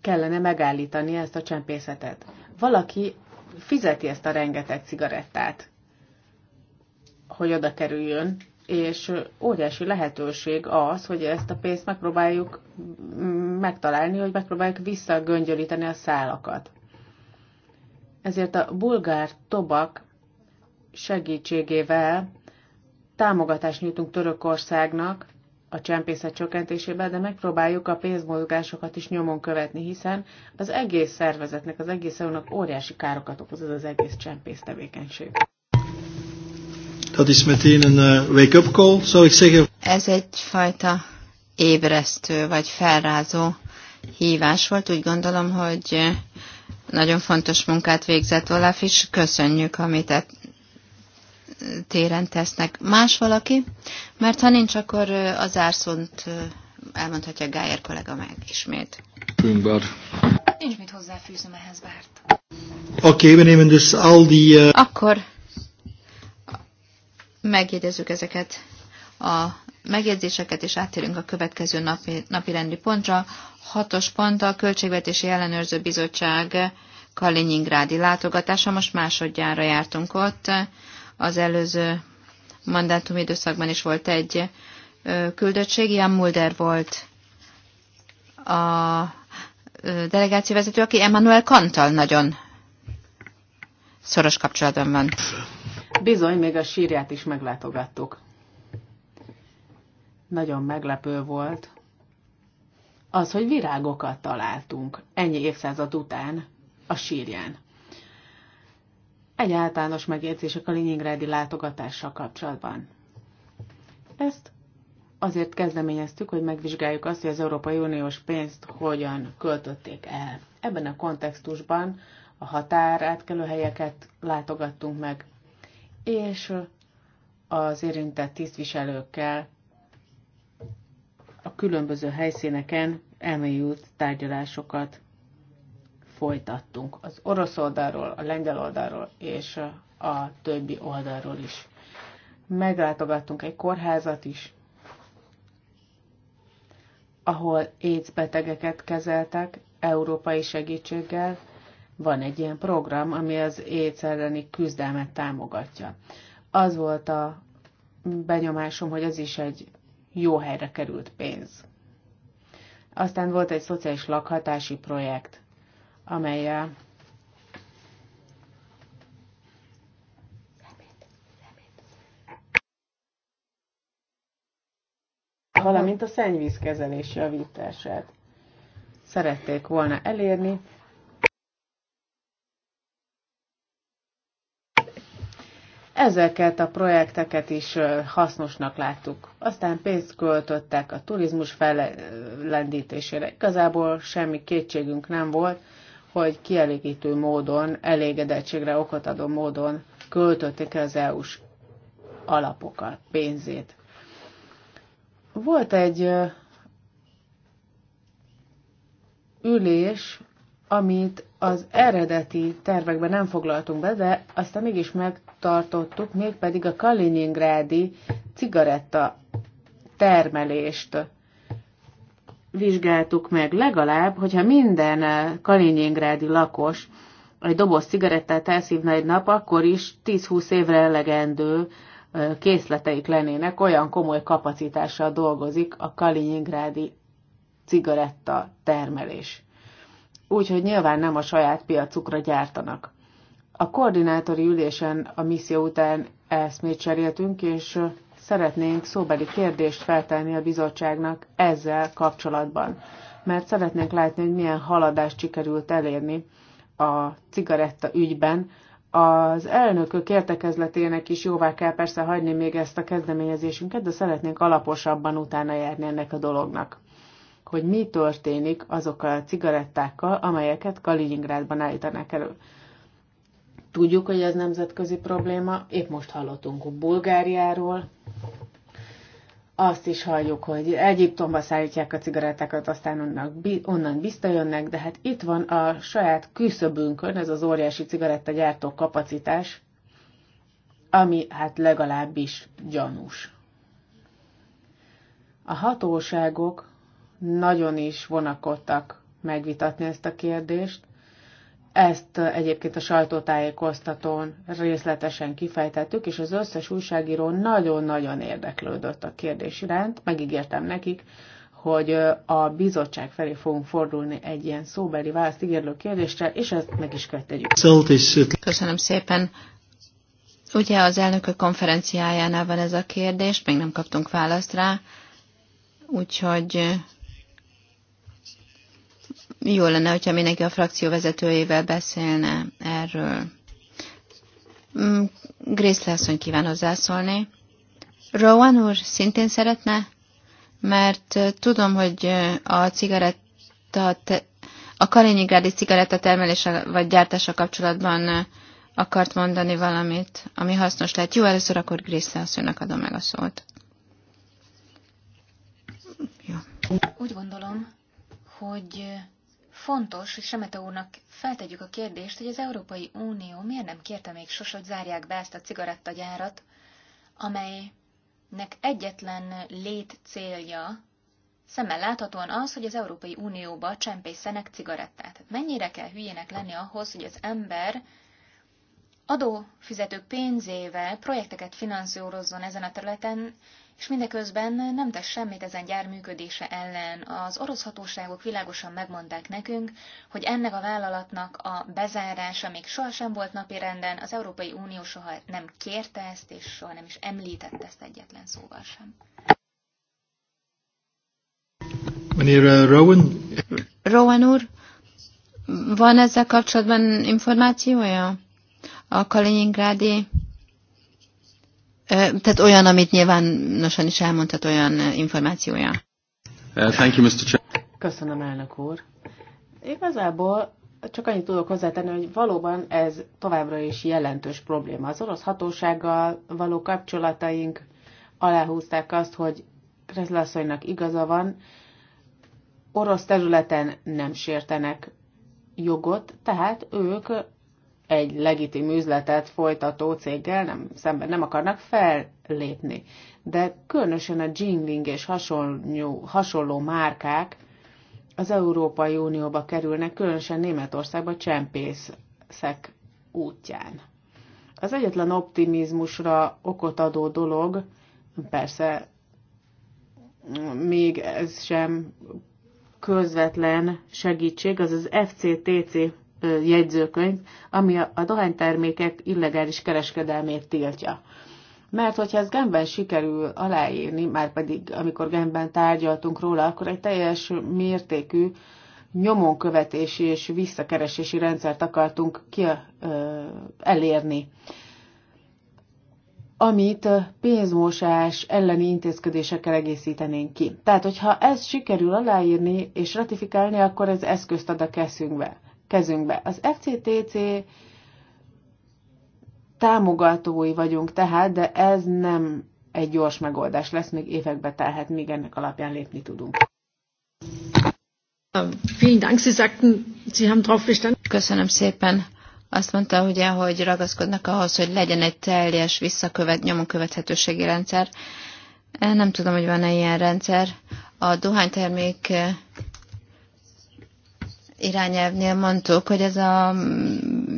kellene megállítani ezt a csempészetet. Valaki fizeti ezt a rengeteg cigarettát, hogy oda kerüljön, és óriási lehetőség az, hogy ezt a pénzt megpróbáljuk mm, megtalálni, hogy megpróbáljuk visszagöngyölíteni a szálakat. Ezért a bulgár tobak segítségével támogatást nyújtunk Törökországnak, a csempészet csökkentésébe, de megpróbáljuk a pénzmozgásokat is nyomon követni, hiszen az egész szervezetnek, az egész eu óriási károkat okoz ez az egész csempész tevékenység. Eh, ez egyfajta ébresztő vagy felrázó hívás volt. Úgy gondolom, hogy eh, nagyon fontos munkát végzett Olaf, és köszönjük, amit e- téren tesznek. Más valaki? Mert ha nincs, akkor a zárszont elmondhatja Gájer kollega meg ismét. Bár. Nincs mit hozzáfűzöm ehhez, Bárt. Oké, okay, nemen dus al Uh... Akkor megjegyezzük ezeket a megjegyzéseket, és áttérünk a következő napi, napi rendi pontra. Hatos pont a Költségvetési Ellenőrző Bizottság Kaliningrádi látogatása. Most másodjára jártunk ott az előző mandátum időszakban is volt egy küldöttség, Ian Mulder volt a delegáció vezető, aki Emmanuel Kantal nagyon szoros kapcsolatban van. Bizony, még a sírját is meglátogattuk. Nagyon meglepő volt az, hogy virágokat találtunk ennyi évszázad után a sírján. Egy általános megjegyzés a Kaliningrádi látogatással kapcsolatban. Ezt azért kezdeményeztük, hogy megvizsgáljuk azt, hogy az Európai Uniós pénzt hogyan költötték el. Ebben a kontextusban a átkelő helyeket látogattunk meg, és az érintett tisztviselőkkel a különböző helyszíneken elmélyült tárgyalásokat folytattunk az orosz oldalról, a lengyel oldalról és a többi oldalról is. Meglátogattunk egy kórházat is, ahol AIDS betegeket kezeltek európai segítséggel. Van egy ilyen program, ami az AIDS elleni küzdelmet támogatja. Az volt a benyomásom, hogy ez is egy jó helyre került pénz. Aztán volt egy szociális lakhatási projekt, amelyel eh, valamint a szennyvízkezelés javítását szerették volna elérni. Ezeket a projekteket is eh, hasznosnak láttuk. Aztán pénzt költöttek a turizmus fellendítésére. Igazából semmi kétségünk nem volt, hogy kielégítő módon, elégedettségre okot adó módon költötték az EU-s alapokat, pénzét. Volt egy ülés, amit az eredeti tervekben nem foglaltunk be, de aztán mégis megtartottuk, mégpedig a Kaliningrádi cigaretta termelést vizsgáltuk meg legalább, hogyha minden eh, Kaliningrádi lakos egy doboz cigarettát elszívna egy nap, akkor is 10-20 évre elegendő eh, készleteik lennének, olyan komoly kapacitással dolgozik a Kaliningrádi cigaretta termelés. Úgyhogy nyilván nem a saját piacukra gyártanak. A koordinátori ülésen a misszió után eszmét cseréltünk, és eh, szeretnénk szóbeli kérdést feltenni a bizottságnak ezzel kapcsolatban, mert szeretnénk látni, hogy milyen haladást sikerült elérni a cigaretta ügyben. Az elnökök értekezletének is jóvá kell persze hagyni még ezt a kezdeményezésünket, de szeretnénk alaposabban utána járni ennek a dolognak hogy mi történik azokkal a cigarettákkal, amelyeket Kaliningrádban állítanak elő. Tudjuk, hogy ez nemzetközi probléma, épp most hallottunk a Bulgáriáról, azt is halljuk, hogy Egyiptomba szállítják a cigarettákat, aztán onnan, onnan visszajönnek, de hát itt van a saját küszöbünkön ez az óriási cigarettagyártó kapacitás, ami hát legalábbis gyanús. A hatóságok nagyon is vonakodtak megvitatni ezt a kérdést, ezt egyébként a sajtótájékoztatón részletesen kifejtettük, és az összes újságíró nagyon-nagyon érdeklődött a kérdés iránt. Megígértem nekik, hogy a bizottság felé fogunk fordulni egy ilyen szóbeli választ ígérlő kérdésre, és ezt meg is kell tegyük. Köszönöm szépen. Ugye az elnökök konferenciájánál van ez a kérdés, még nem kaptunk választ rá, úgyhogy jó lenne, hogyha mindenki a frakció vezetőjével beszélne erről. Mm, Grace Lászony kíván hozzászólni. Rowan úr szintén szeretne, mert tudom, hogy a cigaretta, a kaliningrádi cigaretta termelése vagy gyártása kapcsolatban akart mondani valamit, ami hasznos lehet. Jó, először akkor Grace Lászonynak adom meg a szót. Jó. Úgy gondolom, hogy fontos, hogy Semete úrnak feltegyük a kérdést, hogy az Európai Unió miért nem kérte még sos, hogy zárják be ezt a cigarettagyárat, amelynek egyetlen lét célja szemmel láthatóan az, hogy az Európai Unióba csempészenek cigarettát. Mennyire kell hülyének lenni ahhoz, hogy az ember adófizetők pénzével projekteket finanszírozzon ezen a területen, és mindeközben nem tesz semmit ezen gyár működése ellen. Az orosz hatóságok világosan megmondták nekünk, hogy ennek a vállalatnak a bezárása még sohasem volt napirenden, az Európai Unió soha nem kérte ezt, és soha nem is említette ezt egyetlen szóval sem. Eh, Rowan? Rowan úr, van ezzel kapcsolatban információja? A Kaliningrádi tehát olyan, amit nyilván nosan is elmondhat, olyan információja. Thank you, Mr. Chair. Köszönöm, elnök úr. Igazából csak annyit tudok hozzátenni, hogy valóban ez továbbra is jelentős probléma. Az orosz hatósággal való kapcsolataink aláhúzták azt, hogy Kreszlasszonynak igaza van, orosz területen nem sértenek jogot, tehát ők egy legitim üzletet folytató céggel nem, szemben nem akarnak fellépni. De különösen a Jingling és hasonló, hasonló márkák az Európai Unióba kerülnek, különösen Németországba csempészek útján. Az egyetlen optimizmusra okot adó dolog, persze még ez sem közvetlen segítség, az az FCTC jegyzőkönyv, ami a dohánytermékek illegális kereskedelmét tiltja. Mert hogyha ez Genben sikerül aláírni, már pedig amikor Genben tárgyaltunk róla, akkor egy teljes mértékű nyomonkövetési és visszakeresési rendszert akartunk ki, ö, elérni, amit pénzmosás elleni intézkedésekkel egészítenénk ki. Tehát, hogyha ez sikerül aláírni és ratifikálni, akkor ez eszközt ad a kezünkbe kezünkbe. Az FCTC támogatói vagyunk tehát, de ez nem egy gyors megoldás lesz, még évekbe telhet, míg ennek alapján lépni tudunk. Köszönöm szépen. Azt mondta ugye, hogy ragaszkodnak ahhoz, hogy legyen egy teljes visszakövet, nyomon követhetőségi rendszer. Nem tudom, hogy van-e ilyen rendszer. A dohánytermék irányelvnél mondtuk, hogy ez a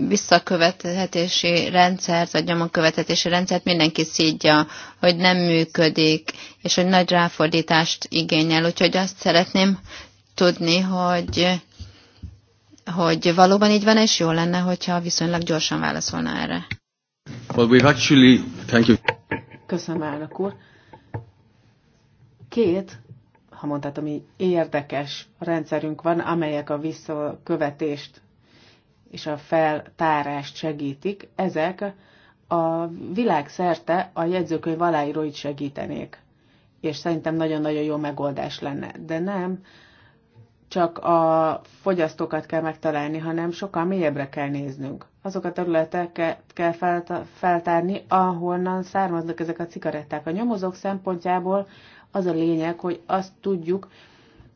visszakövethetési rendszert, vagy nyomonkövethetési rendszert mindenki szídja, hogy nem működik, és hogy nagy ráfordítást igényel. Úgyhogy azt szeretném tudni, hogy, hogy valóban így van, és jó lenne, hogyha viszonylag gyorsan válaszolna erre. Well, we've actually... Thank you. Köszönöm, elnök úr. Két ha mondhatom így, érdekes rendszerünk van, amelyek a visszakövetést és a feltárást segítik. Ezek a világszerte a jegyzőkönyv aláíróit segítenék. És szerintem nagyon-nagyon jó megoldás lenne. De nem csak a fogyasztókat kell megtalálni, hanem sokkal mélyebbre kell néznünk. Azok a területeket kell feltárni, ahonnan származnak ezek a cigaretták. A nyomozók szempontjából az a lényeg, hogy azt tudjuk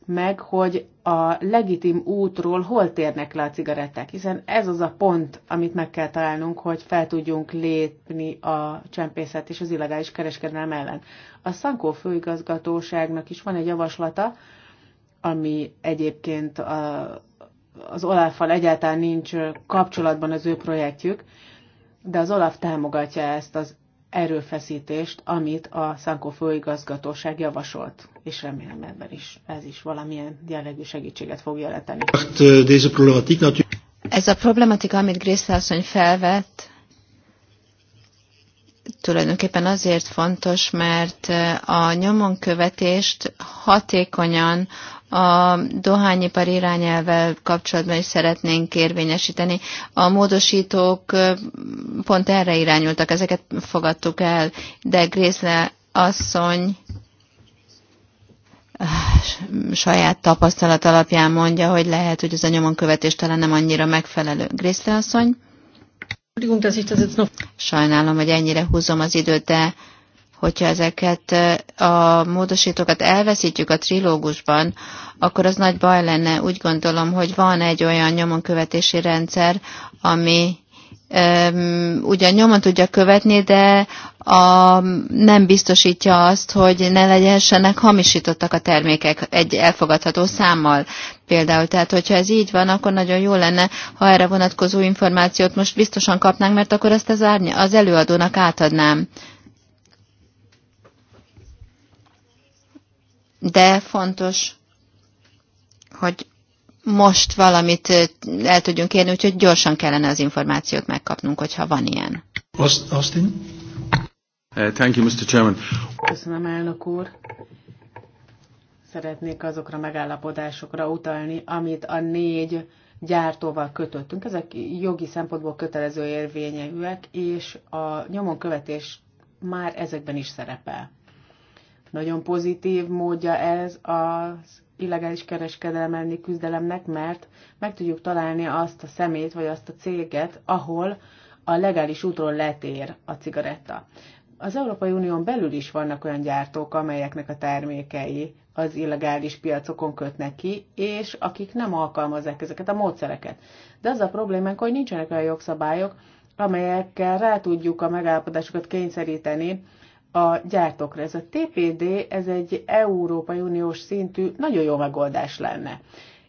meg, hogy a legitim útról hol térnek le a cigaretták, hiszen ez az a pont, amit meg kell találnunk, hogy fel tudjunk lépni a csempészet és az illegális kereskedelem ellen. A Szankó főigazgatóságnak is van egy javaslata, ami egyébként a, az Olaffal egyáltalán nincs kapcsolatban az ő projektjük, de az Olaf támogatja ezt az erőfeszítést, amit a Szankó főigazgatóság javasolt, és remélem ebben is ez is valamilyen jellegű segítséget fog jelenteni. Ez a problematika, amit Grace asszony felvett, tulajdonképpen azért fontos, mert a nyomon követést hatékonyan a dohányipar irányelvel kapcsolatban is szeretnénk érvényesíteni. A módosítók pont erre irányultak, ezeket fogadtuk el, de Grészle asszony saját tapasztalat alapján mondja, hogy lehet, hogy ez a nyomon követés talán nem annyira megfelelő. Grészle asszony? Sajnálom, hogy ennyire húzom az időt, de hogyha ezeket eh, a módosítókat elveszítjük a trilógusban, akkor az nagy baj lenne. Úgy gondolom, hogy van egy olyan nyomonkövetési rendszer, ami ugyan nyomon tudja követni, de a, nem biztosítja azt, hogy ne legyenek hamisítottak a termékek egy elfogadható számmal. Például, tehát hogyha ez így van, akkor nagyon jó lenne, ha erre vonatkozó információt most biztosan kapnánk, mert akkor ezt az, árny- az előadónak átadnám. de fontos, hogy most valamit el tudjunk érni, úgyhogy gyorsan kellene az információt megkapnunk, hogyha van ilyen. Austin? Uh, thank you, Mr. Chairman. Köszönöm, elnök úr. Szeretnék azokra megállapodásokra utalni, amit a négy gyártóval kötöttünk. Ezek jogi szempontból kötelező érvényűek, és a nyomonkövetés követés már ezekben is szerepel. Nagyon pozitív módja ez az illegális kereskedelmi küzdelemnek, mert meg tudjuk találni azt a szemét, vagy azt a céget, ahol a legális útról letér a cigaretta. Az Európai Unión belül is vannak olyan gyártók, amelyeknek a termékei az illegális piacokon kötnek ki, és akik nem alkalmazzák ezeket a módszereket. De az a problémánk, hogy nincsenek olyan jogszabályok, amelyekkel rá tudjuk a megállapodásokat kényszeríteni a gyártókra. Ez a TPD, ez egy Európai Uniós szintű, nagyon jó megoldás lenne.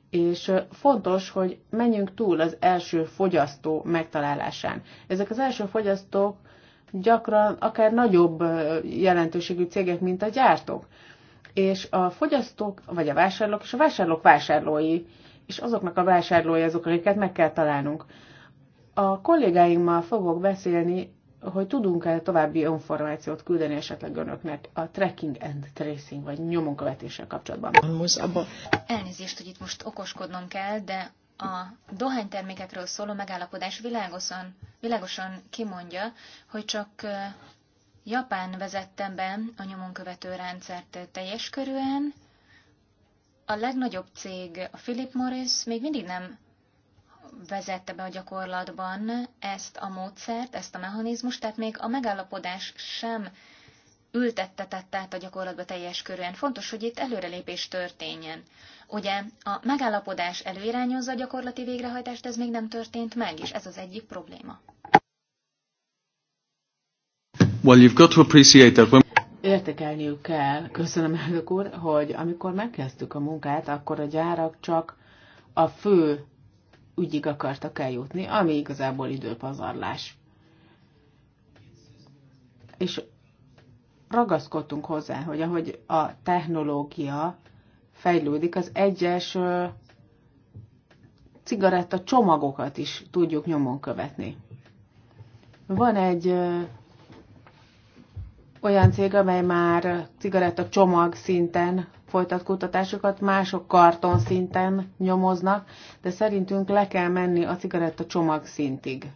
És fontos, hogy menjünk túl az első fogyasztó megtalálásán. Ezek az első fogyasztók gyakran akár nagyobb jelentőségű cégek, mint a gyártók. És a fogyasztók, vagy a vásárlók, és a vásárlók vásárlói, és azoknak a vásárlói azok, akiket meg kell találnunk. A kollégáimmal fogok beszélni hogy tudunk-e további információt küldeni esetleg önöknek a tracking and tracing, vagy nyomonkövetéssel kapcsolatban. Elnézést, hogy itt most okoskodnom kell, de a dohánytermékekről szóló megállapodás világosan, világosan kimondja, hogy csak Japán vezette be a nyomonkövető rendszert teljes körűen, a legnagyobb cég, a Philip Morris még mindig nem vezette be a gyakorlatban ezt a módszert, ezt a mechanizmust, tehát még a megállapodás sem ültettetett át a gyakorlatba teljes körűen. Fontos, hogy itt előrelépés történjen. Ugye a megállapodás előirányozza a gyakorlati végrehajtást, ez még nem történt meg, és ez az egyik probléma. Well, you've got to appreciate that when... Értékelniük kell, köszönöm elnök úr, hogy amikor megkezdtük a munkát, akkor a gyárak csak a fő ügyig akartak eljutni, ami igazából időpazarlás. És ragaszkodtunk hozzá, hogy ahogy a technológia fejlődik, az egyes cigaretta csomagokat is tudjuk nyomon követni. Van egy olyan cég, amely már cigaretta csomag szinten folytat kutatásokat, mások karton szinten nyomoznak, de szerintünk le kell menni a cigaretta csomag szintig.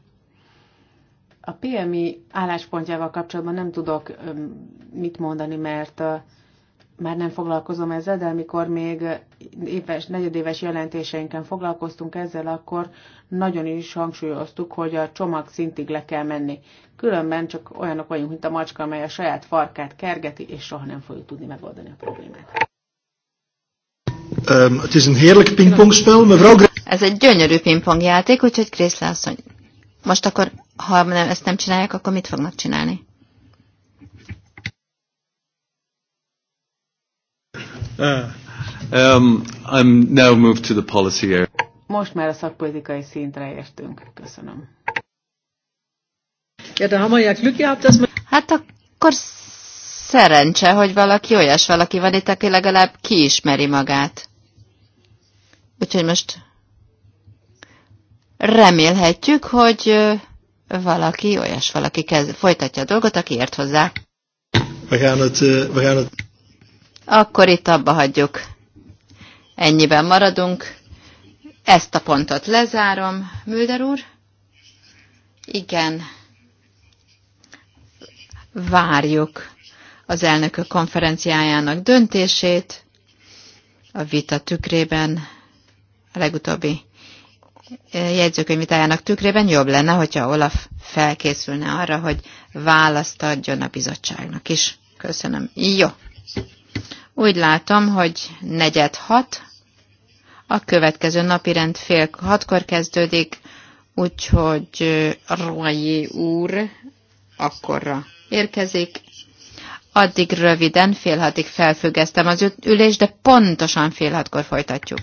A PMI álláspontjával kapcsolatban nem tudok mit mondani, mert már nem foglalkozom ezzel, de amikor még éves, negyedéves jelentéseinken foglalkoztunk ezzel, akkor nagyon is hangsúlyoztuk, hogy a csomag szintig le kell menni. Különben csak olyanok vagyunk, mint a macska, amely a saját farkát kergeti, és soha nem fogjuk tudni megoldani a problémát. Um, is heerlijk mevrouw Ez egy gyönyörű pingpongjáték, úgyhogy Krisz Most akkor, ha nem, ezt nem csinálják, akkor mit fognak csinálni? Uh, um, I'm now moved to the policy area. Most már a szakpolitikai szintre értünk. Köszönöm. Ja, de hát, hát akkor szerencse, hogy valaki olyas valaki van itt, aki legalább kiismeri magát. Úgyhogy most remélhetjük, hogy valaki, olyas valaki kezd, folytatja a dolgot, aki ért hozzá. We gaan het, uh, we gaan het akkor itt abba hagyjuk. Ennyiben maradunk. Ezt a pontot lezárom. Mülder úr? Igen. Várjuk az elnökök konferenciájának döntését a vita tükrében, a legutóbbi eh, jegyzőkönyvitájának tükrében jobb lenne, hogyha Olaf felkészülne arra, hogy választ adjon a bizottságnak is. Köszönöm. Jó. Úgy látom, hogy negyed hat, a következő napi rend fél hatkor kezdődik, úgyhogy Royer úr akkorra érkezik. Addig röviden fél hatig felfüggesztem az ülést, de pontosan fél hatkor folytatjuk.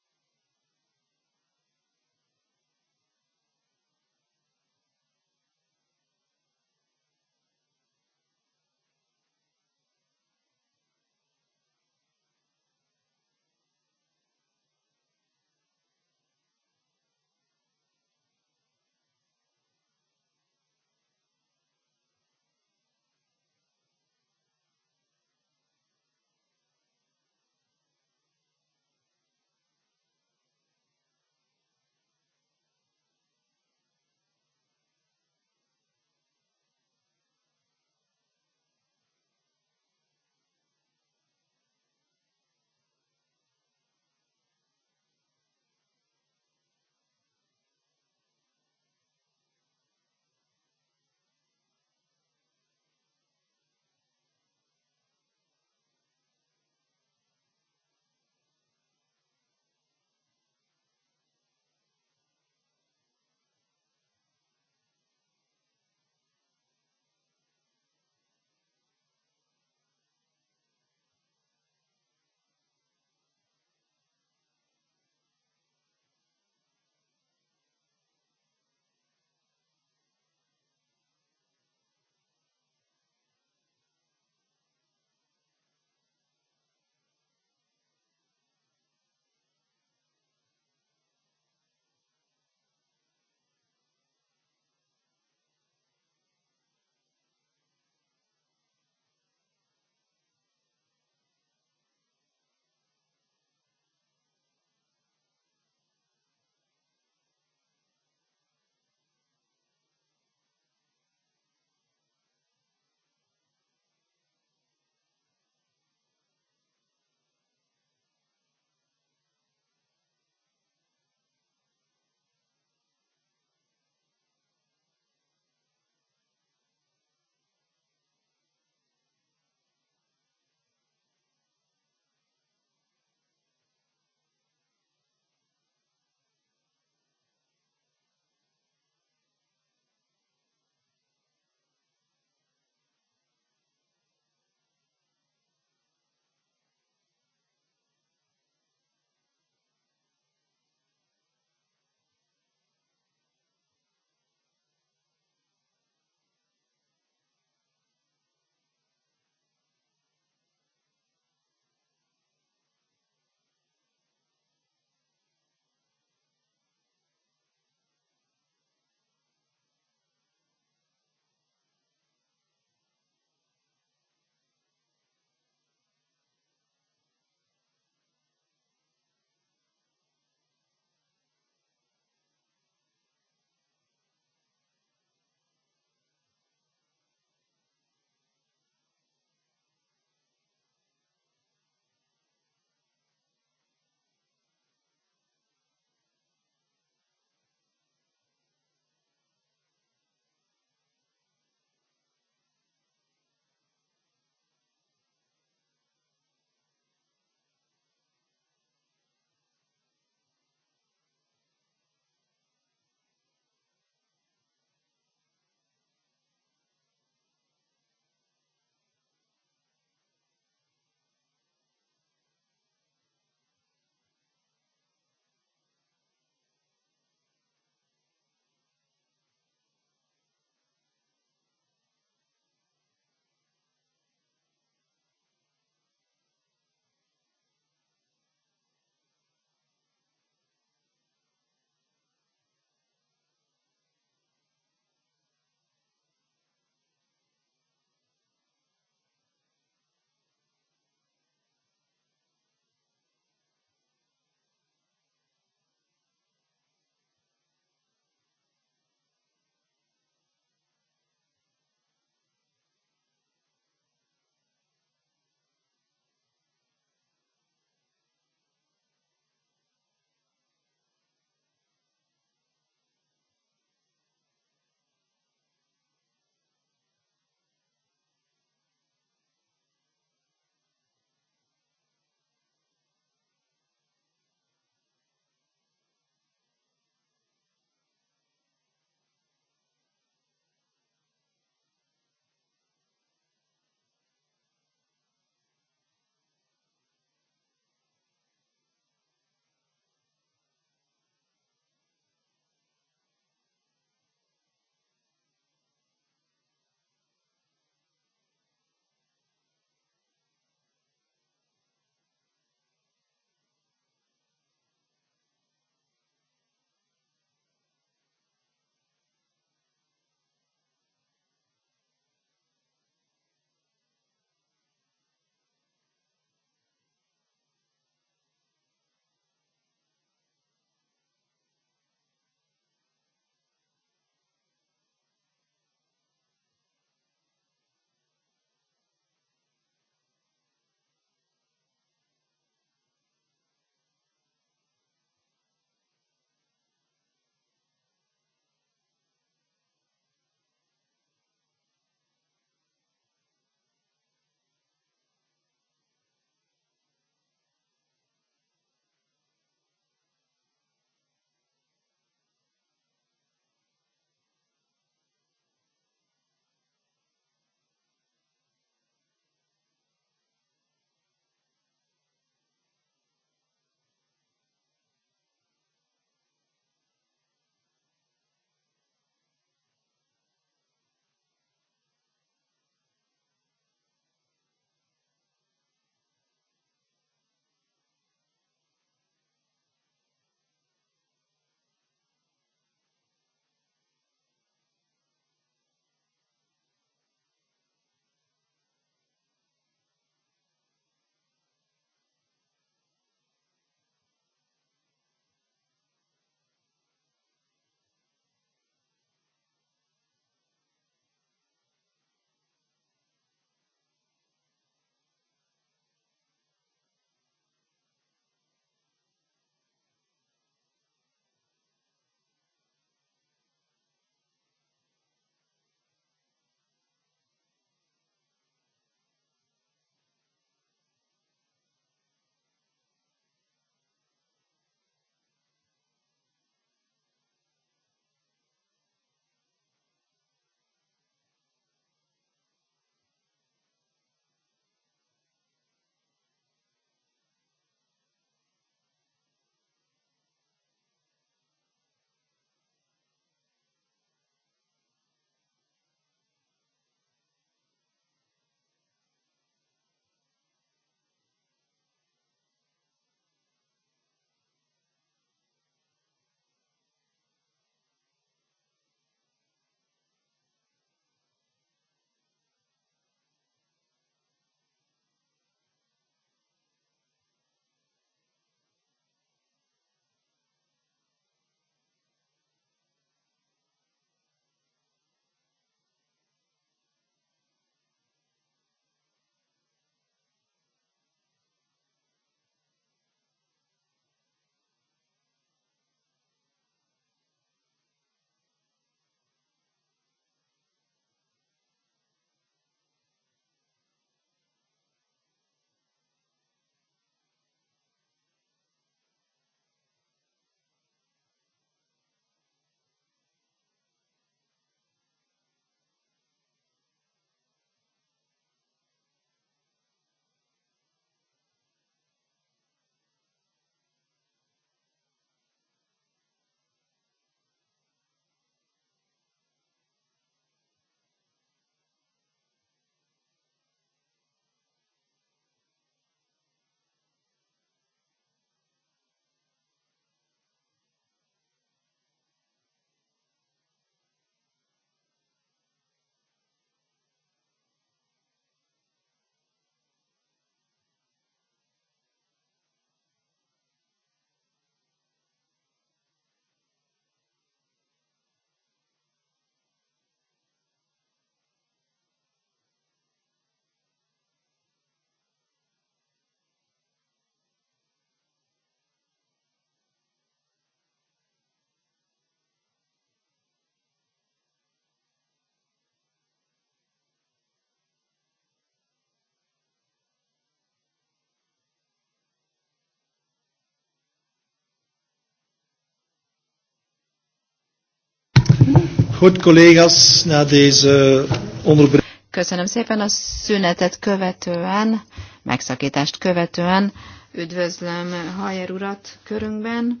na deze eh, onderbreking. Köszönöm szépen a szünetet követően, megszakítást követően. Üdvözlöm Hajer urat körünkben.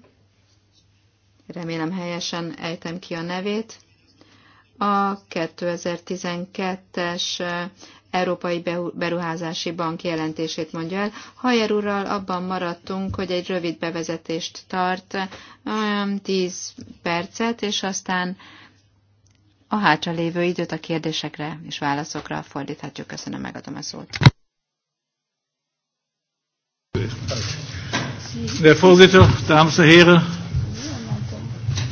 Remélem helyesen ejtem ki a nevét. A 2012-es eh, Európai Beruházási Bank jelentését mondja el. Hajer urral abban maradtunk, hogy egy rövid bevezetést tart, 10 eh, percet, és aztán a hátra lévő időt a kérdésekre és válaszokra fordíthatjuk. Köszönöm, megadom a szót. Der Vorsitzende, Damen und Herren,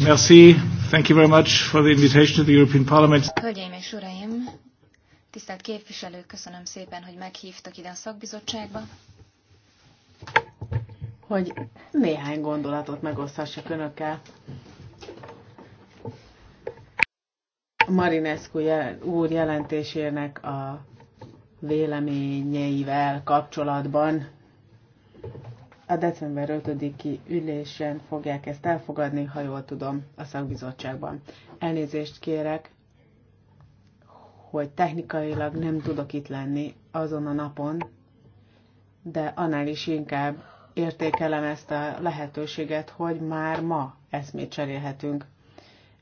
merci, thank you very much for the invitation to the European Parliament. Hölgyeim és uraim, tisztelt képviselők, köszönöm szépen, hogy meghívtak ide a szakbizottságba hogy néhány gondolatot megoszthassak önökkel Marinescu úr jelentésének a véleményeivel kapcsolatban a december 5-i ülésen fogják ezt elfogadni, ha jól tudom, a szakbizottságban. Elnézést kérek, hogy technikailag nem tudok itt lenni azon a napon, de annál is inkább értékelem ezt a lehetőséget, hogy már ma eszmét cserélhetünk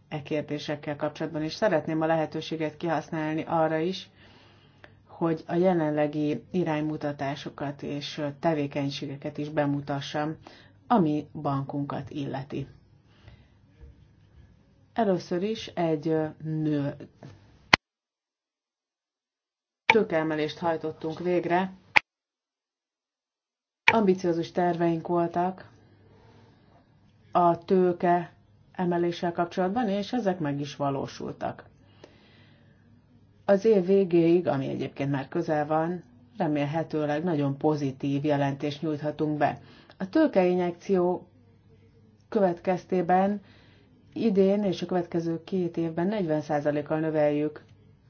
e kérdésekkel kapcsolatban, és szeretném a lehetőséget kihasználni arra is, hogy a jelenlegi iránymutatásokat és tevékenységeket is bemutassam, ami bankunkat illeti. Először is egy nő tőkeemelést hajtottunk végre. Ambiciózus terveink voltak a tőke emeléssel kapcsolatban, és ezek meg is valósultak. Az év végéig, ami egyébként már közel van, remélhetőleg nagyon pozitív jelentést nyújthatunk be. A tőkeinjekció következtében idén és a következő két évben 40%-kal növeljük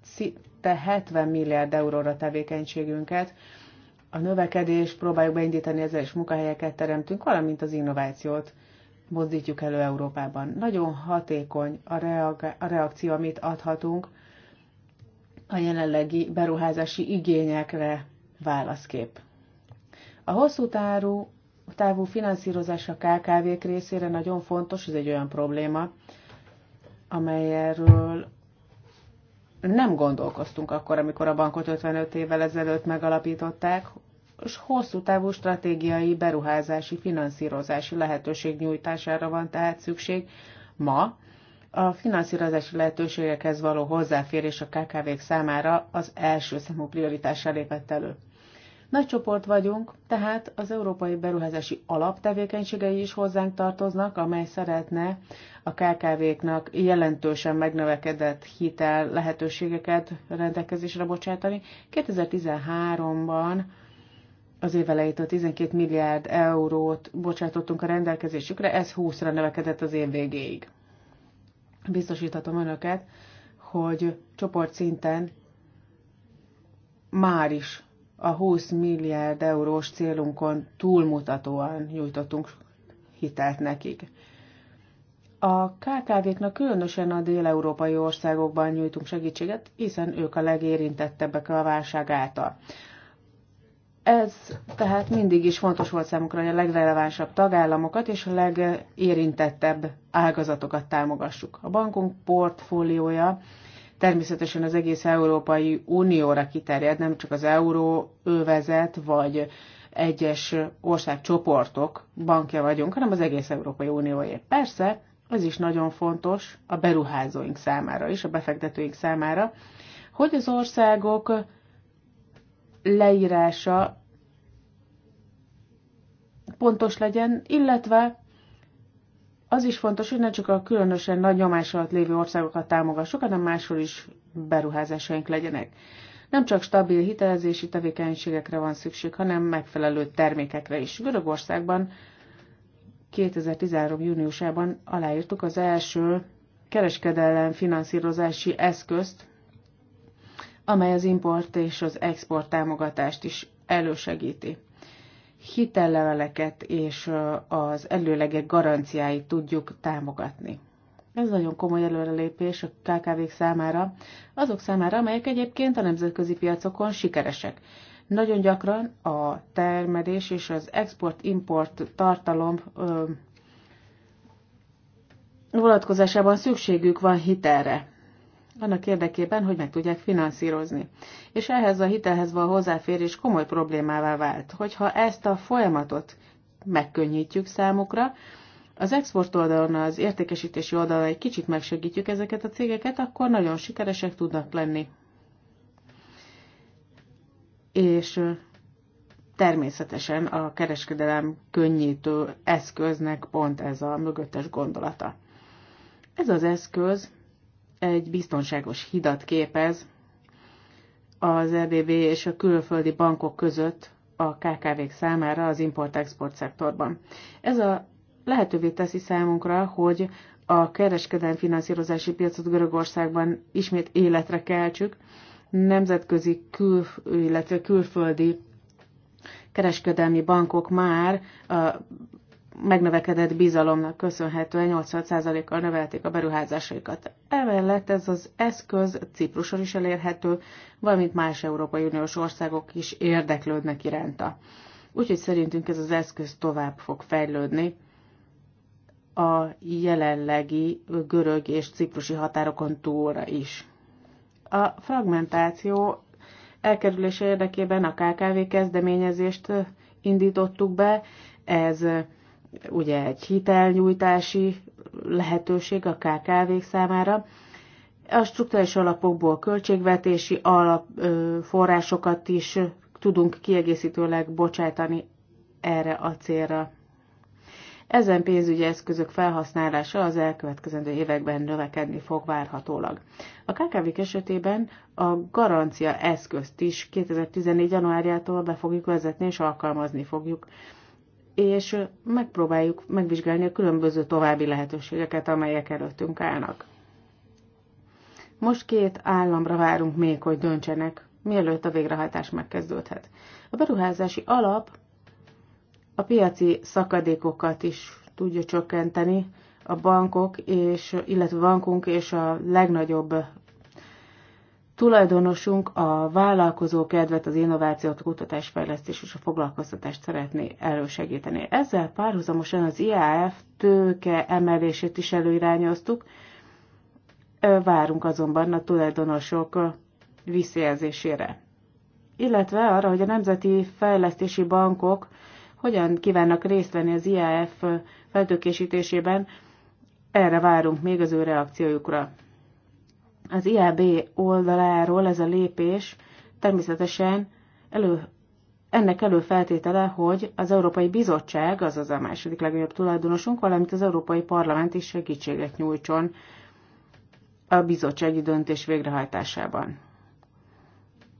szinte 70 milliárd euróra tevékenységünket. A növekedés próbáljuk beindítani, ezzel is munkahelyeket teremtünk, valamint az innovációt mozdítjuk elő Európában. Nagyon hatékony a, reak- a reakció, amit adhatunk a jelenlegi beruházási igényekre válaszkép. A hosszú táru, távú finanszírozás a KKV-k részére nagyon fontos, ez egy olyan probléma, amelyről nem gondolkoztunk akkor, amikor a bankot 55 évvel ezelőtt megalapították, és hosszú távú stratégiai beruházási finanszírozási lehetőség nyújtására van tehát szükség ma. A finanszírozási lehetőségekhez való hozzáférés a KKV-k számára az első számú prioritással lépett elő. Nagy csoport vagyunk, tehát az Európai Beruházási Alap tevékenységei is hozzánk tartoznak, amely szeretne a KKV-knak jelentősen megnövekedett hitel lehetőségeket rendelkezésre bocsátani. 2013-ban az év elejétől 12 milliárd eurót bocsátottunk a rendelkezésükre, ez 20-ra növekedett az év végéig. Biztosíthatom önöket, hogy csoport szinten már is a 20 milliárd eurós célunkon túlmutatóan nyújtottunk hitelt nekik. A KKV-knak különösen a dél-európai országokban nyújtunk segítséget, hiszen ők a legérintettebbek a válság által. Ez tehát mindig is fontos volt számukra, hogy a legrelevánsabb tagállamokat és a legérintettebb ágazatokat támogassuk. A bankunk portfóliója természetesen az egész Európai Unióra kiterjed, nem csak az euró övezet vagy egyes országcsoportok bankja vagyunk, hanem az egész Európai Unióé. Persze, ez is nagyon fontos a beruházóink számára is, a befektetőink számára, hogy az országok leírása pontos legyen, illetve az is fontos, hogy ne csak a különösen nagy nyomás alatt lévő országokat támogassuk, hanem máshol is beruházásaink legyenek. Nem csak stabil hitelezési tevékenységekre van szükség, hanem megfelelő termékekre is. Görögországban 2013. júniusában aláírtuk az első kereskedelem finanszírozási eszközt, amely az import és az export támogatást is elősegíti. Hitelleveleket és az előlegek garanciáit tudjuk támogatni. Ez nagyon komoly előrelépés a KKV-k számára, azok számára, amelyek egyébként a nemzetközi piacokon sikeresek. Nagyon gyakran a termelés és az export-import tartalom ö, vonatkozásában szükségük van hitelre annak érdekében, hogy meg tudják finanszírozni. És ehhez a hitelhez való hozzáférés komoly problémává vált. Hogyha ezt a folyamatot megkönnyítjük számukra, az export oldalon, az értékesítési oldalon egy kicsit megsegítjük ezeket a cégeket, akkor nagyon sikeresek tudnak lenni. És természetesen a kereskedelem könnyítő eszköznek pont ez a mögöttes gondolata. Ez az eszköz egy biztonságos hidat képez az EBB és a külföldi bankok között a KKV-k számára az import-export szektorban. Ez a lehetővé teszi számunkra, hogy a kereskedelmi finanszírozási piacot Görögországban ismét életre keltsük, nemzetközi, kül, illetve külföldi kereskedelmi bankok már a megnövekedett bizalomnak köszönhetően 80%-kal növelték a beruházásaikat. Emellett ez az eszköz Cipruson is elérhető, valamint más Európai Uniós országok is érdeklődnek iránta. Úgyhogy szerintünk ez az eszköz tovább fog fejlődni a jelenlegi görög és ciprusi határokon túlra is. A fragmentáció elkerülése érdekében a KKV kezdeményezést indítottuk be, ez ugye egy hitelnyújtási lehetőség a KKV-k számára, a struktúrális alapokból költségvetési alap, ö, forrásokat is tudunk kiegészítőleg bocsátani erre a célra. Ezen pénzügyi eszközök felhasználása az elkövetkezendő években növekedni fog várhatólag. A kkv esetében a garancia eszközt is 2014. januárjától be fogjuk vezetni és alkalmazni fogjuk és megpróbáljuk megvizsgálni a különböző további lehetőségeket, amelyek előttünk állnak. Most két államra várunk még, hogy döntsenek, mielőtt a végrehajtás megkezdődhet. A beruházási alap a piaci szakadékokat is tudja csökkenteni, a bankok, és, illetve bankunk és a legnagyobb tulajdonosunk a vállalkozó kedvet, az innovációt, a kutatás, fejlesztés és a foglalkoztatást szeretné elősegíteni. Ezzel párhuzamosan az IAF tőke emelését is előirányoztuk, várunk azonban a tulajdonosok visszajelzésére. Illetve arra, hogy a nemzeti fejlesztési bankok hogyan kívánnak részt venni az IAF feltökésítésében, erre várunk még az ő reakciójukra. Az IAB oldaláról ez a lépés természetesen elő, ennek előfeltétele, hogy az Európai Bizottság, azaz a második legnagyobb tulajdonosunk, valamint az Európai Parlament is segítséget nyújtson a bizottsági döntés végrehajtásában.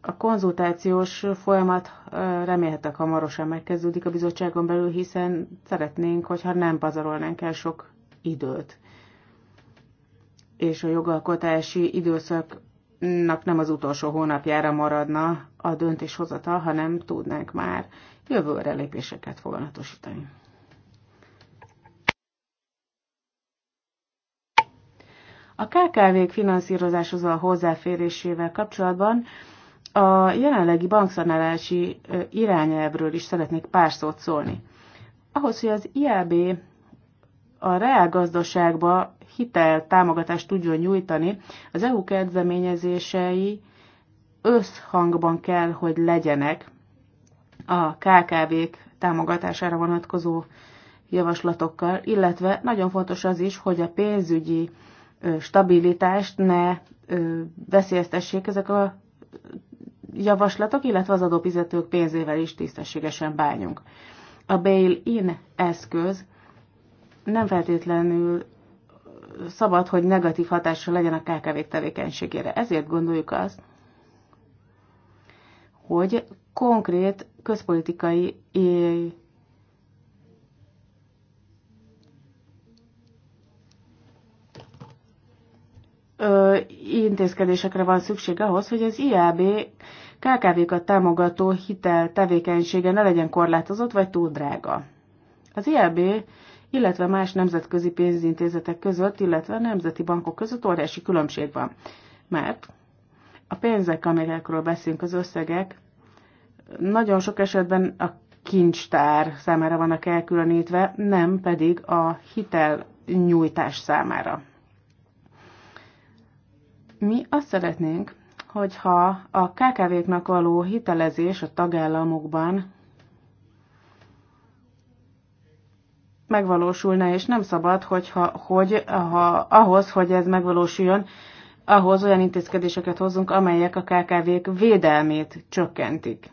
A konzultációs folyamat remélhetek hamarosan megkezdődik a bizottságon belül, hiszen szeretnénk, hogyha nem pazarolnánk el sok időt és a jogalkotási időszaknak nem az utolsó hónapjára maradna a döntéshozata, hanem tudnánk már jövőre lépéseket foganatosítani. A KKV-k finanszírozáshoz a hozzáférésével kapcsolatban a jelenlegi bankszanálási irányelvről is szeretnék pár szót szólni. Ahhoz, hogy az IAB a reálgazdaságba hitel támogatást tudjon nyújtani, az EU kezdeményezései összhangban kell, hogy legyenek a KKV-k támogatására vonatkozó javaslatokkal, illetve nagyon fontos az is, hogy a pénzügyi stabilitást ne veszélyeztessék ezek a javaslatok, illetve az adófizetők pénzével is tisztességesen bánjunk. A bail-in eszköz nem feltétlenül szabad, hogy negatív hatással legyen a kkv tevékenységére. Ezért gondoljuk azt, hogy konkrét közpolitikai intézkedésekre van szükség ahhoz, hogy az IAB KKV-kat támogató hitel tevékenysége ne legyen korlátozott vagy túl drága. Az IAB illetve más nemzetközi pénzintézetek között, illetve nemzeti bankok között óriási különbség van. Mert a pénzek, amelyekről beszélünk, az összegek, nagyon sok esetben a kincstár számára vannak elkülönítve, nem pedig a hitel nyújtás számára. Mi azt szeretnénk, hogyha a KKV-knak való hitelezés a tagállamokban megvalósulna, és nem szabad, hogyha, hogy ha, ahhoz, hogy ez megvalósuljon, ahhoz olyan intézkedéseket hozzunk, amelyek a KKV-k védelmét csökkentik.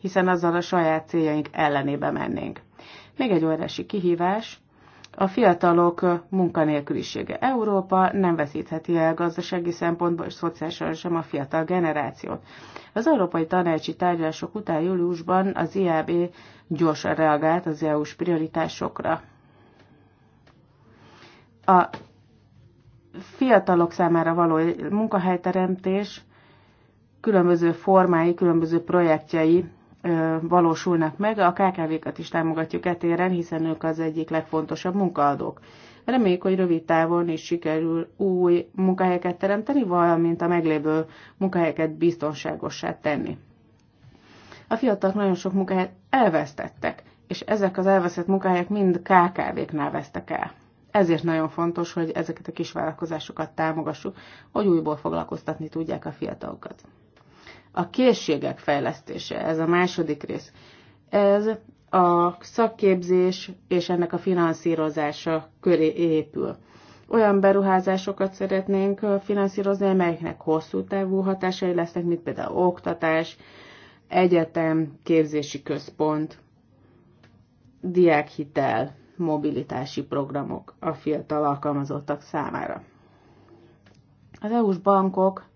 Hiszen azzal a saját céljaink ellenébe mennénk. Még egy óriási kihívás, a fiatalok munkanélkülisége. Európa nem veszítheti el gazdasági szempontból és szociálisan sem a fiatal generációt. Az Európai Tanácsi Tárgyalások után júliusban az IAB gyorsan reagált az EU-s prioritásokra. A fiatalok számára való munkahelyteremtés különböző formái, különböző projektjei valósulnak meg, a KKV-kat is támogatjuk etéren, hiszen ők az egyik legfontosabb munkaadók. Reméljük, hogy rövid távon is sikerül új munkahelyeket teremteni, valamint a meglévő munkahelyeket biztonságossá tenni a fiatalok nagyon sok munkáját elvesztettek, és ezek az elveszett munkáját mind KKV-knál vesztek el. Ezért nagyon fontos, hogy ezeket a kis vállalkozásokat támogassuk, hogy újból foglalkoztatni tudják a fiatalokat. A készségek fejlesztése, ez a második rész. Ez a szakképzés és ennek a finanszírozása köré épül. Olyan beruházásokat szeretnénk finanszírozni, amelyeknek hosszú távú hatásai lesznek, mint például oktatás, egyetem, képzési központ, diákhitel, mobilitási programok a fiatal alkalmazottak számára. Az EU-s bankok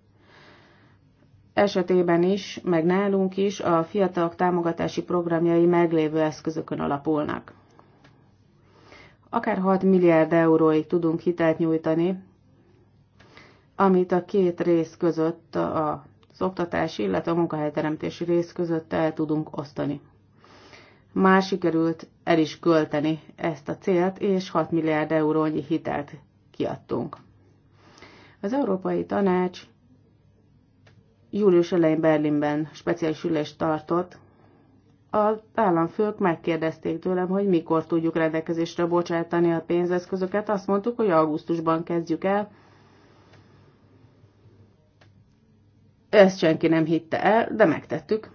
esetében is, meg nálunk is a fiatalok támogatási programjai meglévő eszközökön alapulnak. Akár 6 milliárd euróig tudunk hitelt nyújtani, amit a két rész között a az oktatási, illetve a munkahelyteremtési rész között el tudunk osztani. Már sikerült el is költeni ezt a célt, és 6 milliárd eurónyi hitelt kiadtunk. Az Európai Tanács július elején Berlinben speciális ülést tartott, az államfők megkérdezték tőlem, hogy mikor tudjuk rendelkezésre bocsátani a pénzeszközöket. Azt mondtuk, hogy augusztusban kezdjük el, Ezt senki nem hitte el, de megtettük,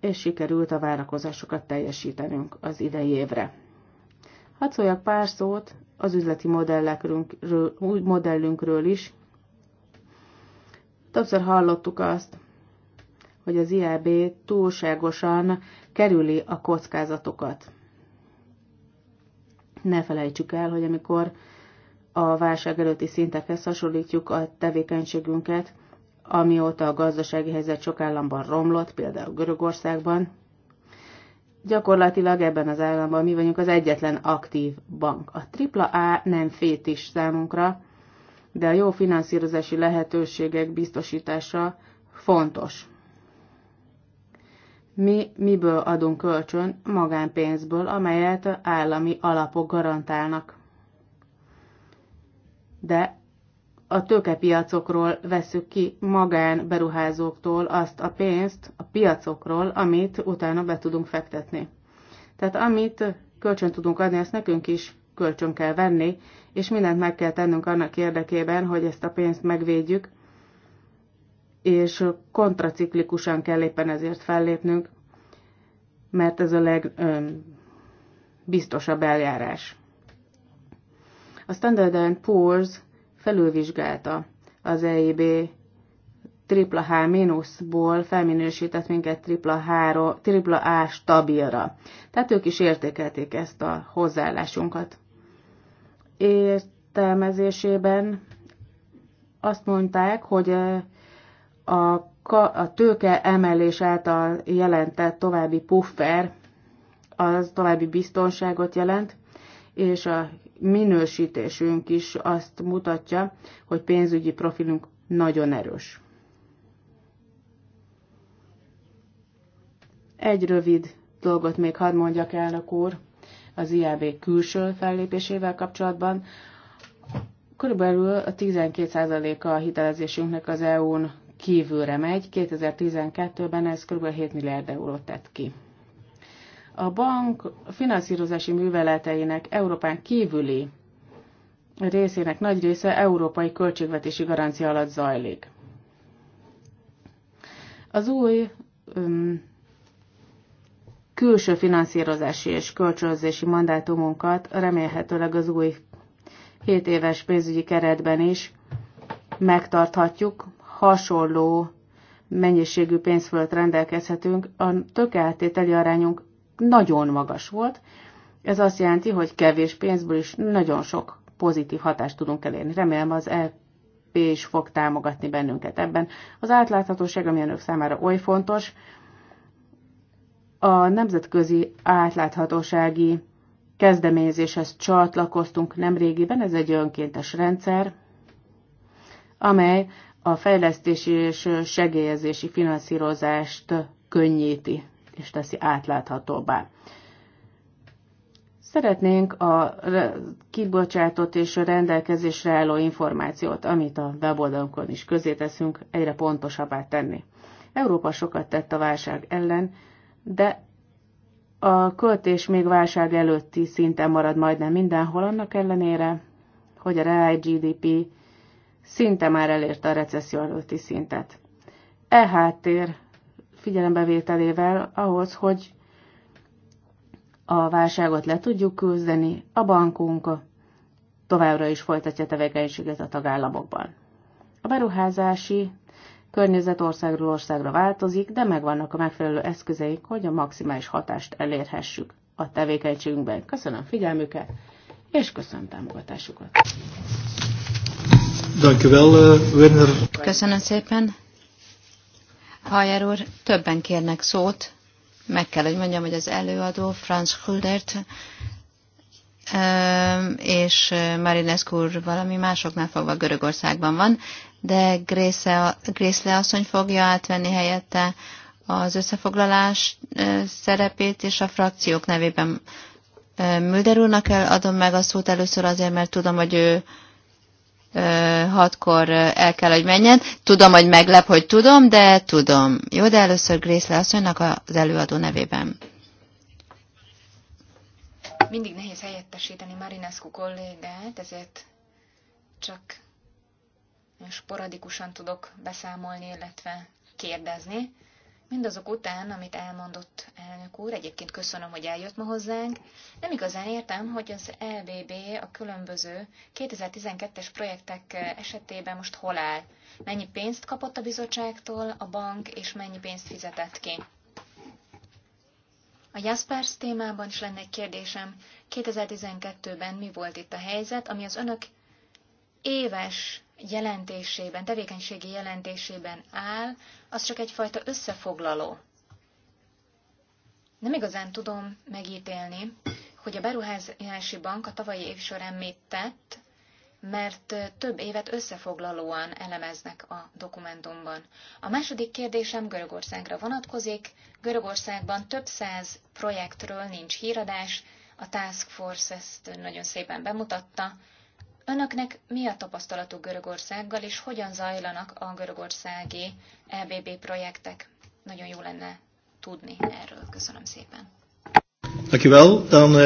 és sikerült a várakozásokat teljesítenünk az idei évre. Hadd szóljak pár szót az üzleti modellekről, modellünkről is. Többször hallottuk azt, hogy az IAB túlságosan kerüli a kockázatokat. Ne felejtsük el, hogy amikor a válság előtti szintekhez hasonlítjuk a tevékenységünket, amióta a gazdasági helyzet sok államban romlott, például Görögországban. Gyakorlatilag ebben az államban mi vagyunk az egyetlen aktív bank. A AAA nem is számunkra, de a jó finanszírozási lehetőségek biztosítása fontos. Mi miből adunk kölcsön? Magánpénzből, amelyet állami alapok garantálnak. De a tőkepiacokról vesszük ki magán beruházóktól azt a pénzt a piacokról, amit utána be tudunk fektetni. Tehát amit kölcsön tudunk adni, ezt nekünk is kölcsön kell venni, és mindent meg kell tennünk annak érdekében, hogy ezt a pénzt megvédjük, és kontraciklikusan kell éppen ezért fellépnünk, mert ez a legbiztosabb eljárás. A Standard Poor's felülvizsgálta az EIB tripla H mínuszból felminősített minket tripla, h tripla A stabilra. Tehát ők is értékelték ezt a hozzáállásunkat. Értelmezésében azt mondták, hogy eh, a, a tőke emelés által jelentett további puffer az további biztonságot jelent, és a minősítésünk is azt mutatja, hogy pénzügyi profilunk nagyon erős. Egy rövid dolgot még hadd mondjak, elnök úr, az IAB külső fellépésével kapcsolatban. Körülbelül a 12%-a a hitelezésünknek az EU-n kívülre megy. 2012-ben ez kb. 7 milliárd eurót tett ki. A bank finanszírozási műveleteinek Európán kívüli részének nagy része európai költségvetési garancia alatt zajlik. Az új um, külső finanszírozási és kölcsönzési mandátumunkat remélhetőleg az új 7 éves pénzügyi keretben is megtarthatjuk, hasonló mennyiségű pénzfölött rendelkezhetünk, a tökeltételi arányunk nagyon magas volt. Ez azt jelenti, hogy kevés pénzből is nagyon sok pozitív hatást tudunk elérni. Remélem az EP is fog támogatni bennünket ebben. Az átláthatóság, ami önök számára oly fontos, a nemzetközi átláthatósági kezdeményezéshez csatlakoztunk nemrégiben, ez egy önkéntes rendszer, amely a fejlesztési és segélyezési finanszírozást könnyíti és teszi átláthatóbbá. Szeretnénk a kibocsátott és a rendelkezésre álló információt, amit a weboldalunkon is közé teszünk, egyre pontosabbá tenni. Európa sokat tett a válság ellen, de a költés még válság előtti szinten marad majdnem mindenhol, annak ellenére, hogy a reál GDP szinte már elérte a recesszió előtti szintet. E háttér figyelembevételével ahhoz, hogy a válságot le tudjuk küzdeni, a bankunk továbbra is folytatja tevékenységet a tagállamokban. A beruházási környezet országról országra változik, de megvannak a megfelelő eszközeik, hogy a maximális hatást elérhessük a tevékenységünkben. Köszönöm figyelmüket, és köszönöm támogatásukat. Eh, köszönöm szépen. Hajer úr, többen kérnek szót. Meg kell, hogy mondjam, hogy az előadó Franz Schuldert és Marinescu úr valami másoknál fogva Görögországban van, de Grészle, Grészle asszony fogja átvenni helyette az összefoglalás szerepét, és a frakciók nevében Mülder úrnak el adom meg a szót először azért, mert tudom, hogy ő hatkor el kell, hogy menjen. Tudom, hogy meglep, hogy tudom, de tudom. Jó, de először Grace asszonynak az előadó nevében. Mindig nehéz helyettesíteni Marinescu kollégát, ezért csak sporadikusan tudok beszámolni, illetve kérdezni. Mindazok után, amit elmondott elnök úr, egyébként köszönöm, hogy eljött ma hozzánk, nem igazán értem, hogy az LBB a különböző 2012-es projektek esetében most hol áll. Mennyi pénzt kapott a bizottságtól a bank, és mennyi pénzt fizetett ki. A Jaspers témában is lenne egy kérdésem. 2012-ben mi volt itt a helyzet, ami az önök éves jelentésében, tevékenységi jelentésében áll, az csak egyfajta összefoglaló. Nem igazán tudom megítélni, hogy a beruházási bank a tavalyi év során mit tett, mert több évet összefoglalóan elemeznek a dokumentumban. A második kérdésem Görögországra vonatkozik. Görögországban több száz projektről nincs híradás, a Task Force ezt nagyon szépen bemutatta, Önöknek mi a tapasztalatuk Görögországgal, és hogyan zajlanak a görögországi EBB projektek? Nagyon jó lenne tudni erről. Köszönöm szépen.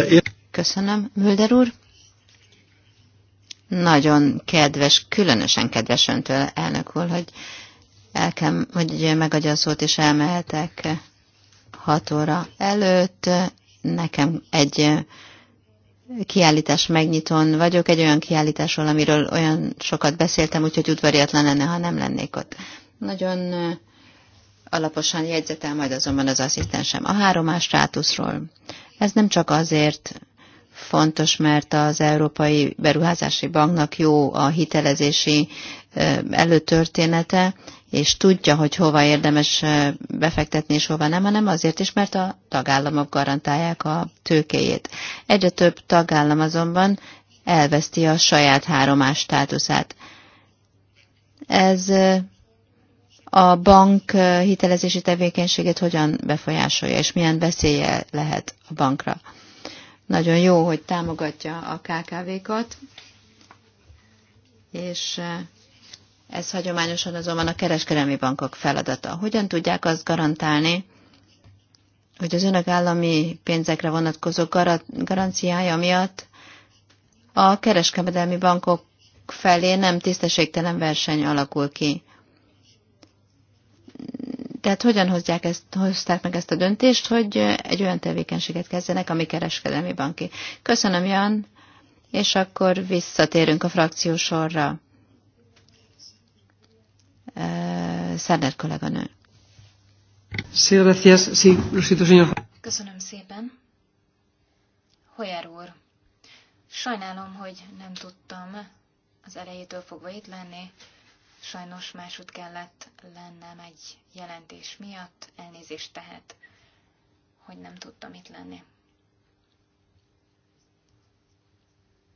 Eh, Köszönöm, Mölder úr. Nagyon kedves, különösen kedves öntől, elnök úr, hogy el kell, hogy megadja a szót, és elmehetek eh, hat óra előtt. Eh, nekem egy kiállítás megnyitón vagyok, egy olyan kiállításról, amiről olyan sokat beszéltem, úgyhogy udvariatlan lenne, ha nem lennék ott. Nagyon alaposan jegyzetel majd azonban az asszisztensem. A háromás státuszról. Ez nem csak azért fontos, mert az Európai Beruházási Banknak jó a hitelezési előtörténete, és tudja, hogy hova érdemes befektetni, és hova nem, hanem azért is, mert a tagállamok garantálják a tőkéjét. Egyre több tagállam azonban elveszti a saját háromás státuszát. Ez a bank hitelezési tevékenységét hogyan befolyásolja, és milyen veszélye lehet a bankra. Nagyon jó, hogy támogatja a KKV-kat, és ez hagyományosan azonban a kereskedelmi bankok feladata. Hogyan tudják azt garantálni, hogy az önök állami pénzekre vonatkozó garanciája miatt a kereskedelmi bankok felé nem tisztességtelen verseny alakul ki. Tehát hogyan hozzák ezt, hozták meg ezt a döntést, hogy egy olyan tevékenységet kezdenek, ami kereskedelmi banki. Köszönöm, Jan, és akkor visszatérünk a frakció sorra. Eh, Szerdert kolléganő. Köszönöm szépen. Hoyer úr, sajnálom, hogy nem tudtam az elejétől fogva itt lenni. Sajnos másút kellett lennem egy jelentés miatt, elnézést tehet, hogy nem tudtam itt lenni.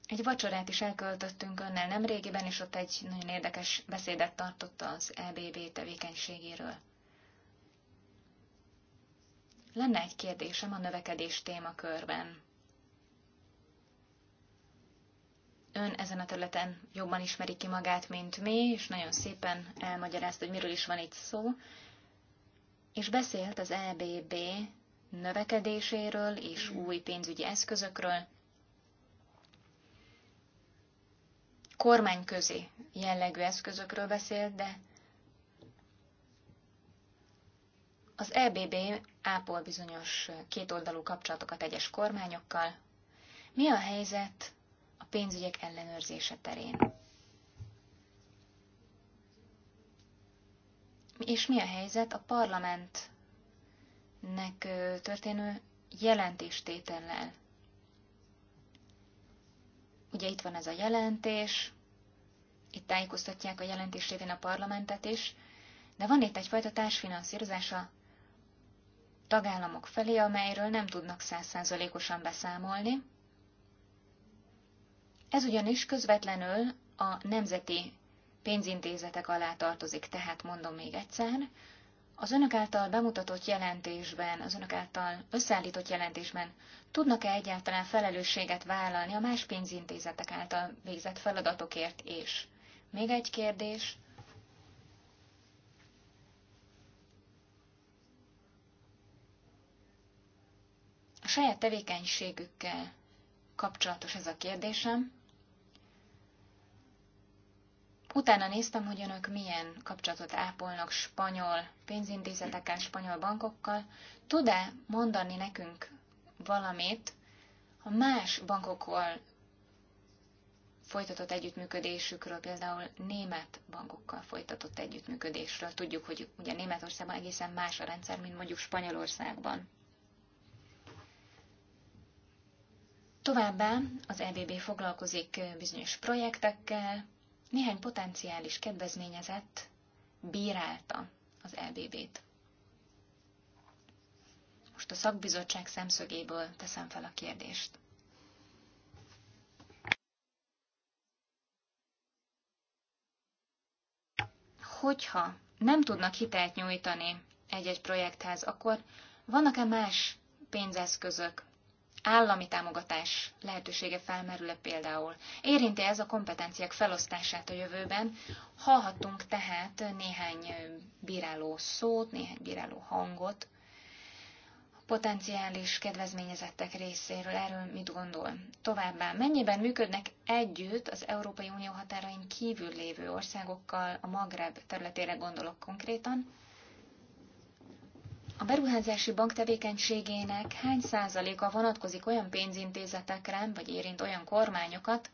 Egy vacsorát is elköltöttünk önnel nemrégiben, és ott egy nagyon érdekes beszédet tartotta az EBB tevékenységéről. Lenne egy kérdésem a növekedés témakörben. Ön ezen a területen jobban ismeri ki magát, mint mi, és nagyon szépen elmagyarázta, hogy miről is van itt szó, és beszélt az EBB növekedéséről és mm. új pénzügyi eszközökről, kormányközi jellegű eszközökről beszélt, de az EBB ápol bizonyos kétoldalú kapcsolatokat egyes kormányokkal. Mi a helyzet a pénzügyek ellenőrzése terén? És mi a helyzet a parlamentnek történő jelentéstétellel Ugye itt van ez a jelentés, itt tájékoztatják a jelentés révén a parlamentet is, de van itt egyfajta társfinanszírozás a tagállamok felé, amelyről nem tudnak százszázalékosan beszámolni. Ez ugyanis közvetlenül a nemzeti pénzintézetek alá tartozik, tehát mondom még egyszer, az önök által bemutatott jelentésben, az önök által összeállított jelentésben tudnak-e egyáltalán felelősséget vállalni a más pénzintézetek által végzett feladatokért is? Még egy kérdés. A saját tevékenységükkel kapcsolatos ez a kérdésem. Utána néztem, hogy önök milyen kapcsolatot ápolnak spanyol pénzintézetekkel, spanyol bankokkal. Tud-e mondani nekünk valamit a más bankokkal folytatott együttműködésükről, például német bankokkal folytatott együttműködésről. Tudjuk, hogy ugye Németországban egészen más a rendszer, mint mondjuk Spanyolországban. Továbbá az EBB foglalkozik bizonyos projektekkel, néhány potenciális kedvezményezett bírálta az LBB-t. Most a szakbizottság szemszögéből teszem fel a kérdést. Hogyha nem tudnak hitelt nyújtani egy-egy projekthez, akkor vannak-e más pénzeszközök, állami támogatás lehetősége felmerül-e például. Érinti ez a kompetenciák felosztását a jövőben. Hallhattunk tehát néhány bíráló szót, néhány bíráló hangot potenciális kedvezményezettek részéről. Erről mit gondol? Továbbá, mennyiben működnek együtt az Európai Unió határain kívül lévő országokkal, a Magreb területére gondolok konkrétan, a beruházási bank tevékenységének hány százaléka vonatkozik olyan pénzintézetekre, vagy érint olyan kormányokat,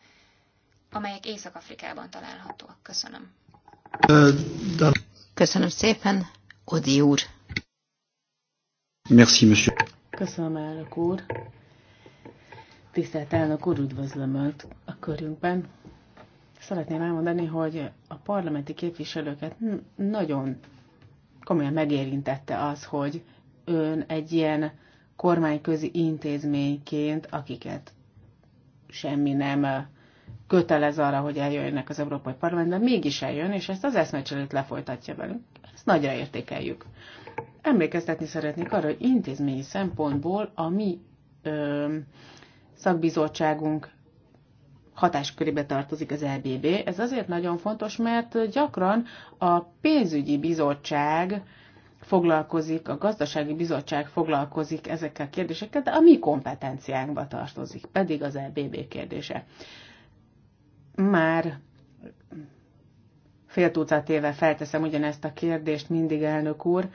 amelyek Észak-Afrikában találhatóak? Köszönöm. Köszönöm szépen, Odi úr. Merci, monsieur. Köszönöm, elnök úr. Tisztelt elnök úr, üdvözlöm Önt a körünkben. Szeretném elmondani, hogy a parlamenti képviselőket nagyon komolyan megérintette az, hogy ön egy ilyen kormányközi intézményként, akiket semmi nem kötelez arra, hogy eljöjjenek az Európai Parlamentbe, mégis eljön, és ezt az eszmecselőt lefolytatja velünk. Ezt nagyra értékeljük. Emlékeztetni szeretnék arra, hogy intézményi szempontból a mi ö, szakbizottságunk hatáskörébe tartozik az EBB. Ez azért nagyon fontos, mert gyakran a pénzügyi bizottság foglalkozik, a gazdasági bizottság foglalkozik ezekkel a kérdésekkel, de a mi kompetenciánkba tartozik, pedig az EBB kérdése. Már fél tucat éve felteszem ugyanezt a kérdést mindig, elnök úr,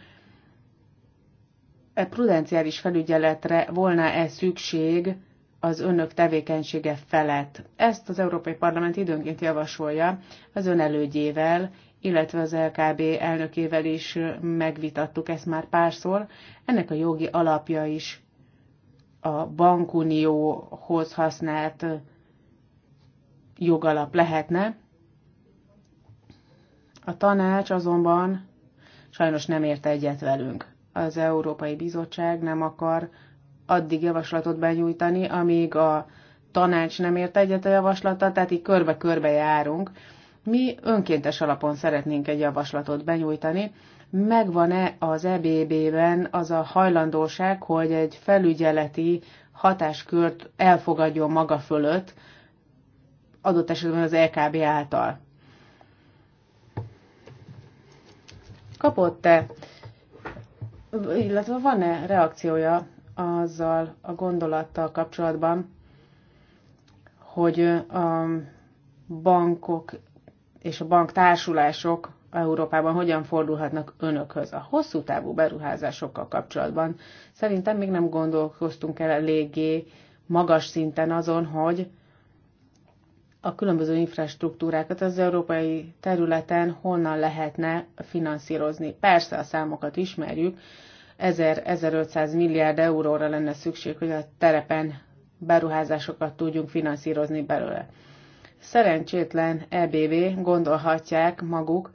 e prudenciális felügyeletre volna-e szükség az önök tevékenysége felett. Ezt az Európai Parlament időnként javasolja az ön elődjével, illetve az LKB elnökével is megvitattuk ezt már párszor. Ennek a jogi alapja is a bankunióhoz használt jogalap lehetne. A tanács azonban sajnos nem ért egyet velünk. Az Európai Bizottság nem akar addig javaslatot benyújtani, amíg a tanács nem ért egyet a javaslattal, tehát így körbe-körbe járunk. Mi önkéntes alapon szeretnénk egy javaslatot benyújtani. Megvan-e az EBB-ben az a hajlandóság, hogy egy felügyeleti hatáskört elfogadjon maga fölött, adott esetben az LKB e által? Kapott-e, illetve van-e reakciója azzal a gondolattal kapcsolatban, hogy a bankok és a banktársulások Európában hogyan fordulhatnak önökhöz. A hosszú távú beruházásokkal kapcsolatban szerintem még nem gondolkoztunk el eléggé magas szinten azon, hogy a különböző infrastruktúrákat az európai területen honnan lehetne finanszírozni. Persze a számokat ismerjük, 1000-1500 milliárd euróra lenne szükség, hogy a terepen beruházásokat tudjunk finanszírozni belőle. Szerencsétlen EBB gondolhatják maguk,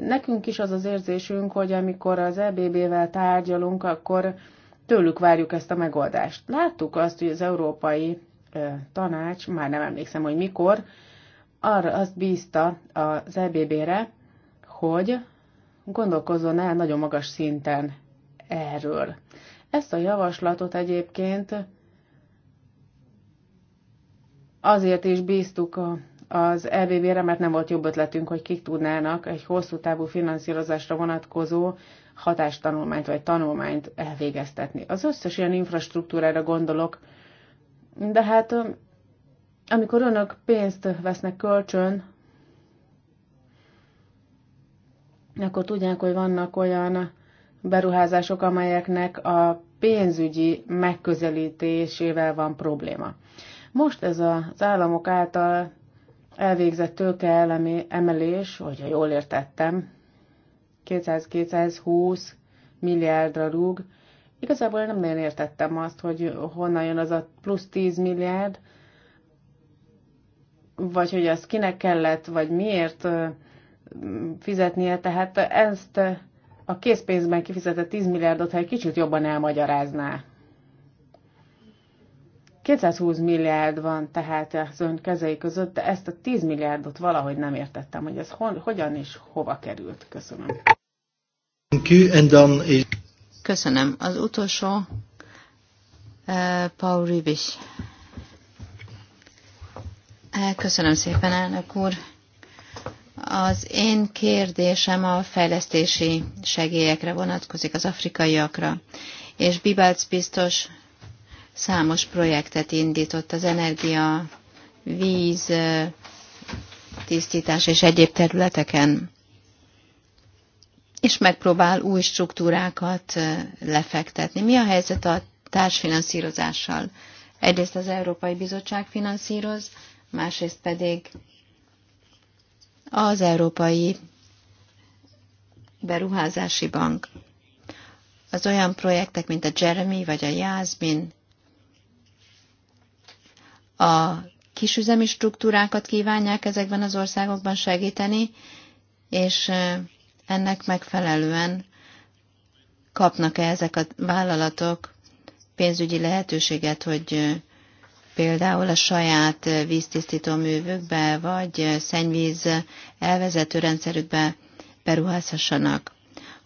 nekünk is az az érzésünk, hogy amikor az EBB-vel tárgyalunk, akkor tőlük várjuk ezt a megoldást. Láttuk azt, hogy az Európai Tanács, már nem emlékszem, hogy mikor, arra azt bízta az EBB-re, hogy gondolkozzon el nagyon magas szinten erről. Ezt a javaslatot egyébként azért is bíztuk a az EBB-re, mert nem volt jobb ötletünk, hogy kik tudnának egy hosszú távú finanszírozásra vonatkozó hatástanulmányt vagy tanulmányt elvégeztetni. Az összes ilyen infrastruktúrára gondolok, de hát um, amikor önök pénzt vesznek kölcsön, akkor tudják, hogy vannak olyan beruházások, amelyeknek a pénzügyi megközelítésével van probléma. Most ez az államok által elvégzett tőke emelés, hogyha jól értettem, 200-220 milliárdra rúg. Igazából nem nagyon értettem azt, hogy honnan jön az a plusz 10 milliárd, vagy hogy az kinek kellett, vagy miért fizetnie. Tehát ezt a készpénzben kifizetett 10 milliárdot, ha egy kicsit jobban elmagyarázná. 220 milliárd van tehát az ön kezei között, de ezt a 10 milliárdot valahogy nem értettem, hogy ez hon, hogyan és hova került. Köszönöm. Köszönöm. Az utolsó uh, Paul Ribis. Eh, köszönöm szépen, elnök úr. Az én kérdésem a fejlesztési segélyekre vonatkozik, az afrikaiakra. És Bibalc biztos számos projektet indított az energia, víz, tisztítás és egyéb területeken. És megpróbál új struktúrákat lefektetni. Mi a helyzet a társfinanszírozással? Egyrészt az Európai Bizottság finanszíroz, másrészt pedig az Európai Beruházási Bank. Az olyan projektek, mint a Jeremy vagy a Jászmin, a kisüzemi struktúrákat kívánják ezekben az országokban segíteni, és ennek megfelelően kapnak-e ezek a vállalatok pénzügyi lehetőséget, hogy például a saját eh, víztisztító művükbe, vagy eh, szennyvíz elvezető rendszerükbe beruházhassanak,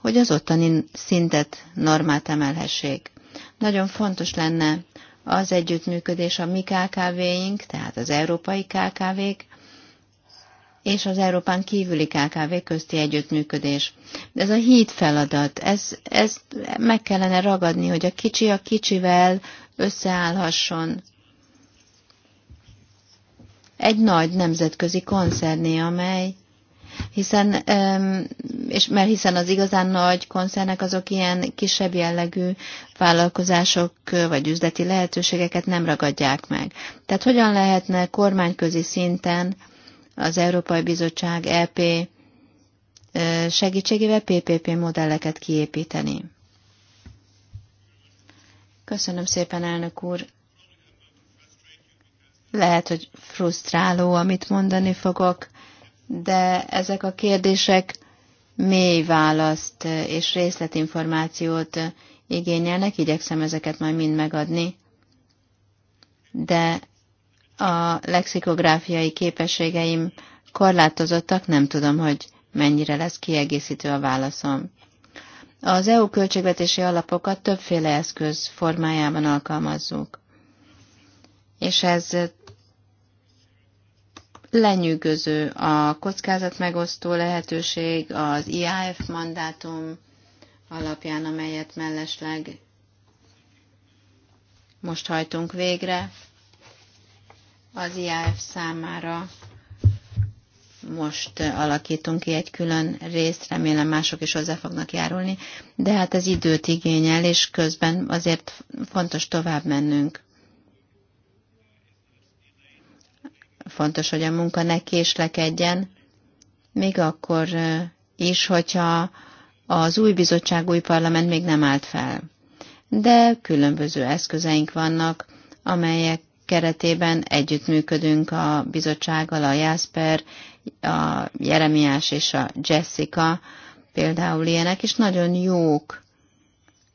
hogy az ottani szintet, normát emelhessék. Nagyon fontos lenne az együttműködés a mi KKV-ink, tehát az európai KKV-k, és az Európán kívüli KKV közti együttműködés. De ez a híd feladat, ezt ez meg kellene ragadni, hogy a kicsi a kicsivel összeállhasson, egy nagy nemzetközi koncerné, amely hiszen, és mert hiszen az igazán nagy koncernek azok ilyen kisebb jellegű vállalkozások vagy üzleti lehetőségeket nem ragadják meg. Tehát hogyan lehetne kormányközi szinten az Európai Bizottság EP segítségével PPP modelleket kiépíteni? Köszönöm szépen, elnök úr. Lehet, hogy frusztráló, amit mondani fogok, de ezek a kérdések mély választ eh, és részletinformációt eh, igényelnek, igyekszem ezeket majd mind megadni. De a lexikográfiai képességeim korlátozottak, nem tudom, hogy mennyire lesz kiegészítő a válaszom. Az EU költségvetési alapokat többféle eszköz formájában alkalmazzuk, és ez lenyűgöző a kockázat megosztó lehetőség, az IAF mandátum alapján, amelyet mellesleg most hajtunk végre. Az IAF számára most eh, alakítunk ki egy külön részt, remélem mások is hozzá fognak járulni, de hát ez időt igényel, és közben azért fontos tovább mennünk. Fontos, hogy a munka ne késlekedjen, még akkor is, hogyha az új bizottság, új parlament még nem állt fel. De különböző eszközeink vannak, amelyek keretében együttműködünk a bizottsággal, a Jasper, a Jeremiás és a Jessica, például ilyenek, és nagyon jók.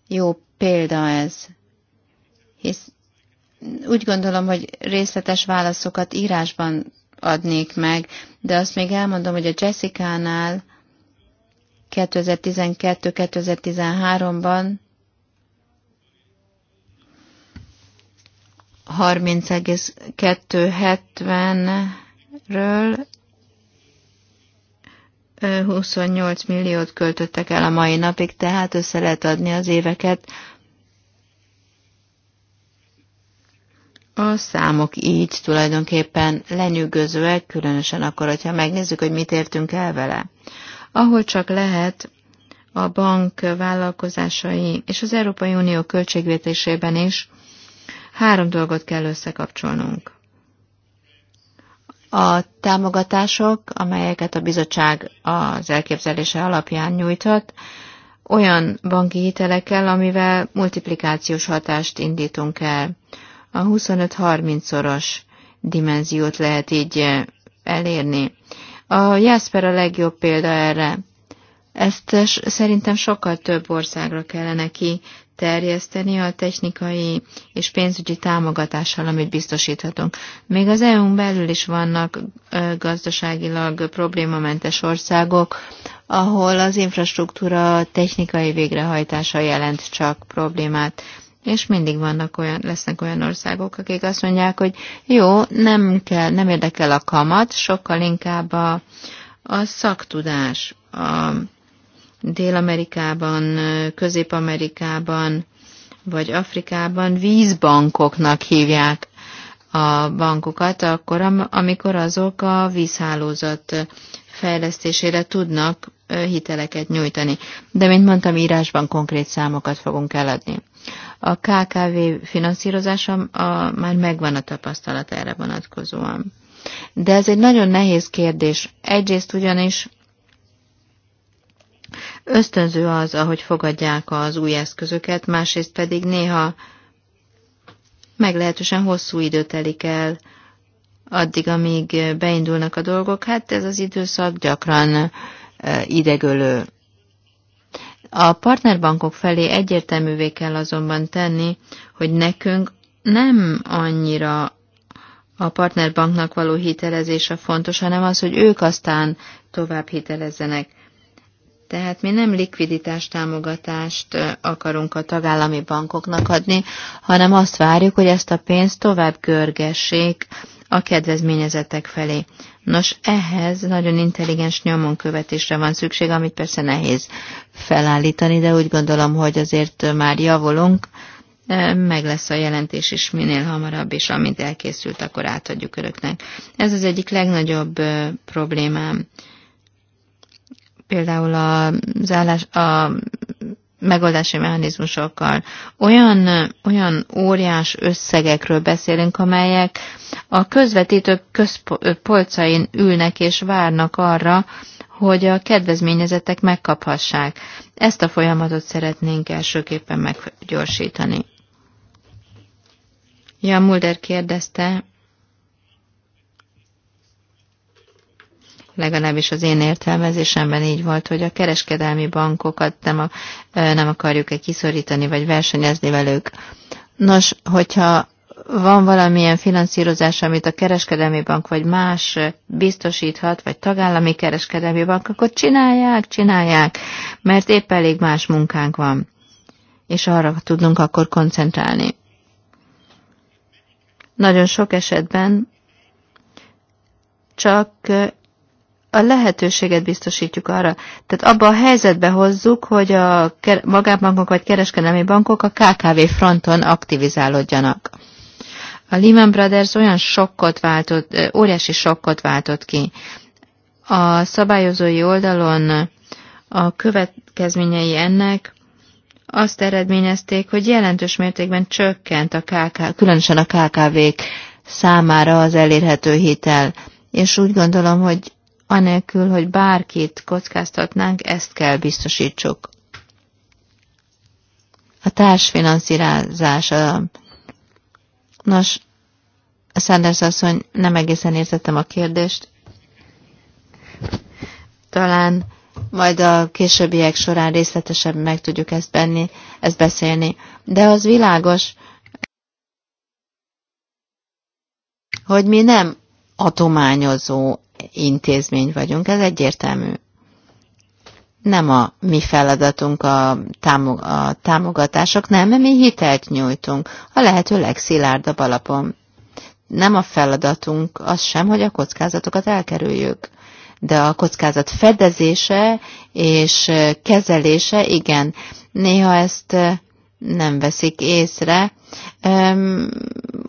Jó példa ez, hisz úgy gondolom, hogy részletes válaszokat írásban adnék meg, de azt még elmondom, hogy a Jessica-nál 2012-2013-ban 30,270-ről 28 milliót költöttek el a mai napig, tehát össze lehet adni az éveket A számok így tulajdonképpen lenyűgözőek, különösen akkor, hogyha megnézzük, hogy mit értünk el vele. Ahol csak lehet, a bank vállalkozásai és az Európai Unió költségvetésében is három dolgot kell összekapcsolnunk. A támogatások, amelyeket a bizottság az elképzelése alapján nyújthat, olyan banki hitelekkel, amivel multiplikációs hatást indítunk el. A 25-30-szoros dimenziót lehet így eh, elérni. A Jasper a legjobb példa erre. Ezt szerintem sokkal több országra kellene ki terjeszteni a technikai és pénzügyi támogatással, amit biztosíthatunk. Még az EU-n belül is vannak gazdaságilag problémamentes országok, ahol az infrastruktúra technikai végrehajtása jelent csak problémát. És mindig vannak olyan, lesznek olyan országok, akik azt mondják, hogy jó, nem kell, nem érdekel a kamat, sokkal inkább a, a szaktudás. A Dél-Amerikában, Közép-Amerikában, vagy Afrikában vízbankoknak hívják a bankokat, akkor amikor azok a vízhálózat fejlesztésére tudnak hiteleket nyújtani. De, mint mondtam, írásban konkrét számokat fogunk eladni. A KKV finanszírozása a, már megvan a tapasztalat erre vonatkozóan. De ez egy nagyon nehéz kérdés. Egyrészt ugyanis ösztönző az, ahogy fogadják az új eszközöket, másrészt pedig néha meglehetősen hosszú idő telik el addig, amíg beindulnak a dolgok. Hát ez az időszak gyakran eh, idegölő. A partnerbankok felé egyértelművé kell azonban tenni, hogy nekünk nem annyira a partnerbanknak való hitelezése fontos, hanem az, hogy ők aztán tovább hitelezzenek. Tehát mi nem likviditás támogatást akarunk a tagállami bankoknak adni, hanem azt várjuk, hogy ezt a pénzt tovább görgessék a kedvezményezettek felé. Nos, ehhez nagyon intelligens nyomonkövetésre van szükség, amit persze nehéz felállítani, de úgy gondolom, hogy azért már javulunk. E, meg lesz a jelentés is minél hamarabb, és amint elkészült, akkor átadjuk öröknek. Ez az egyik legnagyobb e, problémám. Például az állás, a megoldási mechanizmusokkal. Olyan, olyan óriás összegekről beszélünk, amelyek a közvetítők közpolcain ülnek és várnak arra, hogy a kedvezményezettek megkaphassák. Ezt a folyamatot szeretnénk elsőképpen meggyorsítani. Ja, Mulder kérdezte, legalábbis az én értelmezésemben így volt, hogy a kereskedelmi bankokat nem, a, nem akarjuk-e kiszorítani, vagy versenyezni velük. Nos, hogyha van valamilyen finanszírozás, amit a kereskedelmi bank vagy más biztosíthat, vagy tagállami kereskedelmi bank, akkor csinálják, csinálják, mert épp elég más munkánk van, és arra tudunk akkor koncentrálni. Nagyon sok esetben csak a lehetőséget biztosítjuk arra. Tehát abba a helyzetbe hozzuk, hogy a magánbankok vagy kereskedelmi bankok a KKV fronton aktivizálódjanak. A Lehman Brothers olyan sokkot váltott, óriási sokkot váltott ki. A szabályozói oldalon a következményei ennek azt eredményezték, hogy jelentős mértékben csökkent a KK, különösen a KKV-k számára az elérhető hitel. És úgy gondolom, hogy anélkül, hogy bárkit kockáztatnánk, ezt kell biztosítsuk. A társfinanszírozás. Nos, Sanders asszony, nem egészen értettem a kérdést. Talán majd a későbbiek során részletesebb meg tudjuk ezt, benni, ezt beszélni. De az világos, hogy mi nem atományozó intézmény vagyunk, ez egyértelmű. Nem a mi feladatunk a, támog, a támogatások, nem, mi hitelt nyújtunk a lehető legszilárdabb alapon. Nem a feladatunk az sem, hogy a kockázatokat elkerüljük de a kockázat fedezése és kezelése, igen, néha ezt eh, nem veszik észre,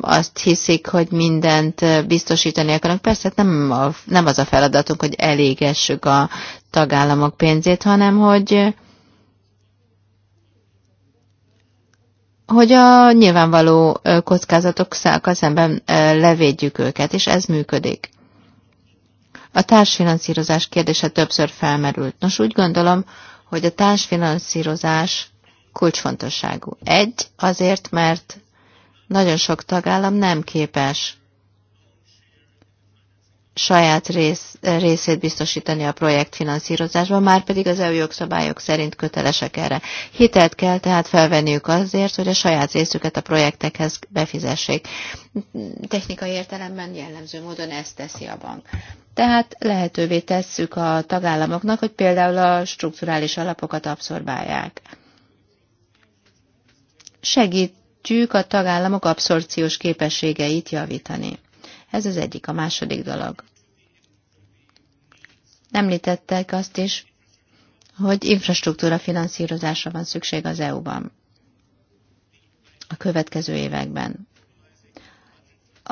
azt hiszik, hogy mindent biztosítani akarnak. Persze hát nem, a, nem az a feladatunk, hogy elégessük a tagállamok pénzét, hanem hogy hogy a nyilvánvaló kockázatok szemben levédjük őket, és ez működik. A társfinanszírozás kérdése többször felmerült. Nos, úgy gondolom, hogy a társfinanszírozás kulcsfontosságú. Egy, azért, mert nagyon sok tagállam nem képes saját rész, részét biztosítani a projekt finanszírozásban, már pedig az EU jogszabályok szerint kötelesek erre. Hitelt kell tehát felvenniük azért, hogy a saját részüket a projektekhez befizessék. Technikai értelemben jellemző módon ezt teszi a bank. Tehát lehetővé tesszük a tagállamoknak, hogy például a strukturális alapokat abszorbálják. Segít Tűk a tagállamok abszorpciós képességeit javítani. Ez az egyik, a második dolog. Említettek azt is, hogy infrastruktúra finanszírozásra van szükség az EU-ban a következő években.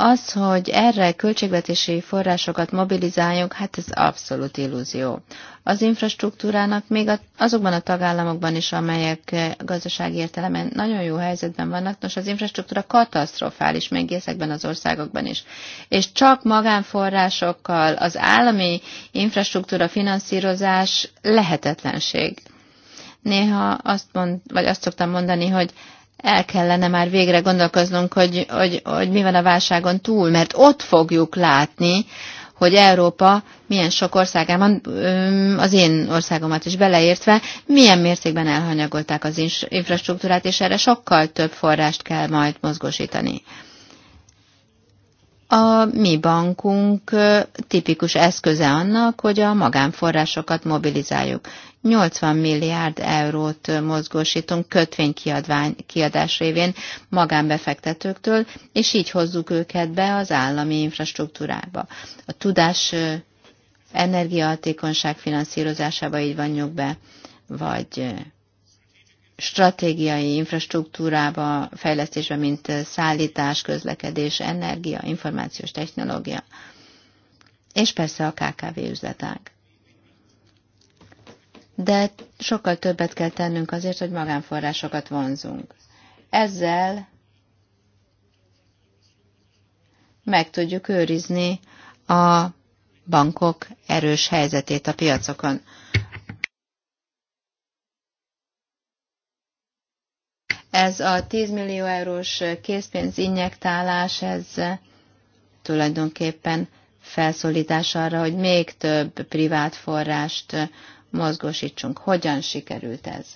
Az, hogy erre költségvetési forrásokat mobilizáljunk, hát ez abszolút illúzió. Az infrastruktúrának még azokban a tagállamokban is, amelyek eh, gazdasági értelemben nagyon jó helyzetben vannak, nos az infrastruktúra katasztrofális még ezekben az országokban is. És csak magánforrásokkal az állami infrastruktúra finanszírozás lehetetlenség. Néha azt mond, vagy azt szoktam mondani, hogy el kellene már végre gondolkoznunk, hogy, hogy, hogy mi van a válságon túl, mert ott fogjuk látni, hogy Európa milyen sok országában, az én országomat is beleértve, milyen mértékben elhanyagolták az infrastruktúrát, és erre sokkal több forrást kell majd mozgosítani. A mi bankunk tipikus eszköze annak, hogy a magánforrásokat mobilizáljuk. 80 milliárd eurót mozgósítunk kötvénykiadvány kiadás révén magánbefektetőktől, és így hozzuk őket be az állami infrastruktúrába. A tudás energiahatékonyság finanszírozásába így vonjuk be, vagy stratégiai infrastruktúrába, fejlesztésbe, mint szállítás, közlekedés, energia, információs technológia, és persze a KKV üzletág de sokkal többet kell tennünk azért, hogy magánforrásokat vonzunk. Ezzel meg tudjuk őrizni a bankok erős helyzetét a piacokon. Ez a 10 millió eurós készpénz injektálás, ez tulajdonképpen felszólítás arra, hogy még több privát forrást mozgósítsunk. Hogyan sikerült ez?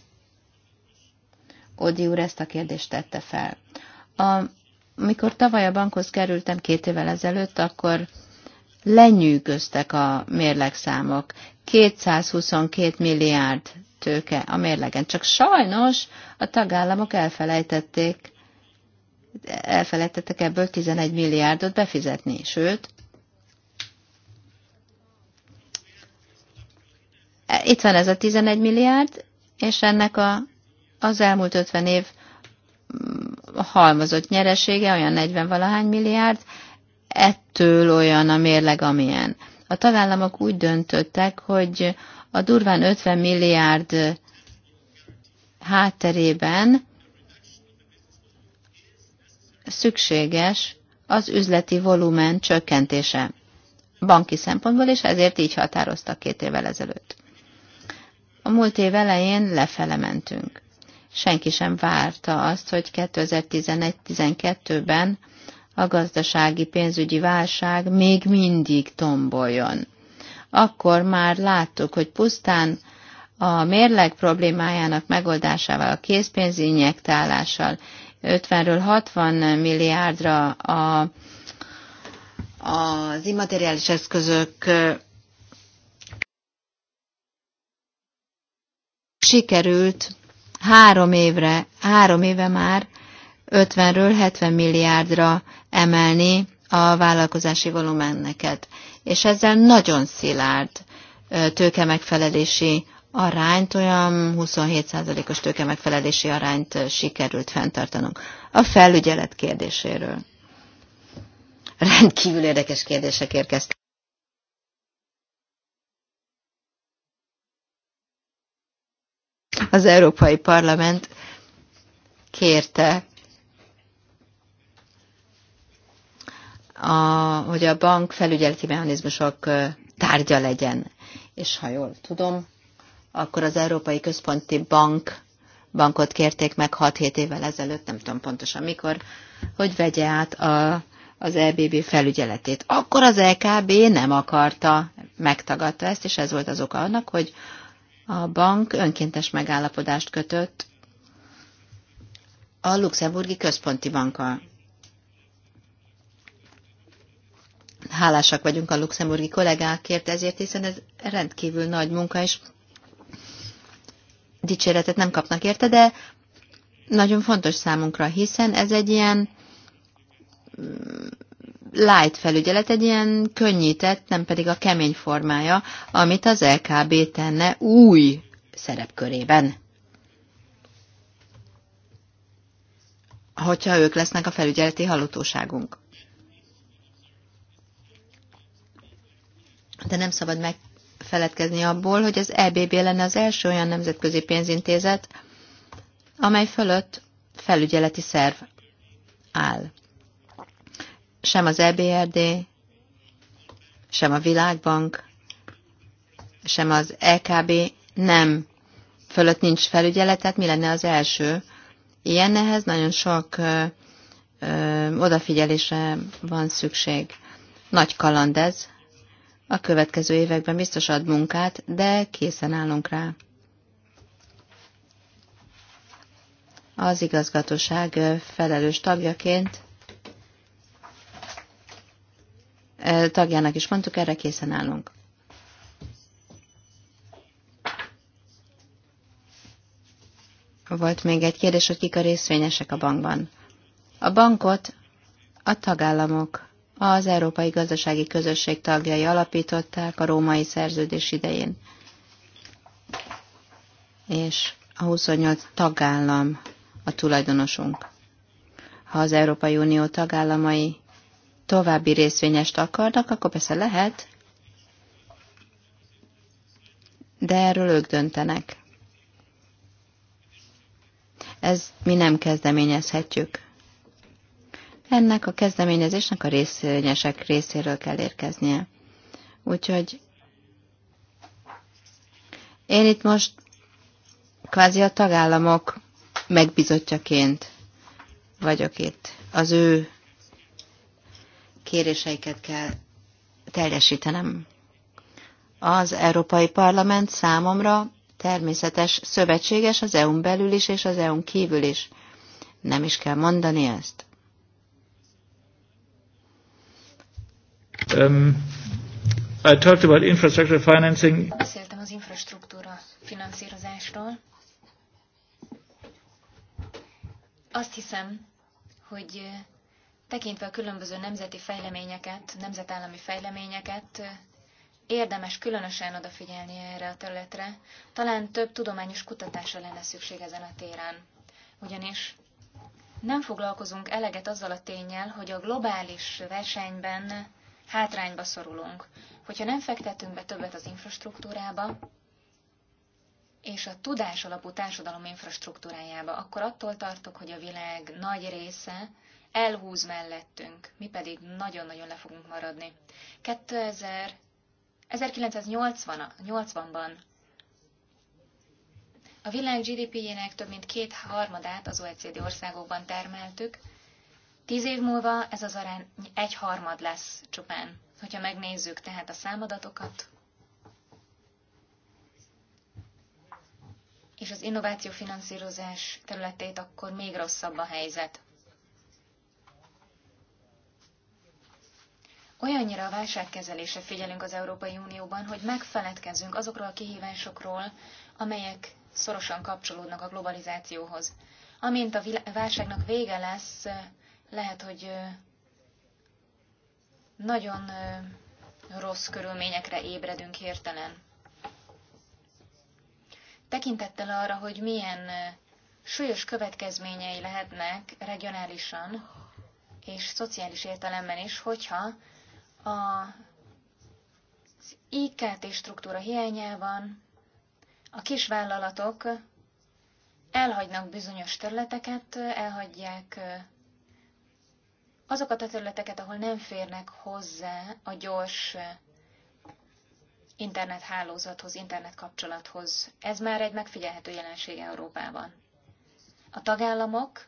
Odi úr ezt a kérdést tette fel. A, amikor tavaly a bankhoz kerültem két évvel ezelőtt, akkor lenyűgöztek a mérlegszámok. 222 milliárd tőke a mérlegen. Csak sajnos a tagállamok elfelejtették elfelejtettek ebből 11 milliárdot befizetni, sőt, Itt van ez a 11 milliárd, és ennek a, az elmúlt 50 év mm, halmozott nyeresége olyan 40-valahány milliárd, ettől olyan a mérleg, amilyen. A tagállamok úgy döntöttek, hogy a durván 50 milliárd hátterében szükséges az üzleti volumen csökkentése banki szempontból, és ezért így határoztak két évvel ezelőtt. A múlt év elején lefele mentünk. Senki sem várta azt, hogy 2011-12-ben a gazdasági pénzügyi válság még mindig tomboljon. Akkor már láttuk, hogy pusztán a mérleg problémájának megoldásával, a készpénzi injektálással 50-ről 60 milliárdra a, az immateriális eszközök sikerült három évre, három éve már 50-ről 70 milliárdra emelni a vállalkozási volumenneket. És ezzel nagyon szilárd tőke megfelelési arányt, olyan 27%-os tőke megfelelési arányt sikerült fenntartanunk. A felügyelet kérdéséről. Rendkívül érdekes kérdések érkeztek. az Európai Parlament kérte, a, hogy a bank felügyeleti mechanizmusok tárgya legyen. És ha jól tudom, akkor az Európai Központi Bank bankot kérték meg 6-7 évvel ezelőtt, nem tudom pontosan mikor, hogy vegye át a, az EBB felügyeletét. Akkor az LKB e nem akarta, megtagadta ezt, és ez volt az oka annak, hogy a bank önkéntes megállapodást kötött a luxemburgi központi bankkal. Hálásak vagyunk a luxemburgi kollégákért ezért, hiszen ez rendkívül nagy munka, és dicséretet nem kapnak érte, de nagyon fontos számunkra, hiszen ez egy ilyen light felügyelet, egy ilyen könnyített, nem pedig a kemény formája, amit az LKB tenne új szerepkörében. Hogyha ők lesznek a felügyeleti hallgatóságunk. De nem szabad megfeledkezni abból, hogy az EBB lenne az első olyan nemzetközi pénzintézet, amely fölött felügyeleti szerv áll sem az EBRD, sem a Világbank, sem az EKB nem fölött nincs felügyelet, tehát mi lenne az első? Ilyen ehhez nagyon sok ö, ö, odafigyelésre van szükség. Nagy kaland ez. A következő években biztos ad munkát, de készen állunk rá. Az igazgatóság felelős tagjaként tagjának is mondtuk, erre készen állunk. Volt még egy kérdés, hogy kik a részvényesek a bankban. A bankot a tagállamok, az Európai Gazdasági Közösség tagjai alapították a római szerződés idején. És a 28 tagállam a tulajdonosunk. Ha az Európai Unió tagállamai további részvényest akarnak, akkor persze lehet, de erről ők döntenek. Ez mi nem kezdeményezhetjük. Ennek a kezdeményezésnek a részvényesek részéről kell érkeznie. Úgyhogy én itt most kvázi a tagállamok megbizotjaként vagyok itt. Az ő kéréseiket kell teljesítenem. Az Európai Parlament számomra természetes szövetséges az EU-n belül is és az EU-n kívül is. Nem is kell mondani ezt. Um, I talked about infrastructure financing. Beszéltem az infrastruktúra finanszírozásról. Azt hiszem, hogy tekintve a különböző nemzeti fejleményeket, nemzetállami fejleményeket, érdemes különösen odafigyelni erre a területre. Talán több tudományos kutatásra lenne szükség ezen a téren. Ugyanis nem foglalkozunk eleget azzal a tényel, hogy a globális versenyben hátrányba szorulunk. Hogyha nem fektetünk be többet az infrastruktúrába, és a tudás alapú társadalom infrastruktúrájába, akkor attól tartok, hogy a világ nagy része elhúz mellettünk, mi pedig nagyon-nagyon le fogunk maradni. 2000, 1980-ban a világ GDP-jének több mint két harmadát az OECD országokban termeltük, Tíz év múlva ez az arány egy harmad lesz csupán. Hogyha megnézzük tehát a számadatokat, és az innováció finanszírozás területét, akkor még rosszabb a helyzet. Olyannyira a válságkezelése figyelünk az Európai Unióban, hogy megfeledkezünk azokról a kihívásokról, amelyek szorosan kapcsolódnak a globalizációhoz. Amint a válságnak vége lesz, lehet, hogy nagyon rossz körülményekre ébredünk hirtelen. Tekintettel arra, hogy milyen súlyos következményei lehetnek regionálisan és szociális értelemben is, hogyha az IKT struktúra hiányában a kisvállalatok elhagynak bizonyos területeket, elhagyják azokat a területeket, ahol nem férnek hozzá a gyors internethálózathoz, internetkapcsolathoz. Ez már egy megfigyelhető jelenség Európában. A tagállamok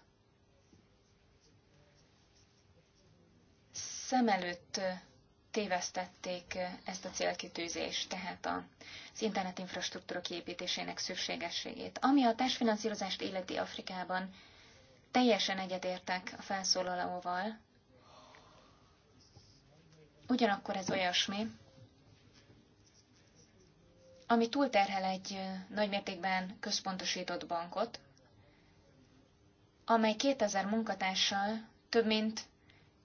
szem előtt tévesztették eh, ezt a célkitűzést, tehát az internet infrastruktúra kiépítésének szükségességét. Ami a társfinanszírozást illeti Afrikában, teljesen egyetértek a felszólalóval. Ugyanakkor ez olyasmi, ami túlterhel egy eh, nagymértékben központosított bankot, amely 2000 munkatársal több mint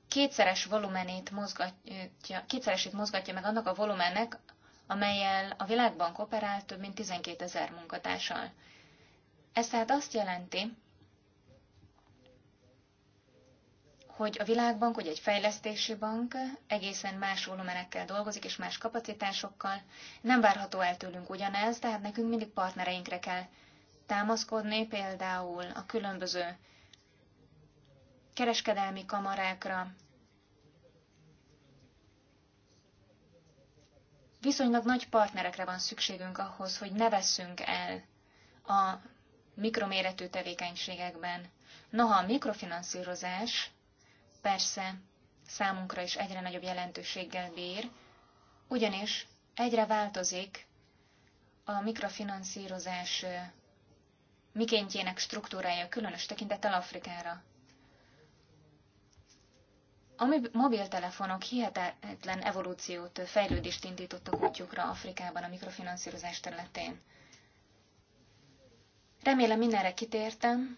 kétszeres volumenét mozgatja, kétszeresét mozgatja meg annak a volumennek, amelyel a Világbank operál több mint 12 ezer munkatársal. Ez tehát azt jelenti, hogy a Világbank, hogy egy fejlesztési bank egészen más volumenekkel dolgozik és más kapacitásokkal. Nem várható el tőlünk ugyanez, tehát nekünk mindig partnereinkre kell támaszkodni, például a különböző kereskedelmi kamarákra. Viszonylag nagy partnerekre van szükségünk ahhoz, hogy ne veszünk el a mikroméretű tevékenységekben. Noha a mikrofinanszírozás persze számunkra is egyre nagyobb jelentőséggel bír, ugyanis egyre változik a mikrofinanszírozás mikéntjének struktúrája, különös tekintettel Afrikára. A mobiltelefonok hihetetlen evolúciót, fejlődést indítottak útjukra Afrikában a mikrofinanszírozás területén. Remélem mindenre kitértem.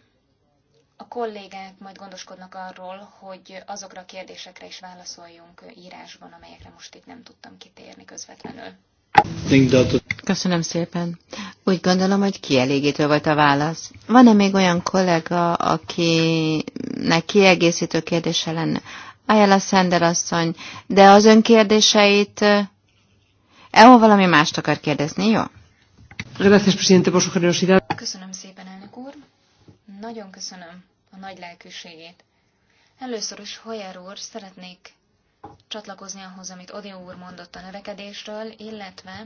A kollégák majd gondoskodnak arról, hogy azokra a kérdésekre is válaszoljunk írásban, amelyekre most itt nem tudtam kitérni közvetlenül. Köszönöm szépen. Úgy gondolom, hogy kielégítő volt a válasz. Van-e még olyan kollega, akinek kiegészítő kérdése lenne? Ayala Sender asszony, de az ön kérdéseit... Eho valami mást akar kérdezni, jó? Köszönöm szépen, elnök úr. Nagyon köszönöm a nagy lelkűségét. Először is Hoyer úr, szeretnék csatlakozni ahhoz, amit Odio úr mondott a növekedésről, illetve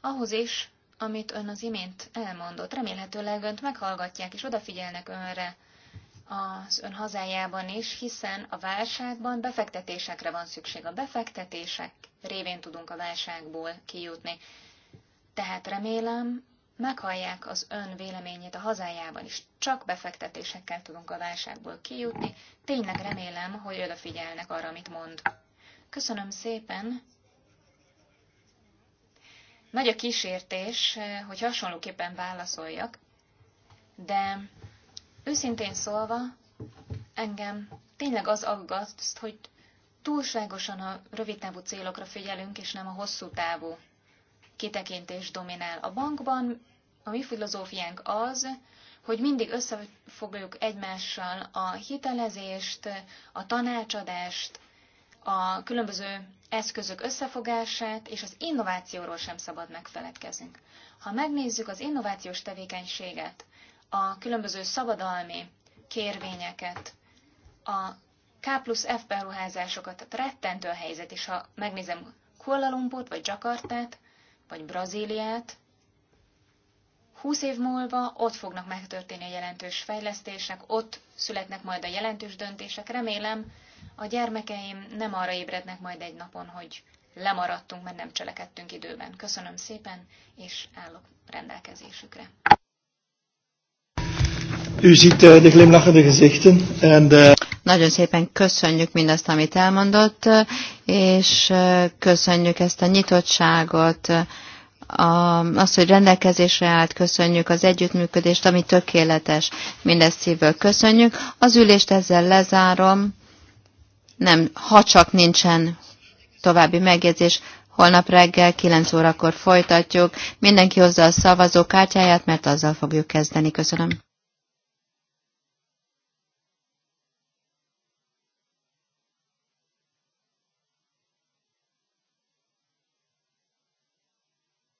ahhoz is, amit ön az imént elmondott. Remélhetőleg önt meghallgatják és odafigyelnek önre az ön hazájában is, hiszen a válságban befektetésekre van szükség. A befektetések révén tudunk a válságból kijutni. Tehát remélem, meghallják az ön véleményét a hazájában is. Csak befektetésekkel tudunk a válságból kijutni. Tényleg remélem, hogy odafigyelnek arra, amit mond. Köszönöm szépen. Nagy a kísértés, hogy hasonlóképpen válaszoljak, de Őszintén szólva, engem tényleg az aggaszt, hogy túlságosan a rövid távú célokra figyelünk, és nem a hosszú távú kitekintés dominál. A bankban a mi filozófiánk az, hogy mindig összefogjuk egymással a hitelezést, a tanácsadást, a különböző eszközök összefogását, és az innovációról sem szabad megfeledkezünk. Ha megnézzük az innovációs tevékenységet, a különböző szabadalmi kérvényeket, a K plusz F beruházásokat, tehát rettentő a helyzet, és ha megnézem Kuala Lumpurt, vagy Jakartát, vagy Brazíliát, húsz év múlva ott fognak megtörténni a jelentős fejlesztések, ott születnek majd a jelentős döntések. Remélem, a gyermekeim nem arra ébrednek majd egy napon, hogy lemaradtunk, mert nem cselekedtünk időben. Köszönöm szépen, és állok rendelkezésükre. U ziet eh, de glimlachende gezichten. En uh... Nagyon szépen köszönjük mindazt, amit elmondott, és eh, köszönjük ezt a nyitottságot, a, azt, hogy rendelkezésre állt, köszönjük az együttműködést, ami tökéletes. Mindezt szívből köszönjük. Az ülést ezzel lezárom. Nem, ha csak nincsen további megjegyzés, holnap reggel 9 órakor folytatjuk. Mindenki hozza a szavazókártyáját, mert azzal fogjuk kezdeni. Köszönöm.